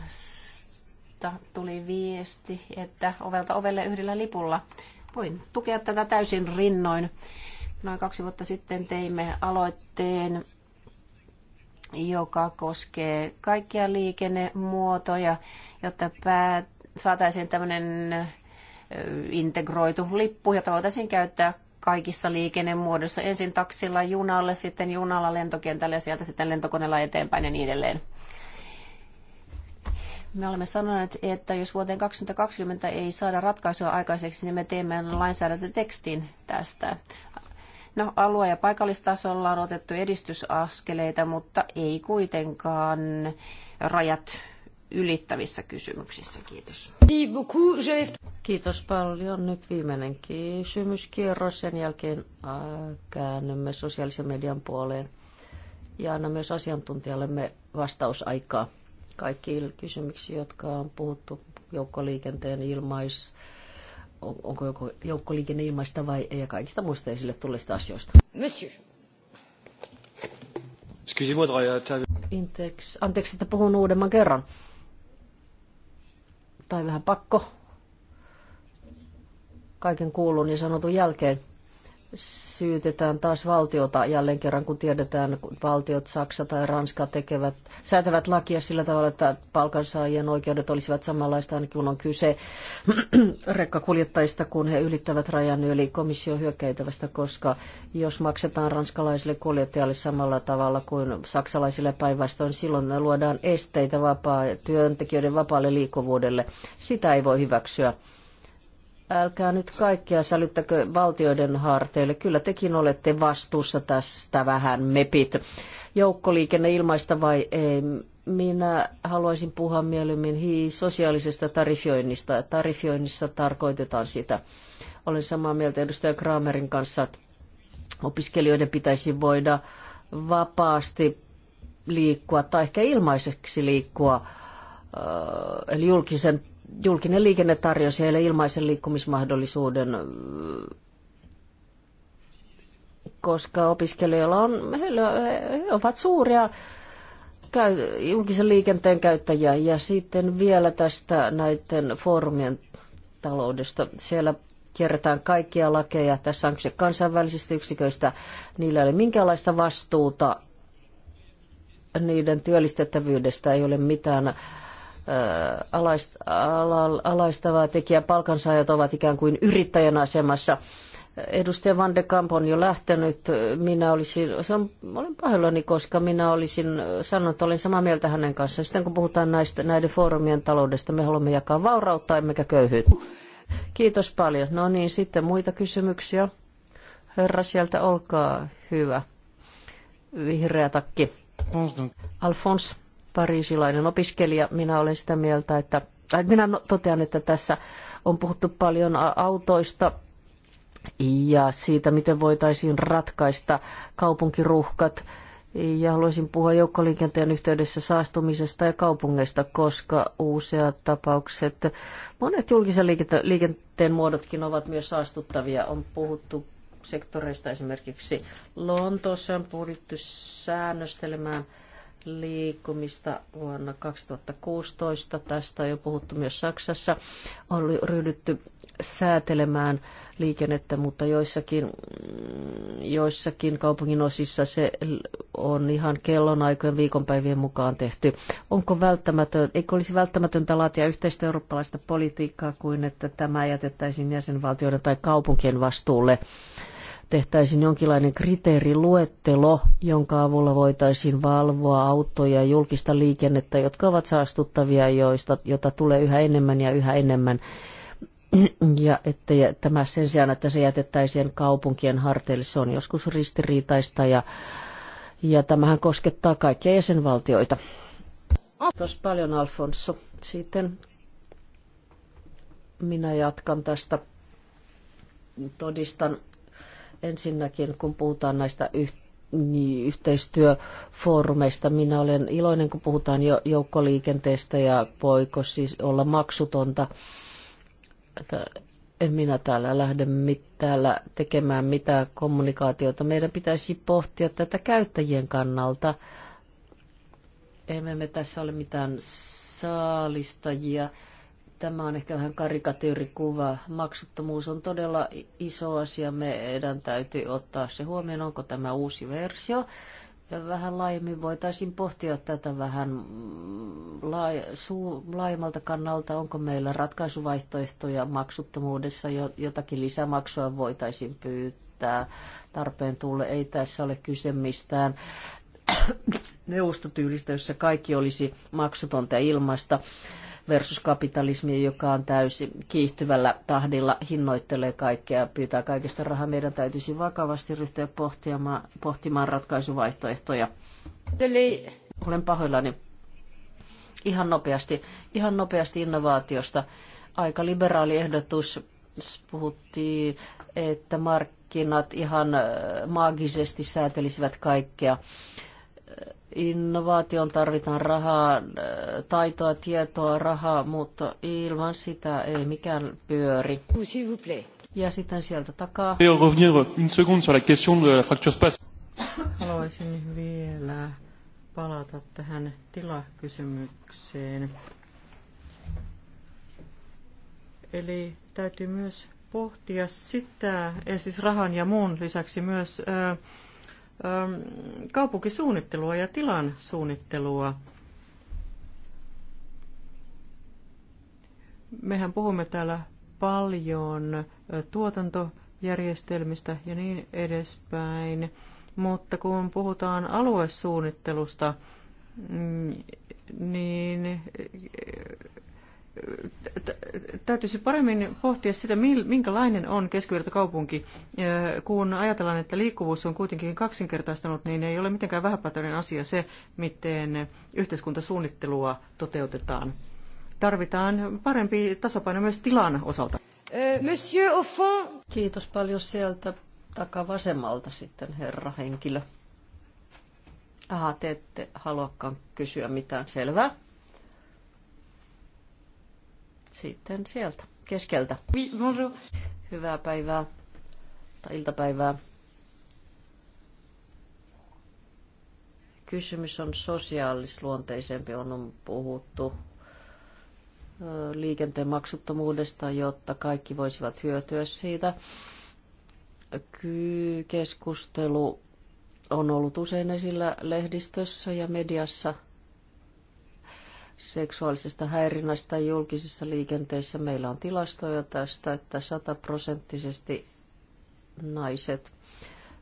mutta tuli viesti, että ovelta ovelle yhdellä lipulla. Voin tukea tätä täysin rinnoin. Noin kaksi vuotta sitten teimme aloitteen, joka koskee kaikkia liikennemuotoja, jotta pää, saataisiin tämmöinen integroitu lippu, jota voitaisiin käyttää kaikissa liikennemuodoissa. Ensin taksilla junalle, sitten junalla lentokentälle ja sieltä sitten lentokoneella eteenpäin ja niin edelleen. Me olemme sanoneet, että jos vuoteen 2020 ei saada ratkaisua aikaiseksi, niin me teemme lainsäädäntötekstin tästä. No, alue- ja paikallistasolla on otettu edistysaskeleita, mutta ei kuitenkaan rajat ylittävissä kysymyksissä. Kiitos. Kiitos paljon. Nyt viimeinen kysymyskierros. Sen jälkeen äh, käännymme sosiaalisen median puoleen ja anna myös asiantuntijallemme vastausaikaa kaikki kysymyksiin, jotka on puhuttu joukkoliikenteen ilmais, onko joku joukkoliikenne ilmaista vai ei, ja kaikista muista esille tulleista asioista. Monsieur. Intex, anteeksi, että puhun uudemman kerran. Tai vähän pakko. Kaiken kuulun ja sanotun jälkeen syytetään taas valtiota jälleen kerran, kun tiedetään, kun valtiot Saksa tai Ranska tekevät, säätävät lakia sillä tavalla, että palkansaajien oikeudet olisivat samanlaista, ainakin kun on kyse [CLEARS THROAT] rekkakuljettajista, kun he ylittävät rajan yli komission hyökkäytävästä, koska jos maksetaan ranskalaisille kuljettajalle samalla tavalla kuin saksalaisille päinvastoin, silloin luodaan esteitä vapaa, työntekijöiden vapaalle liikkuvuudelle. Sitä ei voi hyväksyä älkää nyt kaikkia sälyttäkö valtioiden harteille. Kyllä tekin olette vastuussa tästä vähän mepit. Joukkoliikenne ilmaista vai ei? Minä haluaisin puhua mieluummin sosiaalisesta tarifioinnista. Tarifioinnissa tarkoitetaan sitä. Olen samaa mieltä edustaja Kramerin kanssa, että opiskelijoiden pitäisi voida vapaasti liikkua tai ehkä ilmaiseksi liikkua, eli julkisen julkinen liikenne tarjosi heille ilmaisen liikkumismahdollisuuden, koska opiskelijoilla on, heillä, he ovat suuria käy, julkisen liikenteen käyttäjiä. Ja sitten vielä tästä näiden foorumien taloudesta. Siellä kierretään kaikkia lakeja. Tässä on kyse kansainvälisistä yksiköistä. Niillä ei ole minkäänlaista vastuuta. Niiden työllistettävyydestä ei ole mitään alaistavaa tekijää. Palkansaajat ovat ikään kuin yrittäjän asemassa. Edustaja Van de Kamp on jo lähtenyt. Minä olisin, on, olen pahoillani, koska minä olisin sanonut, että olen samaa mieltä hänen kanssaan. Sitten kun puhutaan näistä, näiden foorumien taloudesta, me haluamme jakaa vaurautta emmekä köyhyyttä. Kiitos paljon. No niin, sitten muita kysymyksiä. Herra sieltä, olkaa hyvä. Vihreä takki. Alfons pariisilainen opiskelija. Minä olen sitä mieltä, että tai minä no- totean, että tässä on puhuttu paljon autoista ja siitä, miten voitaisiin ratkaista kaupunkiruuhkat. Ja haluaisin puhua joukkoliikenteen yhteydessä saastumisesta ja kaupungeista, koska useat tapaukset, monet julkisen liikenteen muodotkin ovat myös saastuttavia. On puhuttu sektoreista esimerkiksi Lontoossa on puhuttu säännöstelemään liikkumista vuonna 2016. Tästä on jo puhuttu myös Saksassa. On ryhdytty säätelemään liikennettä, mutta joissakin, joissakin kaupungin osissa se on ihan kellonaikojen viikonpäivien mukaan tehty. Onko välttämätön, eikö olisi välttämätöntä laatia yhteistä eurooppalaista politiikkaa kuin että tämä jätettäisiin jäsenvaltioiden tai kaupunkien vastuulle? tehtäisiin jonkinlainen kriteeriluettelo, jonka avulla voitaisiin valvoa autoja ja julkista liikennettä, jotka ovat saastuttavia, joista, jota tulee yhä enemmän ja yhä enemmän. Ja että tämä sen sijaan, että se jätettäisiin kaupunkien harteille, se on joskus ristiriitaista ja, ja tämähän koskettaa kaikkia jäsenvaltioita. Kiitos paljon Alfonso. Sitten minä jatkan tästä. Todistan Ensinnäkin, kun puhutaan näistä yhteyksistä, niin yhteistyöfoorumeista. Minä olen iloinen, kun puhutaan jo joukkoliikenteestä ja voiko siis olla maksutonta. En minä täällä lähde mit, täällä tekemään mitään kommunikaatiota. Meidän pitäisi pohtia tätä käyttäjien kannalta. Emme me tässä ole mitään saalistajia Tämä on ehkä vähän karikatyyrikuva. Maksuttomuus on todella iso asia. Meidän täytyy ottaa se huomioon, onko tämä uusi versio. Ja vähän laajemmin voitaisiin pohtia tätä vähän mm, laaja, suu, laajemmalta kannalta, onko meillä ratkaisuvaihtoehtoja maksuttomuudessa, jo, jotakin lisämaksua voitaisiin pyytää tarpeen tulle. Ei tässä ole kyse mistään [COUGHS] neuvostotyylistä, jossa kaikki olisi maksutonta ilmasta versus kapitalismi, joka on täysin kiihtyvällä tahdilla, hinnoittelee kaikkea ja pyytää kaikesta rahaa. Meidän täytyisi vakavasti ryhtyä pohtimaan, pohtimaan ratkaisuvaihtoehtoja. Eli... Olen pahoillani. Ihan nopeasti, ihan nopeasti innovaatiosta. Aika liberaali ehdotus. Puhuttiin, että markkinat ihan äh, maagisesti säätelisivät kaikkea Innovaation tarvitaan rahaa, äh, taitoa, tietoa, rahaa, mutta ilman sitä ei mikään pyöri. Ja sitten sieltä takaa. Haluaisin vielä palata tähän tilakysymykseen. Eli täytyy myös pohtia sitä, eh, siis rahan ja muun lisäksi myös äh, Ähm, kaupunkisuunnittelua ja tilan suunnittelua. Mehän puhumme täällä paljon tuotantojärjestelmistä ja niin edespäin, mutta kun puhutaan aluesuunnittelusta, mm, niin täytyisi paremmin pohtia sitä, minkälainen on keskivertokaupunki. Kun ajatellaan, että liikkuvuus on kuitenkin kaksinkertaistanut, niin ei ole mitenkään vähäpätöinen asia se, miten yhteiskuntasuunnittelua toteutetaan. Tarvitaan parempi tasapaino myös tilan osalta. Monsieur Offon. Kiitos paljon sieltä takavasemmalta sitten, herra henkilö. Aha, te ette haluakaan kysyä mitään selvää. Sitten sieltä, keskeltä. Oui, bonjour. Hyvää päivää tai iltapäivää. Kysymys on sosiaalisluonteisempi, on puhuttu liikenteen maksuttomuudesta, jotta kaikki voisivat hyötyä siitä. Keskustelu on ollut usein esillä lehdistössä ja mediassa – seksuaalisesta häirinnästä julkisessa liikenteessä. Meillä on tilastoja tästä, että sataprosenttisesti naiset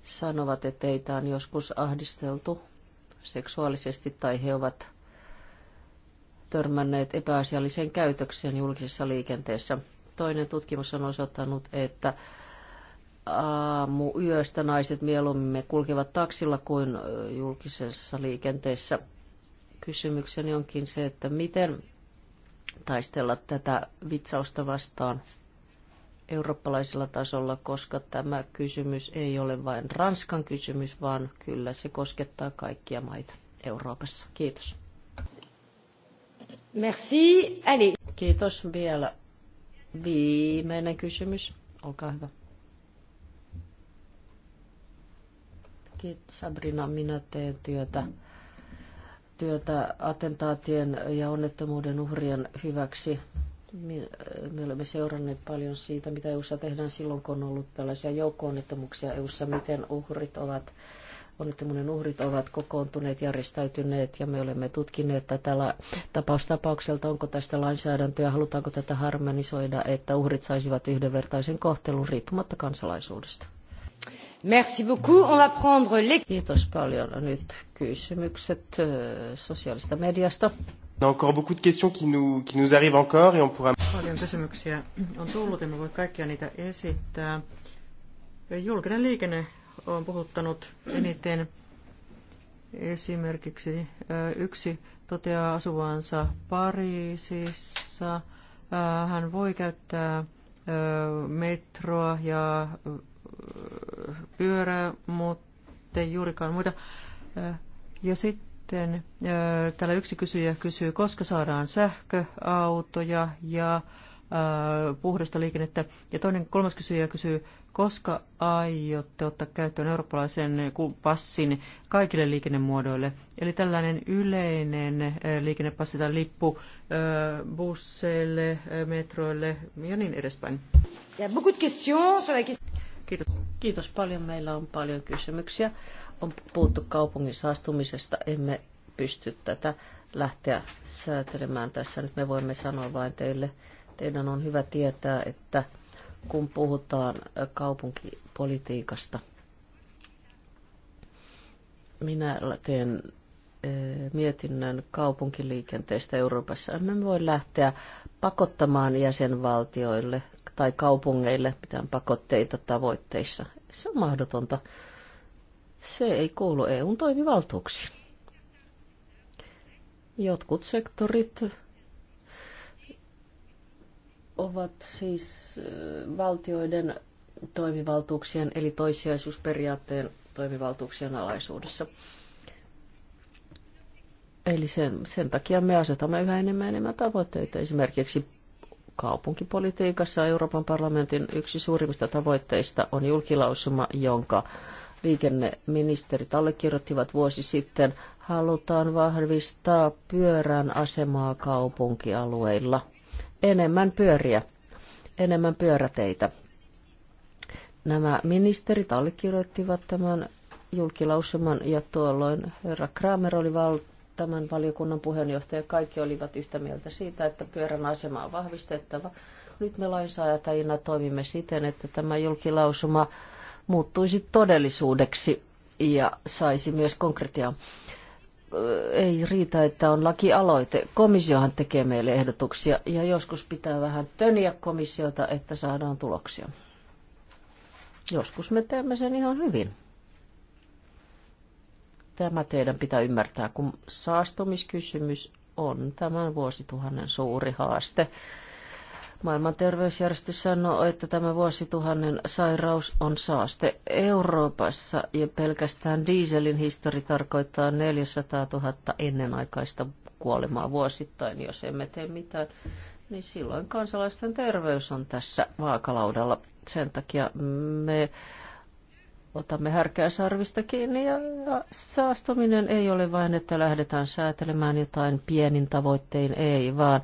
sanovat, että heitä on joskus ahdisteltu seksuaalisesti tai he ovat törmänneet epäasialliseen käytökseen julkisessa liikenteessä. Toinen tutkimus on osoittanut, että aamuyöstä naiset mieluummin kulkevat taksilla kuin julkisessa liikenteessä – kysymykseni onkin se, että miten taistella tätä vitsausta vastaan eurooppalaisella tasolla, koska tämä kysymys ei ole vain Ranskan kysymys, vaan kyllä se koskettaa kaikkia maita Euroopassa. Kiitos. Merci. Allez. Kiitos vielä. Viimeinen kysymys. Olkaa hyvä. Kiitos Sabrina, minä teen työtä. Mm työtä attentaatien ja onnettomuuden uhrien hyväksi. Me, olemme seuranneet paljon siitä, mitä EUssa tehdään silloin, kun on ollut tällaisia joukko-onnettomuuksia EUssa, miten uhrit ovat onnettomuuden uhrit ovat kokoontuneet, järjestäytyneet ja me olemme tutkineet tätä tapaustapaukselta, onko tästä lainsäädäntöä, halutaanko tätä harmonisoida, että uhrit saisivat yhdenvertaisen kohtelun riippumatta kansalaisuudesta. Merci beaucoup. On encore beaucoup de questions qui nous, qui nous arrivent encore et on pourra... Paljon kysymyksiä on tullut, emme voi kaikkia niitä esittää. Julkinen liikenne on puhuttanut eniten. Esimerkiksi yksi toteaa asuvansa Pariisissa. Hän voi käyttää metroa ja pyörää, mutta ei juurikaan muita. Äh, ja sitten äh, täällä yksi kysyjä kysyy, koska saadaan sähköautoja ja äh, puhdasta liikennettä. Ja toinen kolmas kysyjä kysyy, koska aiotte ottaa käyttöön eurooppalaisen passin kaikille liikennemuodoille? Eli tällainen yleinen liikennepassi tai lippu busseille, metroille ja niin edespäin. Kiitos. Kiitos paljon. Meillä on paljon kysymyksiä. On puhuttu kaupungin saastumisesta. Emme pysty tätä lähteä säätelemään tässä. Nyt me voimme sanoa vain teille, teidän on hyvä tietää, että kun puhutaan kaupunkipolitiikasta, minä teen eh, mietinnön kaupunkiliikenteestä Euroopassa. Emme voi lähteä pakottamaan jäsenvaltioille tai kaupungeille mitään pakotteita tavoitteissa. Se on mahdotonta. Se ei kuulu EUn toimivaltuuksiin. Jotkut sektorit ovat siis valtioiden toimivaltuuksien eli toissijaisuusperiaatteen toimivaltuuksien alaisuudessa. Eli sen, sen takia me asetamme yhä enemmän enemmän tavoitteita. Esimerkiksi kaupunkipolitiikassa Euroopan parlamentin yksi suurimmista tavoitteista on julkilausuma, jonka liikenneministerit allekirjoittivat vuosi sitten. Halutaan vahvistaa pyörän asemaa kaupunkialueilla. Enemmän pyöriä, enemmän pyöräteitä. Nämä ministerit allekirjoittivat tämän julkilausuman ja tuolloin herra Kramer oli val- tämän valiokunnan puheenjohtaja, kaikki olivat yhtä mieltä siitä, että pyörän asema on vahvistettava. Nyt me lainsäätäjinä toimimme siten, että tämä julkilausuma muuttuisi todellisuudeksi ja saisi myös konkretiaa. Ei riitä, että on lakialoite. Komissiohan tekee meille ehdotuksia ja joskus pitää vähän töniä komissiota, että saadaan tuloksia. Joskus me teemme sen ihan hyvin. Tämä teidän pitää ymmärtää, kun saastumiskysymys on tämän vuosituhannen suuri haaste. Maailman terveysjärjestö sanoo, että tämä vuosituhannen sairaus on saaste Euroopassa ja pelkästään dieselin histori tarkoittaa 400 000 ennenaikaista kuolemaa vuosittain. Jos emme tee mitään, niin silloin kansalaisten terveys on tässä vaakalaudalla. Sen takia me otamme sarvista kiinni ja, ja saastuminen ei ole vain, että lähdetään säätelemään jotain pienin tavoittein, ei, vaan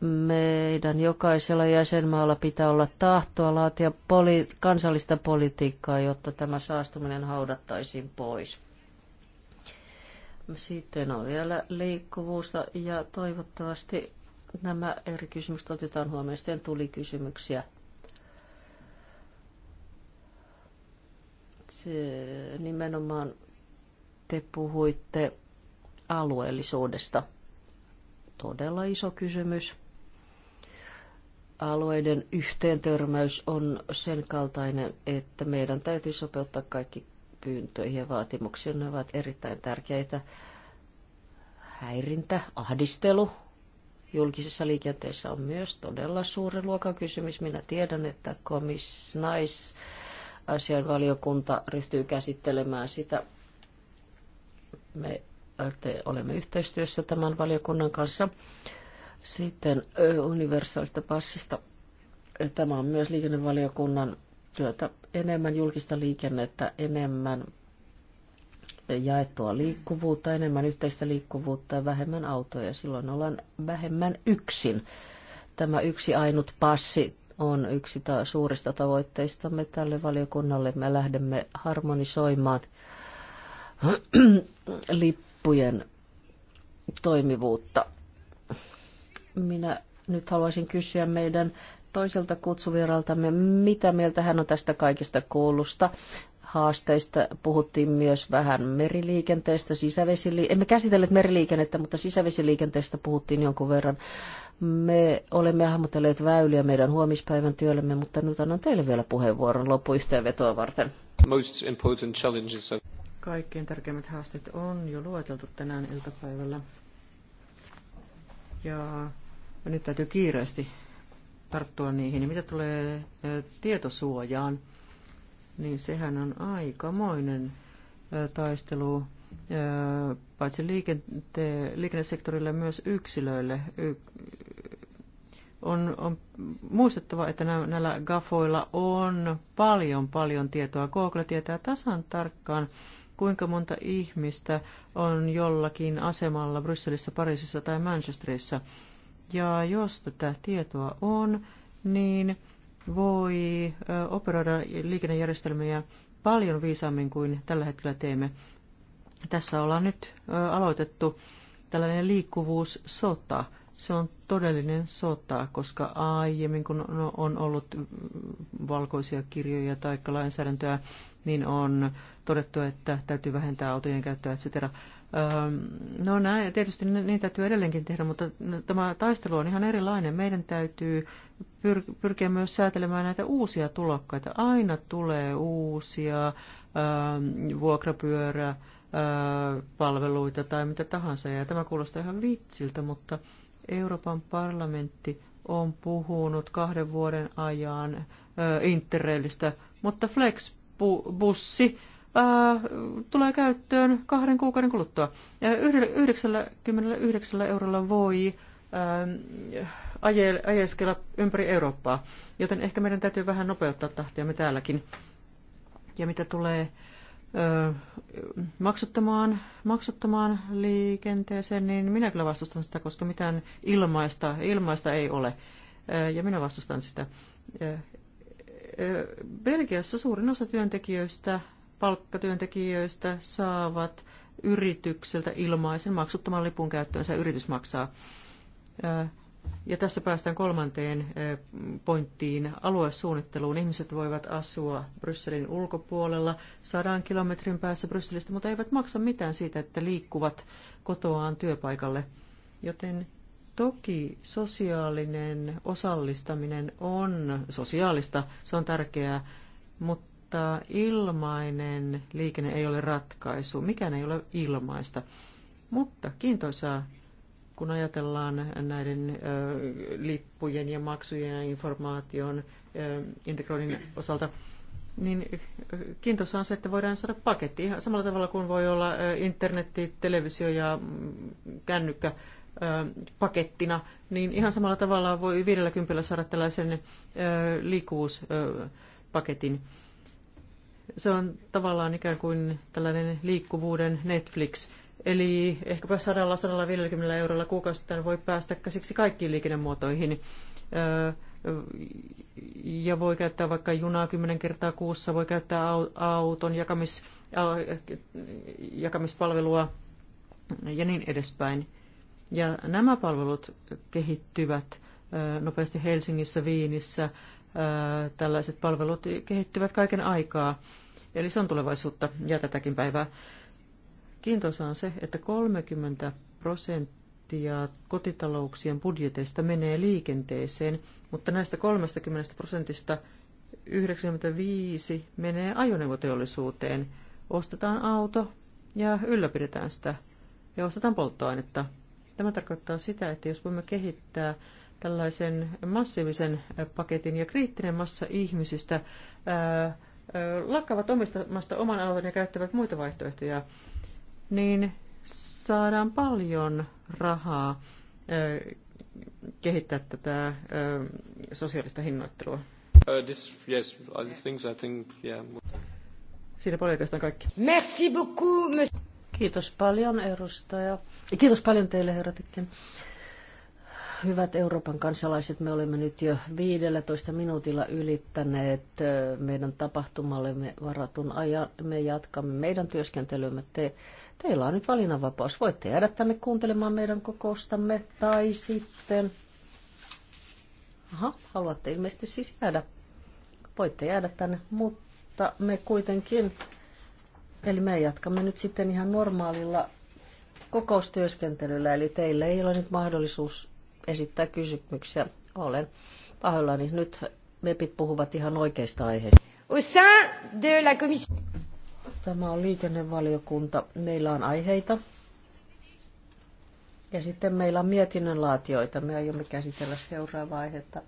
meidän jokaisella jäsenmaalla pitää olla tahtoa laatia poli- kansallista politiikkaa, jotta tämä saastuminen haudattaisiin pois. Sitten on vielä liikkuvuusta ja toivottavasti nämä eri kysymykset otetaan huomioon. Sitten tuli kysymyksiä Se, nimenomaan te puhuitte alueellisuudesta. Todella iso kysymys. Alueiden yhteentörmäys on sen kaltainen, että meidän täytyy sopeuttaa kaikki pyyntöihin ja vaatimuksiin. Ne ovat erittäin tärkeitä. Häirintä, ahdistelu julkisessa liikenteessä on myös todella suuren luokan kysymys. Minä tiedän, että komis nais asianvaliokunta ryhtyy käsittelemään sitä. Me olemme yhteistyössä tämän valiokunnan kanssa. Sitten universaalista passista. Tämä on myös liikennevaliokunnan työtä. Enemmän julkista liikennettä, enemmän jaettua liikkuvuutta, enemmän yhteistä liikkuvuutta ja vähemmän autoja. Silloin ollaan vähemmän yksin. Tämä yksi ainut passi on yksi ta- suurista tavoitteistamme tälle valiokunnalle. Me lähdemme harmonisoimaan [CLEARS THROAT] lippujen toimivuutta. Minä nyt haluaisin kysyä meidän toiselta kutsuvieraltamme, mitä mieltä hän on tästä kaikista koulusta haasteista. Puhuttiin myös vähän meriliikenteestä, sisävesili... Emme käsitelleet meriliikennettä, mutta sisävesiliikenteestä puhuttiin jonkun verran. Me olemme hahmotelleet väyliä meidän huomispäivän työllemme, mutta nyt annan teille vielä puheenvuoron loppuyhteenvetoa varten. Most important challenges are... Kaikkein tärkeimmät haasteet on jo lueteltu tänään iltapäivällä. Ja nyt täytyy kiireesti tarttua niihin. Ja mitä tulee eh, tietosuojaan, niin sehän on aikamoinen taistelu paitsi liikente- liikennesektorille myös yksilöille. on, on muistettava, että nä- näillä gafoilla on paljon paljon tietoa. Google tietää tasan tarkkaan, kuinka monta ihmistä on jollakin asemalla Brysselissä, Pariisissa tai Manchesterissa. Ja jos tätä tietoa on, niin voi operoida liikennejärjestelmiä paljon viisaammin kuin tällä hetkellä teemme. Tässä ollaan nyt aloitettu tällainen liikkuvuussota. Se on todellinen sota, koska aiemmin kun on ollut valkoisia kirjoja tai lainsäädäntöä, niin on todettu, että täytyy vähentää autojen käyttöä, etc. Ähm, no näin, tietysti niin täytyy edelleenkin tehdä, mutta tämä taistelu on ihan erilainen. Meidän täytyy pyr- pyrkiä myös säätelemään näitä uusia tulokkaita. Aina tulee uusia äh, äh, palveluita tai mitä tahansa. Ja tämä kuulostaa ihan vitsiltä, mutta Euroopan parlamentti on puhunut kahden vuoden ajan äh, Interrailista, mutta Flexbussi Äh, tulee käyttöön kahden kuukauden kuluttua. ja 99 eurolla voi äh, ajeskella ympäri Eurooppaa, joten ehkä meidän täytyy vähän nopeuttaa tahtia me täälläkin. Ja mitä tulee äh, maksuttamaan, maksuttamaan liikenteeseen, niin minä kyllä vastustan sitä, koska mitään ilmaista, ilmaista ei ole. Ja minä vastustan sitä. Belgiassa suurin osa työntekijöistä palkkatyöntekijöistä saavat yritykseltä ilmaisen maksuttoman lipun käyttöönsä yritys maksaa. Ja tässä päästään kolmanteen pointtiin, aluesuunnitteluun. Ihmiset voivat asua Brysselin ulkopuolella sadan kilometrin päässä Brysselistä, mutta eivät maksa mitään siitä, että liikkuvat kotoaan työpaikalle. Joten toki sosiaalinen osallistaminen on sosiaalista, se on tärkeää, mutta mutta ilmainen liikenne ei ole ratkaisu. Mikään ei ole ilmaista. Mutta kiintoisaa, kun ajatellaan näiden lippujen ja maksujen ja informaation integroinnin osalta, niin kiintoisaa on se, että voidaan saada paketti ihan samalla tavalla kuin voi olla internetti, televisio ja mm, kännykkä pakettina, niin ihan samalla tavalla voi 50 saada tällaisen liikkuvuuspaketin. Se on tavallaan ikään kuin tällainen liikkuvuuden Netflix. Eli ehkäpä 100-150 eurolla kuukausittain voi päästä käsiksi kaikkiin liikennemuotoihin. Ja voi käyttää vaikka junaa kymmenen kertaa kuussa, voi käyttää auton jakamis, jakamispalvelua ja niin edespäin. Ja nämä palvelut kehittyvät nopeasti Helsingissä, Viinissä, tällaiset palvelut kehittyvät kaiken aikaa. Eli se on tulevaisuutta ja tätäkin päivää. Kiintoisa on se, että 30 prosenttia kotitalouksien budjeteista menee liikenteeseen, mutta näistä 30 prosentista 95 menee ajoneuvoteollisuuteen. Ostetaan auto ja ylläpidetään sitä ja ostetaan polttoainetta. Tämä tarkoittaa sitä, että jos voimme kehittää tällaisen massiivisen paketin ja kriittinen massa ihmisistä ää, lakkaavat omistamasta oman auton ja käyttävät muita vaihtoehtoja, niin saadaan paljon rahaa kehittää tätä sosiaalista hinnoittelua. Uh, this, yes, I think, I think, yeah. Siinä paljon oikeastaan kaikki. Merci beaucoup, monsieur. Kiitos paljon edustaja. Kiitos paljon teille, herra Tikkin. Hyvät Euroopan kansalaiset, me olemme nyt jo 15 minuutilla ylittäneet meidän tapahtumallemme varatun ajan. Me jatkamme meidän työskentelymme. Te, teillä on nyt valinnanvapaus. Voitte jäädä tänne kuuntelemaan meidän kokoustamme tai sitten... Aha, haluatte ilmeisesti siis jäädä. Voitte jäädä tänne, mutta me kuitenkin... Eli me jatkamme nyt sitten ihan normaalilla kokoustyöskentelyllä, eli teillä ei ole nyt mahdollisuus esittää kysymyksiä. Olen pahoillani. Nyt MEPit puhuvat ihan oikeista aiheista. Tämä on liikennevaliokunta. Meillä on aiheita. Ja sitten meillä on mietinnön laatioita. Me aiomme käsitellä seuraavaa aihetta.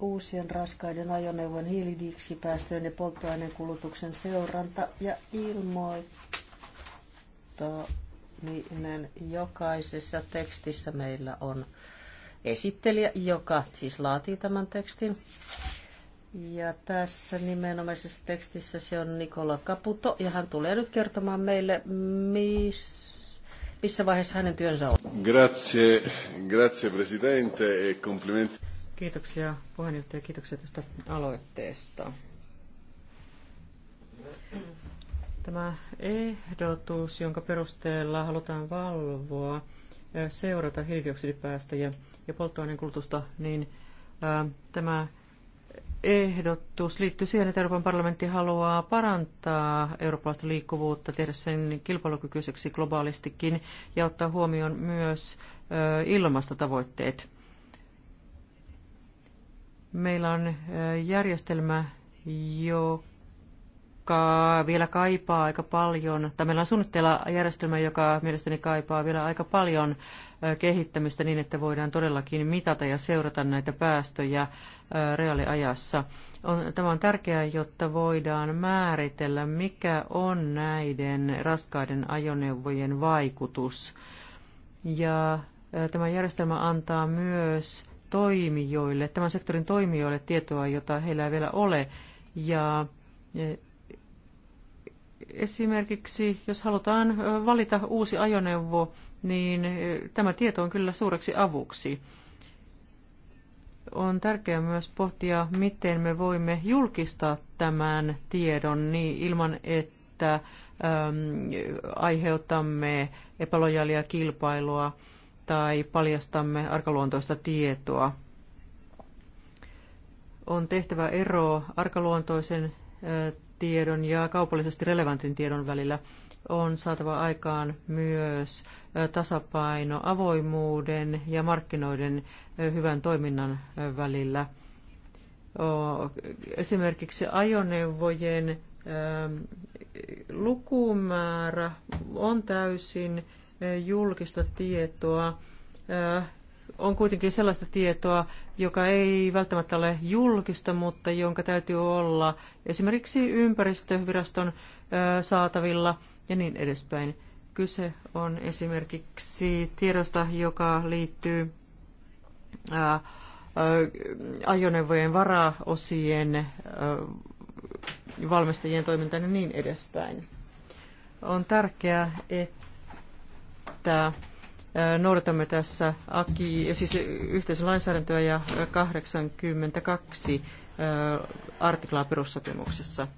Uusien raskaiden ajoneuvojen hiilidioksidipäästöjen ja polttoaineen kulutuksen seuranta ja ilmoittaa niin jokaisessa tekstissä meillä on esittelijä, joka siis laatii tämän tekstin. Ja tässä nimenomaisessa tekstissä se on Nikola Kaputo, ja hän tulee nyt kertomaan meille, missä missä vaiheessa hänen työnsä on. Grazie, grazie presidente e complimenti. Kiitoksia puheenjohtaja, kiitoksia tästä aloitteesta. Tämä ehdotus, jonka perusteella halutaan valvoa, seurata hiilidioksidipäästöjä ja polttoaineen kulutusta, niin tämä ehdotus liittyy siihen, että Euroopan parlamentti haluaa parantaa eurooppalaista liikkuvuutta, tehdä sen kilpailukykyiseksi globaalistikin ja ottaa huomioon myös ilmastotavoitteet. Meillä on järjestelmä, joka joka vielä kaipaa aika paljon, tai meillä on suunnitteilla järjestelmä, joka mielestäni kaipaa vielä aika paljon kehittämistä niin, että voidaan todellakin mitata ja seurata näitä päästöjä reaaliajassa. On, tämä on tärkeää, jotta voidaan määritellä, mikä on näiden raskaiden ajoneuvojen vaikutus. Ja tämä järjestelmä antaa myös toimijoille, tämän sektorin toimijoille tietoa, jota heillä ei vielä ole. Ja Esimerkiksi jos halutaan valita uusi ajoneuvo, niin tämä tieto on kyllä suureksi avuksi. On tärkeää myös pohtia, miten me voimme julkistaa tämän tiedon niin ilman, että äm, aiheutamme epälojaalia kilpailua tai paljastamme arkaluontoista tietoa. On tehtävä ero arkaluontoisen tiedon ja kaupallisesti relevantin tiedon välillä on saatava aikaan myös tasapaino avoimuuden ja markkinoiden hyvän toiminnan välillä. Esimerkiksi ajoneuvojen lukumäärä on täysin julkista tietoa. On kuitenkin sellaista tietoa, joka ei välttämättä ole julkista, mutta jonka täytyy olla esimerkiksi ympäristöviraston saatavilla ja niin edespäin. Kyse on esimerkiksi tiedosta, joka liittyy ajoneuvojen varaosien valmistajien toimintaan ja niin edespäin. On tärkeää, että noudatamme tässä AKI, siis yhteisön lainsäädäntöä ja 82 artiklaa perussopimuksessa.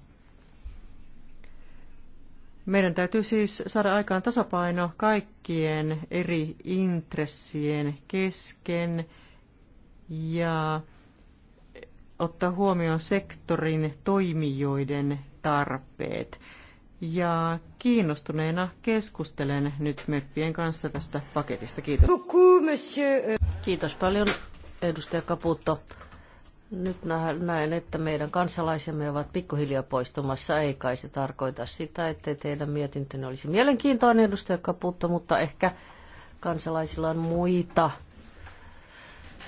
Meidän täytyy siis saada aikaan tasapaino kaikkien eri intressien kesken ja ottaa huomioon sektorin toimijoiden tarpeet. Ja kiinnostuneena keskustelen nyt meppien kanssa tästä paketista. Kiitos. Kiitos paljon, edustaja Kaputto. Nyt näen, että meidän kansalaisemme ovat pikkuhiljaa poistumassa, ei kai se tarkoita sitä, että teidän mietintönne olisi mielenkiintoinen edustaja Kaputta, mutta ehkä kansalaisilla on muita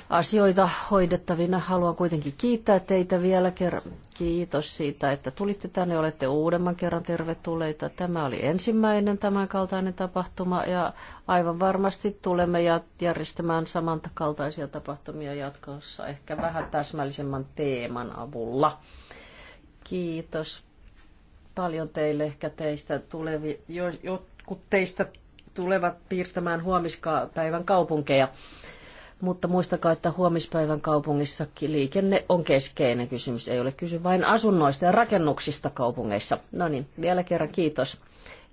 asioita hoidettavina. Haluan kuitenkin kiittää teitä vielä kerran. Kiitos siitä, että tulitte tänne. Olette uudemman kerran tervetulleita. Tämä oli ensimmäinen tämänkaltainen tapahtuma ja aivan varmasti tulemme järjestämään samankaltaisia tapahtumia jatkossa ehkä vähän täsmällisemmän teeman avulla. Kiitos paljon teille ehkä teistä tulevi, jotkut teistä tulevat piirtämään huomispäivän kaupunkeja mutta muistakaa, että huomispäivän kaupungissa liikenne on keskeinen kysymys. Ei ole kysy vain asunnoista ja rakennuksista kaupungeissa. No niin, vielä kerran kiitos.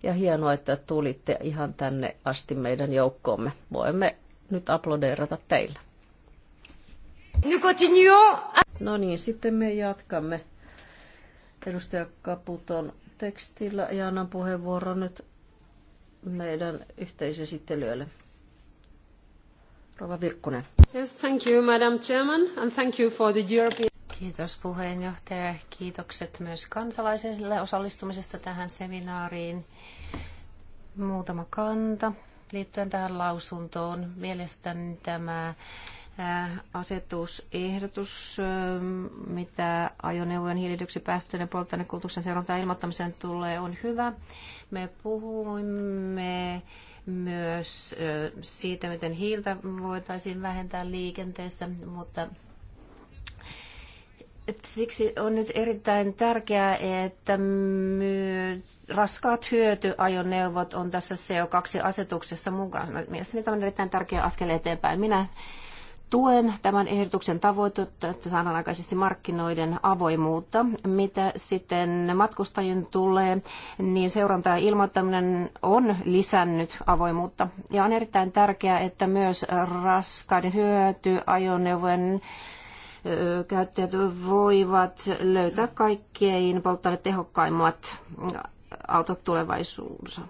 Ja hienoa, että tulitte ihan tänne asti meidän joukkoomme. Voimme nyt aplodeerata teille. No niin, sitten me jatkamme edustaja Kaputon tekstillä ja annan puheenvuoron nyt meidän yhteisesittelijöille. Rova Virkkunen. Yes, thank you, Madam Chairman, and thank you for the European... Kiitos puheenjohtaja. Kiitokset myös kansalaisille osallistumisesta tähän seminaariin. Muutama kanta liittyen tähän lausuntoon. Mielestäni tämä äh, asetusehdotus, ähm, mitä ajoneuvojen hiilidioksidipäästöjen ja polttoainekulutuksen seurantaa ilmoittamiseen tulee, on hyvä. Me puhuimme myös siitä, miten hiiltä voitaisiin vähentää liikenteessä, mutta siksi on nyt erittäin tärkeää, että myös raskaat hyötyajoneuvot on tässä CO2-asetuksessa mukana. Mielestäni tämä on erittäin tärkeä askel eteenpäin. Minä tuen tämän ehdotuksen tavoitetta, että saadaan aikaisesti markkinoiden avoimuutta. Mitä sitten matkustajien tulee, niin seuranta ja ilmoittaminen on lisännyt avoimuutta. Ja on erittäin tärkeää, että myös raskaiden hyötyajoneuvojen käyttäjät voivat löytää kaikkein polttoainetehokkaimmat autot tulevaisuudessa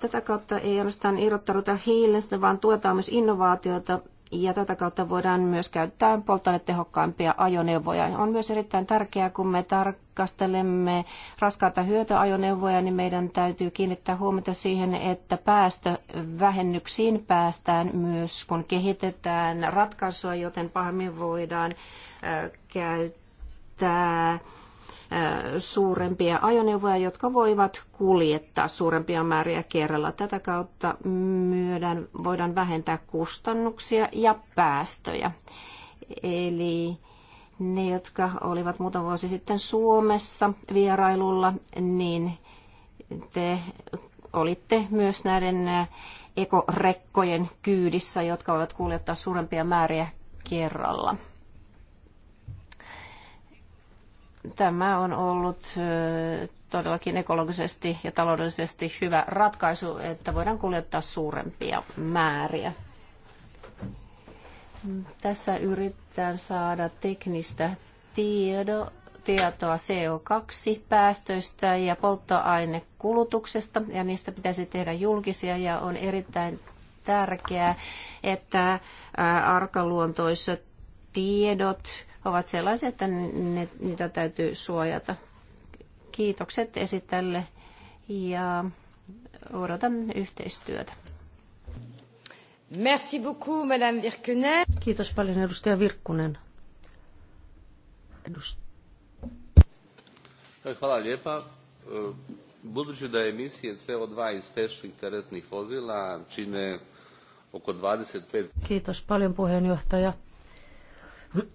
tätä kautta ei ainoastaan irrottauduta hiilestä, vaan tuetaan myös innovaatioita ja tätä kautta voidaan myös käyttää polttoainetehokkaampia ajoneuvoja. On myös erittäin tärkeää, kun me tarkastelemme raskaita hyötyajoneuvoja, niin meidän täytyy kiinnittää huomiota siihen, että päästövähennyksiin päästään myös, kun kehitetään ratkaisua, joten pahemmin voidaan käyttää suurempia ajoneuvoja, jotka voivat kuljettaa suurempia määriä kerralla. Tätä kautta myödän, voidaan vähentää kustannuksia ja päästöjä. Eli ne, jotka olivat muutama vuosi sitten Suomessa vierailulla, niin te olitte myös näiden ekorekkojen kyydissä, jotka voivat kuljettaa suurempia määriä kerralla. Tämä on ollut todellakin ekologisesti ja taloudellisesti hyvä ratkaisu, että voidaan kuljettaa suurempia määriä. Tässä yritetään saada teknistä tiedo, tietoa CO2-päästöistä ja polttoainekulutuksesta, ja niistä pitäisi tehdä julkisia, ja on erittäin tärkeää, että arkaluontoiset tiedot ovat sellaisia, että ne, niitä täytyy suojata. Kiitokset esittäjälle ja odotan yhteistyötä. Merci beaucoup, Madame Virkkunen. Kiitos paljon, edustaja Virkkunen. Edust... Hvala lijepa. E, budući da emisije CO2 iz teških teretnih vozila čine oko 25... Kiitos paljon puheenjohtaja.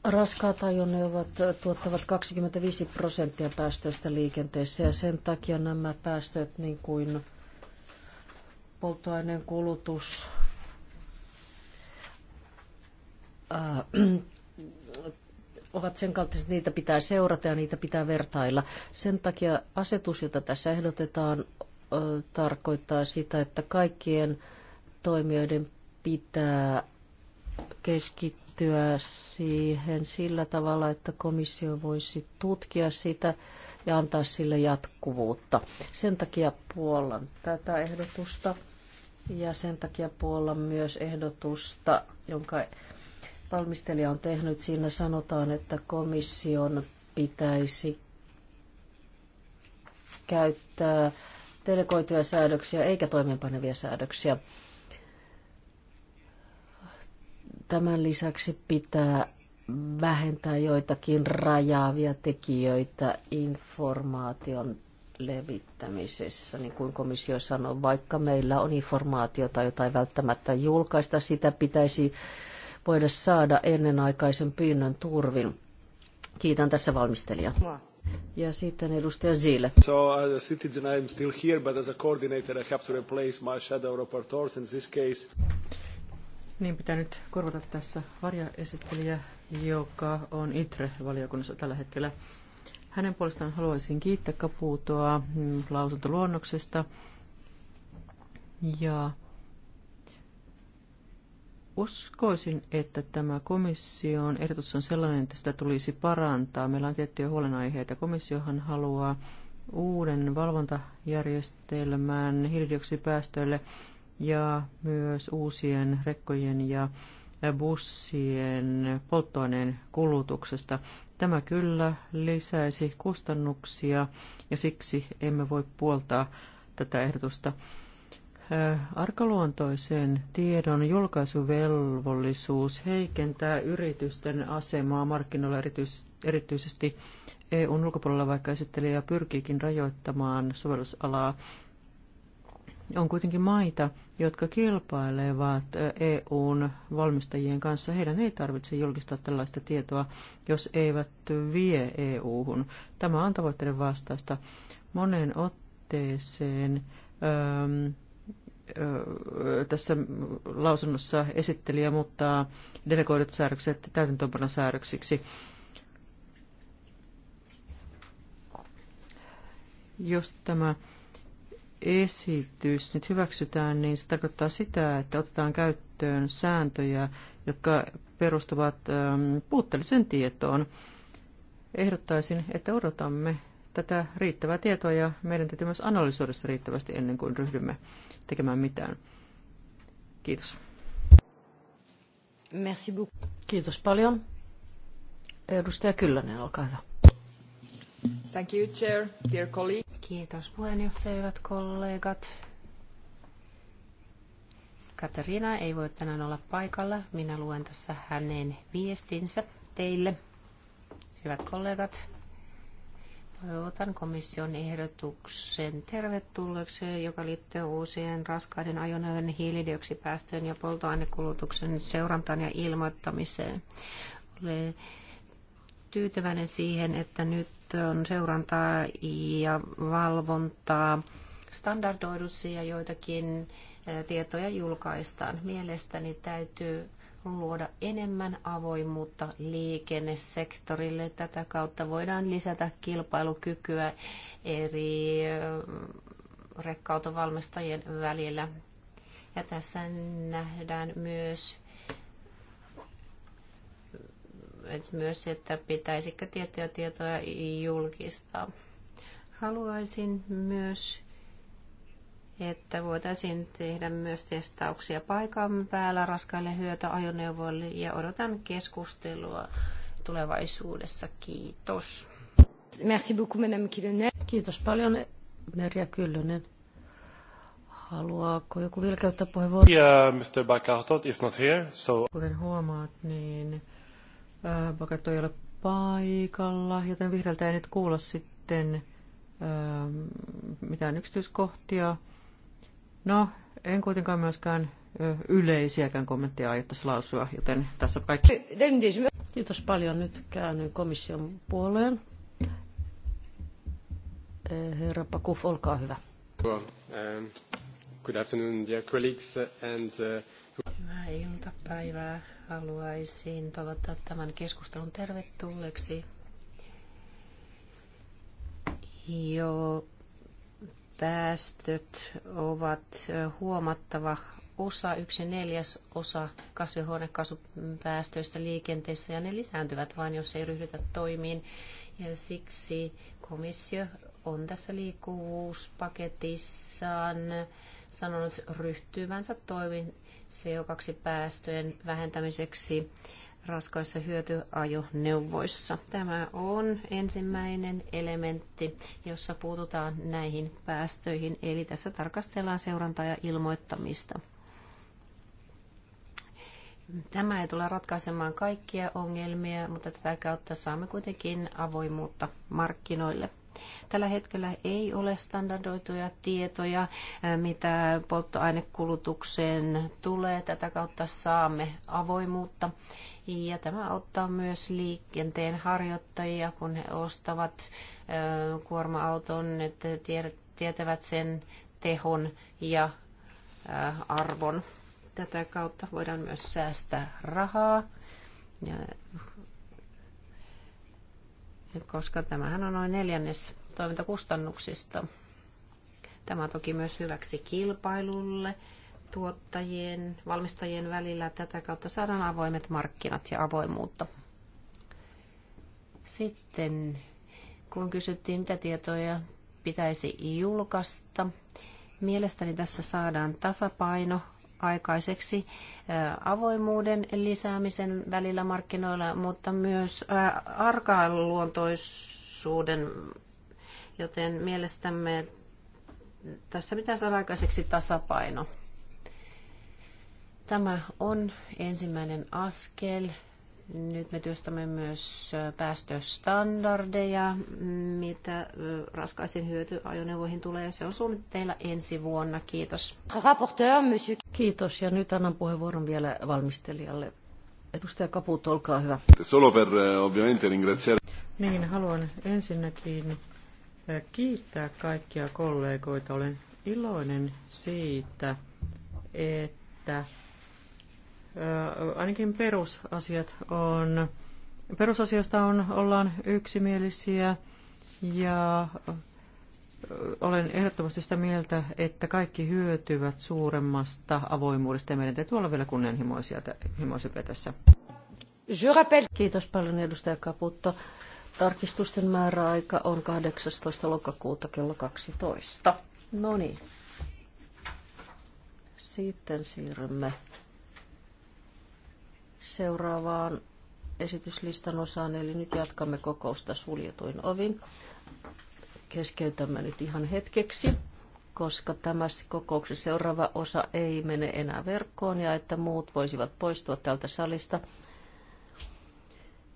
Raskaat ajoneuvot tuottavat 25 prosenttia päästöistä liikenteessä ja sen takia nämä päästöt, niin kuin polttoaineen kulutus, äh, ovat sen kaltaiset, että niitä pitää seurata ja niitä pitää vertailla. Sen takia asetus, jota tässä ehdotetaan, tarkoittaa sitä, että kaikkien toimijoiden pitää keskittyä liittyä siihen sillä tavalla, että komissio voisi tutkia sitä ja antaa sille jatkuvuutta. Sen takia puollan tätä ehdotusta ja sen takia puollan myös ehdotusta, jonka valmistelija on tehnyt. Siinä sanotaan, että komission pitäisi käyttää delegoituja säädöksiä eikä toimeenpanevia säädöksiä. Tämän lisäksi pitää vähentää joitakin rajaavia tekijöitä informaation levittämisessä, niin kuin komissio sanoi, vaikka meillä on informaatiota, jota ei välttämättä julkaista, sitä pitäisi voida saada ennenaikaisen pyynnön turvin. Kiitän tässä valmistelija. Ja sitten edustaja Ziile. So as a citizen I am still here, but as a coordinator I have to replace my shadow rapporteurs in this case. Niin pitää nyt korvata tässä varjaesittelijä, joka on ITRE-valiokunnassa tällä hetkellä. Hänen puolestaan haluaisin kiittää Kapuutoa lausuntoluonnoksesta. Ja uskoisin, että tämä komission ehdotus on sellainen, että sitä tulisi parantaa. Meillä on tiettyjä huolenaiheita. Komissiohan haluaa uuden valvontajärjestelmän hiilidioksidipäästöille ja myös uusien rekkojen ja bussien polttoaineen kulutuksesta. Tämä kyllä lisäisi kustannuksia ja siksi emme voi puoltaa tätä ehdotusta. Arkaluontoisen tiedon julkaisuvelvollisuus heikentää yritysten asemaa markkinoilla erityis- erityisesti EUn ulkopuolella, vaikka esittelijä pyrkiikin rajoittamaan sovellusalaa on kuitenkin maita, jotka kilpailevat EUn valmistajien kanssa. Heidän ei tarvitse julkistaa tällaista tietoa, jos eivät vie EU:hun. Tämä on tavoitteiden vastaista. Monen otteeseen äm, tässä lausunnossa esittelijä muuttaa delegoidut säädökset täytäntöönpana säädöksiksi. Jos tämä esitys nyt hyväksytään, niin se tarkoittaa sitä, että otetaan käyttöön sääntöjä, jotka perustuvat ähm, puutteelliseen tietoon. Ehdottaisin, että odotamme tätä riittävää tietoa ja meidän täytyy myös analysoida se riittävästi ennen kuin ryhdymme tekemään mitään. Kiitos. Merci beaucoup. Kiitos paljon. Edustaja Kyllönen, olkaa hyvä. Thank you, Chair, dear colleague. Kiitos puheenjohtaja, hyvät kollegat. Katariina ei voi tänään olla paikalla. Minä luen tässä hänen viestinsä teille. Hyvät kollegat, toivotan komission ehdotuksen tervetulleeksi, joka liittyy uusien raskaiden ajoneuvojen hiilidioksipäästöjen ja polttoainekulutuksen seurantaan ja ilmoittamiseen. Olen tyytyväinen siihen, että nyt on seurantaa ja valvontaa standardoiduksi ja joitakin tietoja julkaistaan. Mielestäni täytyy luoda enemmän avoimuutta liikennesektorille. Tätä kautta voidaan lisätä kilpailukykyä eri rekkautovalmistajien välillä. Ja tässä nähdään myös myös, että pitäisikö tiettyjä tietoja julkistaa. Haluaisin myös, että voitaisiin tehdä myös testauksia paikan päällä raskaille hyötyajoneuvoille ja odotan keskustelua tulevaisuudessa. Kiitos. Merci beaucoup, Madame Kyllönen. Kiitos paljon, Merja Kyllönen. Haluaako joku vielä käyttää puheenvuoron? Yeah, Mr. Bakahotot is not here, so... Kuten huomaat, niin Bakarto ei ole paikalla, joten vihreältä ei nyt kuulla sitten mitään yksityiskohtia. No, en kuitenkaan myöskään yleisiäkään kommentteja aiottaisi lausua, joten tässä kaikki. Kiitos paljon. Nyt käännyn komission puoleen. Herra Pakuf, olkaa hyvä. Well, um, good afternoon, dear colleagues, and uh, iltapäivää. Haluaisin toivottaa tämän keskustelun tervetulleeksi. Jo päästöt ovat huomattava osa, yksi neljäs osa kasvihuonekaasupäästöistä liikenteessä ja ne lisääntyvät vain, jos ei ryhdytä toimiin. Ja siksi komissio on tässä liikkuvuuspaketissaan sanonut ryhtyvänsä toimiin CO2-päästöjen vähentämiseksi raskaissa hyötyajoneuvoissa. Tämä on ensimmäinen elementti, jossa puututaan näihin päästöihin, eli tässä tarkastellaan seurantaa ja ilmoittamista. Tämä ei tule ratkaisemaan kaikkia ongelmia, mutta tätä kautta saamme kuitenkin avoimuutta markkinoille. Tällä hetkellä ei ole standardoituja tietoja, mitä polttoainekulutukseen tulee. Tätä kautta saamme avoimuutta. Ja tämä auttaa myös liikenteen harjoittajia, kun he ostavat kuorma-auton, että tietävät sen tehon ja arvon. Tätä kautta voidaan myös säästää rahaa ja koska tämähän on noin neljännes toimintakustannuksista. Tämä on toki myös hyväksi kilpailulle tuottajien, valmistajien välillä. Tätä kautta saadaan avoimet markkinat ja avoimuutta. Sitten kun kysyttiin, mitä tietoja pitäisi julkaista, mielestäni tässä saadaan tasapaino aikaiseksi avoimuuden lisäämisen välillä markkinoilla, mutta myös arkaluontoisuuden, joten mielestämme tässä pitää saada aikaiseksi tasapaino. Tämä on ensimmäinen askel nyt me työstämme myös päästöstandardeja, mitä raskaisiin hyötyajoneuvoihin tulee. Se on suunnitteilla ensi vuonna. Kiitos. Kiitos ja nyt annan puheenvuoron vielä valmistelijalle. Edustaja Kaput, olkaa hyvä. Solo per, ovviamente, ringraziare. Niin, haluan ensinnäkin kiittää kaikkia kollegoita. Olen iloinen siitä, että ainakin perusasiat on, perusasioista on, ollaan yksimielisiä ja olen ehdottomasti sitä mieltä, että kaikki hyötyvät suuremmasta avoimuudesta ja meidän täytyy olla vielä kunnianhimoisia tässä. Kiitos paljon edustaja Kaputto. Tarkistusten määräaika on 18. lokakuuta kello 12. No niin. Sitten siirrymme seuraavaan esityslistan osaan, eli nyt jatkamme kokousta suljetuin ovin. Keskeytämme nyt ihan hetkeksi, koska tämä kokouksen seuraava osa ei mene enää verkkoon ja että muut voisivat poistua tältä salista.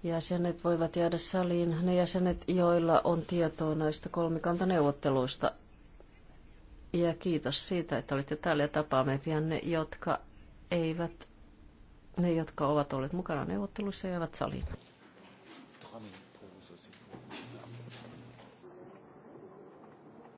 Jäsenet voivat jäädä saliin, ne jäsenet, joilla on tietoa näistä kolmikantaneuvotteluista. Ja kiitos siitä, että olitte täällä ja tapaamme pian ne, jotka eivät ne, jotka ovat olleet mukana neuvotteluissa, jäävät saliin.